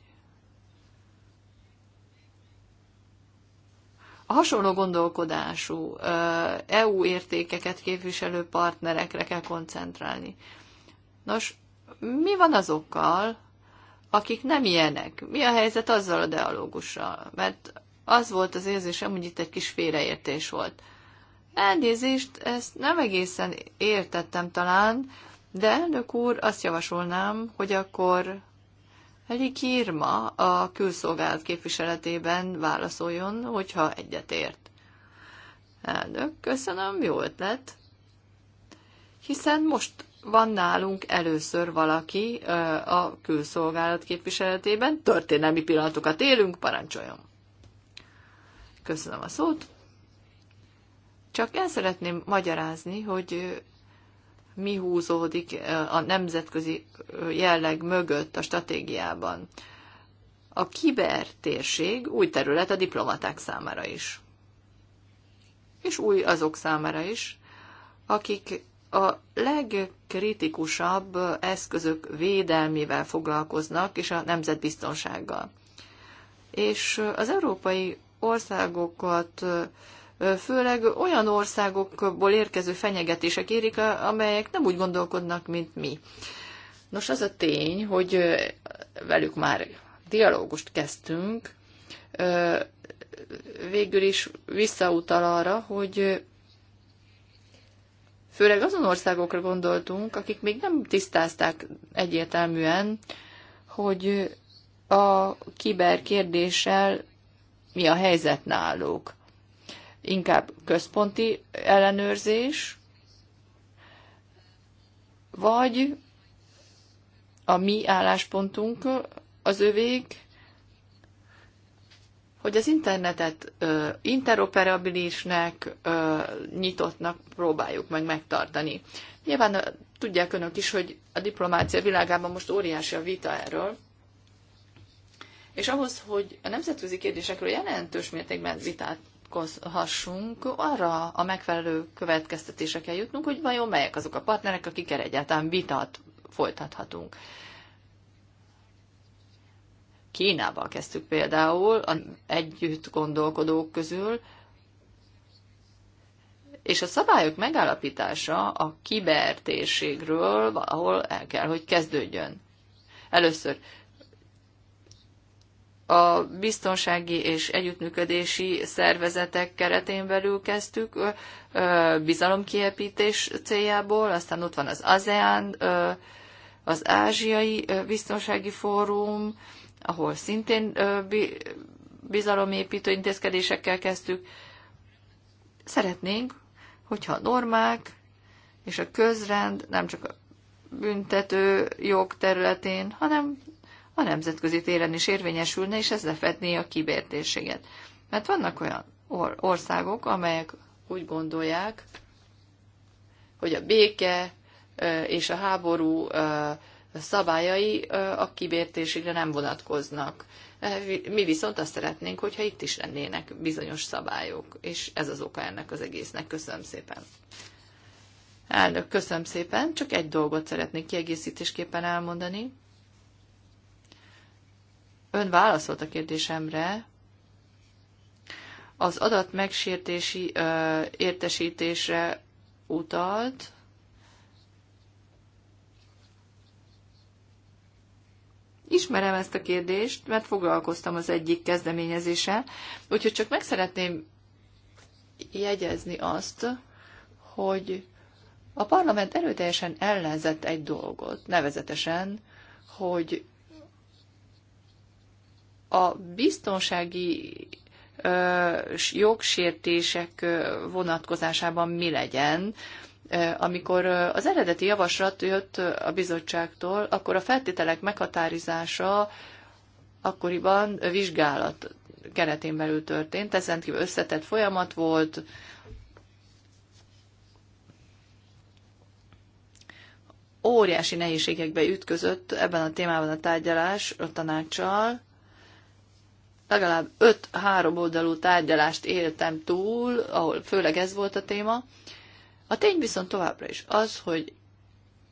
a hasonló gondolkodású EU értékeket képviselő partnerekre kell koncentrálni. Nos, mi van azokkal, akik nem ilyenek? Mi a helyzet azzal a dialógussal? Mert az volt az érzésem, hogy itt egy kis félreértés volt. Elnézést, ezt nem egészen értettem talán, de elnök úr, azt javasolnám, hogy akkor Eli Kirma a külszolgált képviseletében válaszoljon, hogyha egyetért. Elnök, köszönöm, jó ötlet. Hiszen most van nálunk először valaki a külszolgálat képviseletében, történelmi pillanatokat élünk, parancsoljon. Köszönöm a szót. Csak el szeretném magyarázni, hogy mi húzódik a nemzetközi jelleg mögött a stratégiában. A kibertérség új terület a diplomaták számára is. És új azok számára is, akik a legkritikusabb eszközök védelmével foglalkoznak, és a nemzetbiztonsággal. És az európai országokat főleg olyan országokból érkező fenyegetések érik, amelyek nem úgy gondolkodnak, mint mi. Nos, az a tény, hogy velük már dialógust kezdtünk, végül is visszautal arra, hogy főleg azon országokra gondoltunk, akik még nem tisztázták egyértelműen, hogy a kiber kérdéssel mi a helyzet náluk inkább központi ellenőrzés, vagy a mi álláspontunk az övék, hogy az internetet interoperabilisnek, nyitottnak próbáljuk meg megtartani. Nyilván tudják önök is, hogy a diplomácia világában most óriási a vita erről, és ahhoz, hogy a nemzetközi kérdésekről jelentős mértékben vitát vonatkozhassunk arra a megfelelő következtetésre kell jutnunk, hogy vajon melyek azok a partnerek, akikkel egyáltalán vitat folytathatunk. Kínával kezdtük például, a együtt gondolkodók közül, és a szabályok megállapítása a kibertérségről valahol el kell, hogy kezdődjön. Először a biztonsági és együttműködési szervezetek keretén belül kezdtük bizalomkiepítés céljából, aztán ott van az ASEAN, az Ázsiai Biztonsági Fórum, ahol szintén bizalomépítő intézkedésekkel kezdtük. Szeretnénk, hogyha a normák és a közrend nem csak a büntető jog területén, hanem a nemzetközi téren is érvényesülne, és ez lefedné a kibértéséget. Mert vannak olyan or- országok, amelyek úgy gondolják, hogy a béke és a háború szabályai a kibértésére nem vonatkoznak. E, mi viszont azt szeretnénk, hogyha itt is lennének bizonyos szabályok, és ez az oka ennek az egésznek. Köszönöm szépen. Elnök, köszönöm szépen. Csak egy dolgot szeretnék kiegészítésképpen elmondani ön válaszolt a kérdésemre, az adat megsértési ö, értesítésre utalt, Ismerem ezt a kérdést, mert foglalkoztam az egyik kezdeményezéssel, úgyhogy csak meg szeretném jegyezni azt, hogy a parlament erőteljesen ellenzett egy dolgot, nevezetesen, hogy a biztonsági jogsértések vonatkozásában mi legyen, amikor az eredeti javaslat jött a bizottságtól, akkor a feltételek meghatározása akkoriban vizsgálat keretén belül történt, Ez rendkívül összetett folyamat volt, óriási nehézségekbe ütközött ebben a témában a tárgyalás a tanácssal, legalább 5-3 oldalú tárgyalást éltem túl, ahol főleg ez volt a téma. A tény viszont továbbra is az, hogy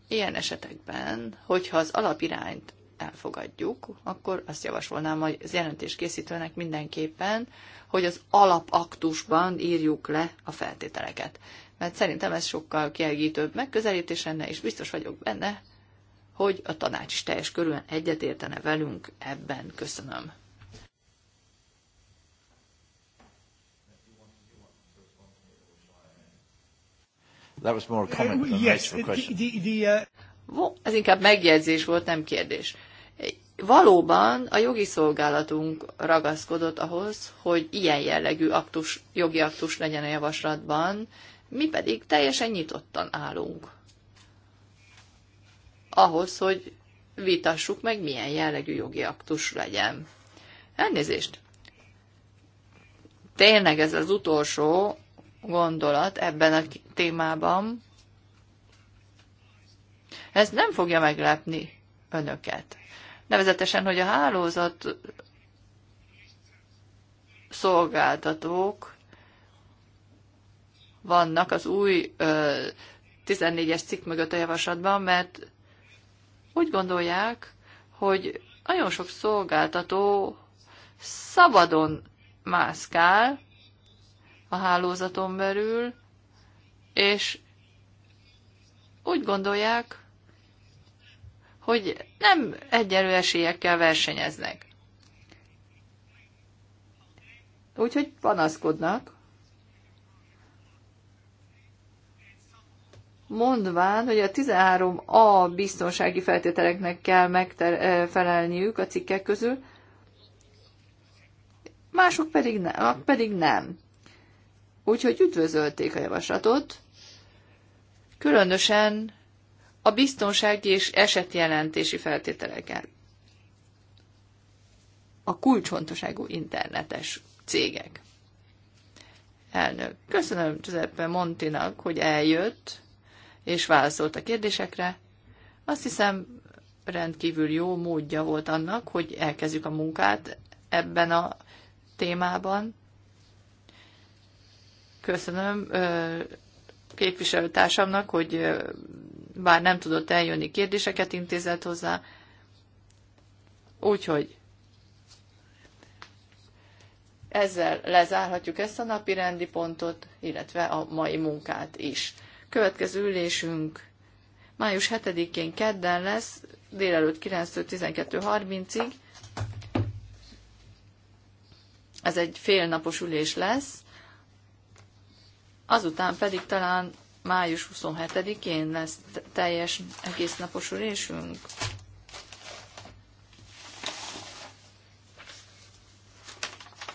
ilyen esetekben, hogyha az alapirányt elfogadjuk, akkor azt javasolnám hogy az jelentés készítőnek mindenképpen, hogy az alapaktusban írjuk le a feltételeket. Mert szerintem ez sokkal kielgítőbb megközelítés lenne, és biztos vagyok benne, hogy a tanács is teljes körülön egyetértene velünk ebben. Köszönöm. That was more a comment than yes, a question. The, the, uh... Ez inkább megjegyzés volt, nem kérdés. Valóban a jogi szolgálatunk ragaszkodott ahhoz, hogy ilyen jellegű aktus, jogi aktus legyen a javaslatban, mi pedig teljesen nyitottan állunk. Ahhoz, hogy vitassuk meg, milyen jellegű jogi aktus legyen. Elnézést! Tényleg ez az utolsó, gondolat ebben a témában. Ez nem fogja meglepni önöket. Nevezetesen, hogy a hálózat szolgáltatók vannak az új 14-es cikk mögött a javaslatban, mert úgy gondolják, hogy nagyon sok szolgáltató szabadon mászkál, a hálózaton belül, és úgy gondolják, hogy nem egyenlő esélyekkel versenyeznek. Úgyhogy panaszkodnak, mondván, hogy a 13A biztonsági feltételeknek kell megfelelniük eh, a cikkek közül, mások pedig, ne, pedig nem úgyhogy üdvözölték a javaslatot, különösen a biztonsági és esetjelentési feltételekkel, A kulcsfontosságú internetes cégek. Elnök, köszönöm Giuseppe Montinak, hogy eljött és válaszolt a kérdésekre. Azt hiszem, rendkívül jó módja volt annak, hogy elkezdjük a munkát ebben a témában, Köszönöm képviselőtársamnak, hogy bár nem tudott eljönni, kérdéseket intézett hozzá. Úgyhogy ezzel lezárhatjuk ezt a napi rendi pontot, illetve a mai munkát is. Következő ülésünk május 7-én kedden lesz, délelőtt 9-12.30-ig. Ez egy félnapos ülés lesz azután pedig talán május 27-én lesz teljes egész napos ülésünk.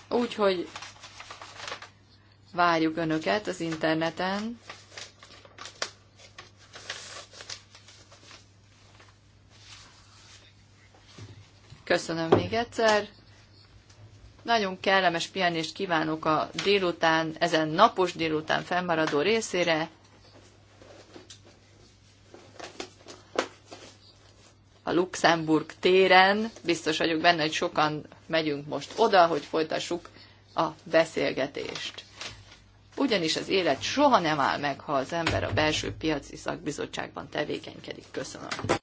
Úgyhogy várjuk Önöket az interneten. Köszönöm még egyszer. Nagyon kellemes pihenést kívánok a délután, ezen napos délután fennmaradó részére. A Luxemburg téren, biztos vagyok benne, hogy sokan megyünk most oda, hogy folytassuk a beszélgetést. Ugyanis az élet soha nem áll meg, ha az ember a belső piaci szakbizottságban tevékenykedik. Köszönöm.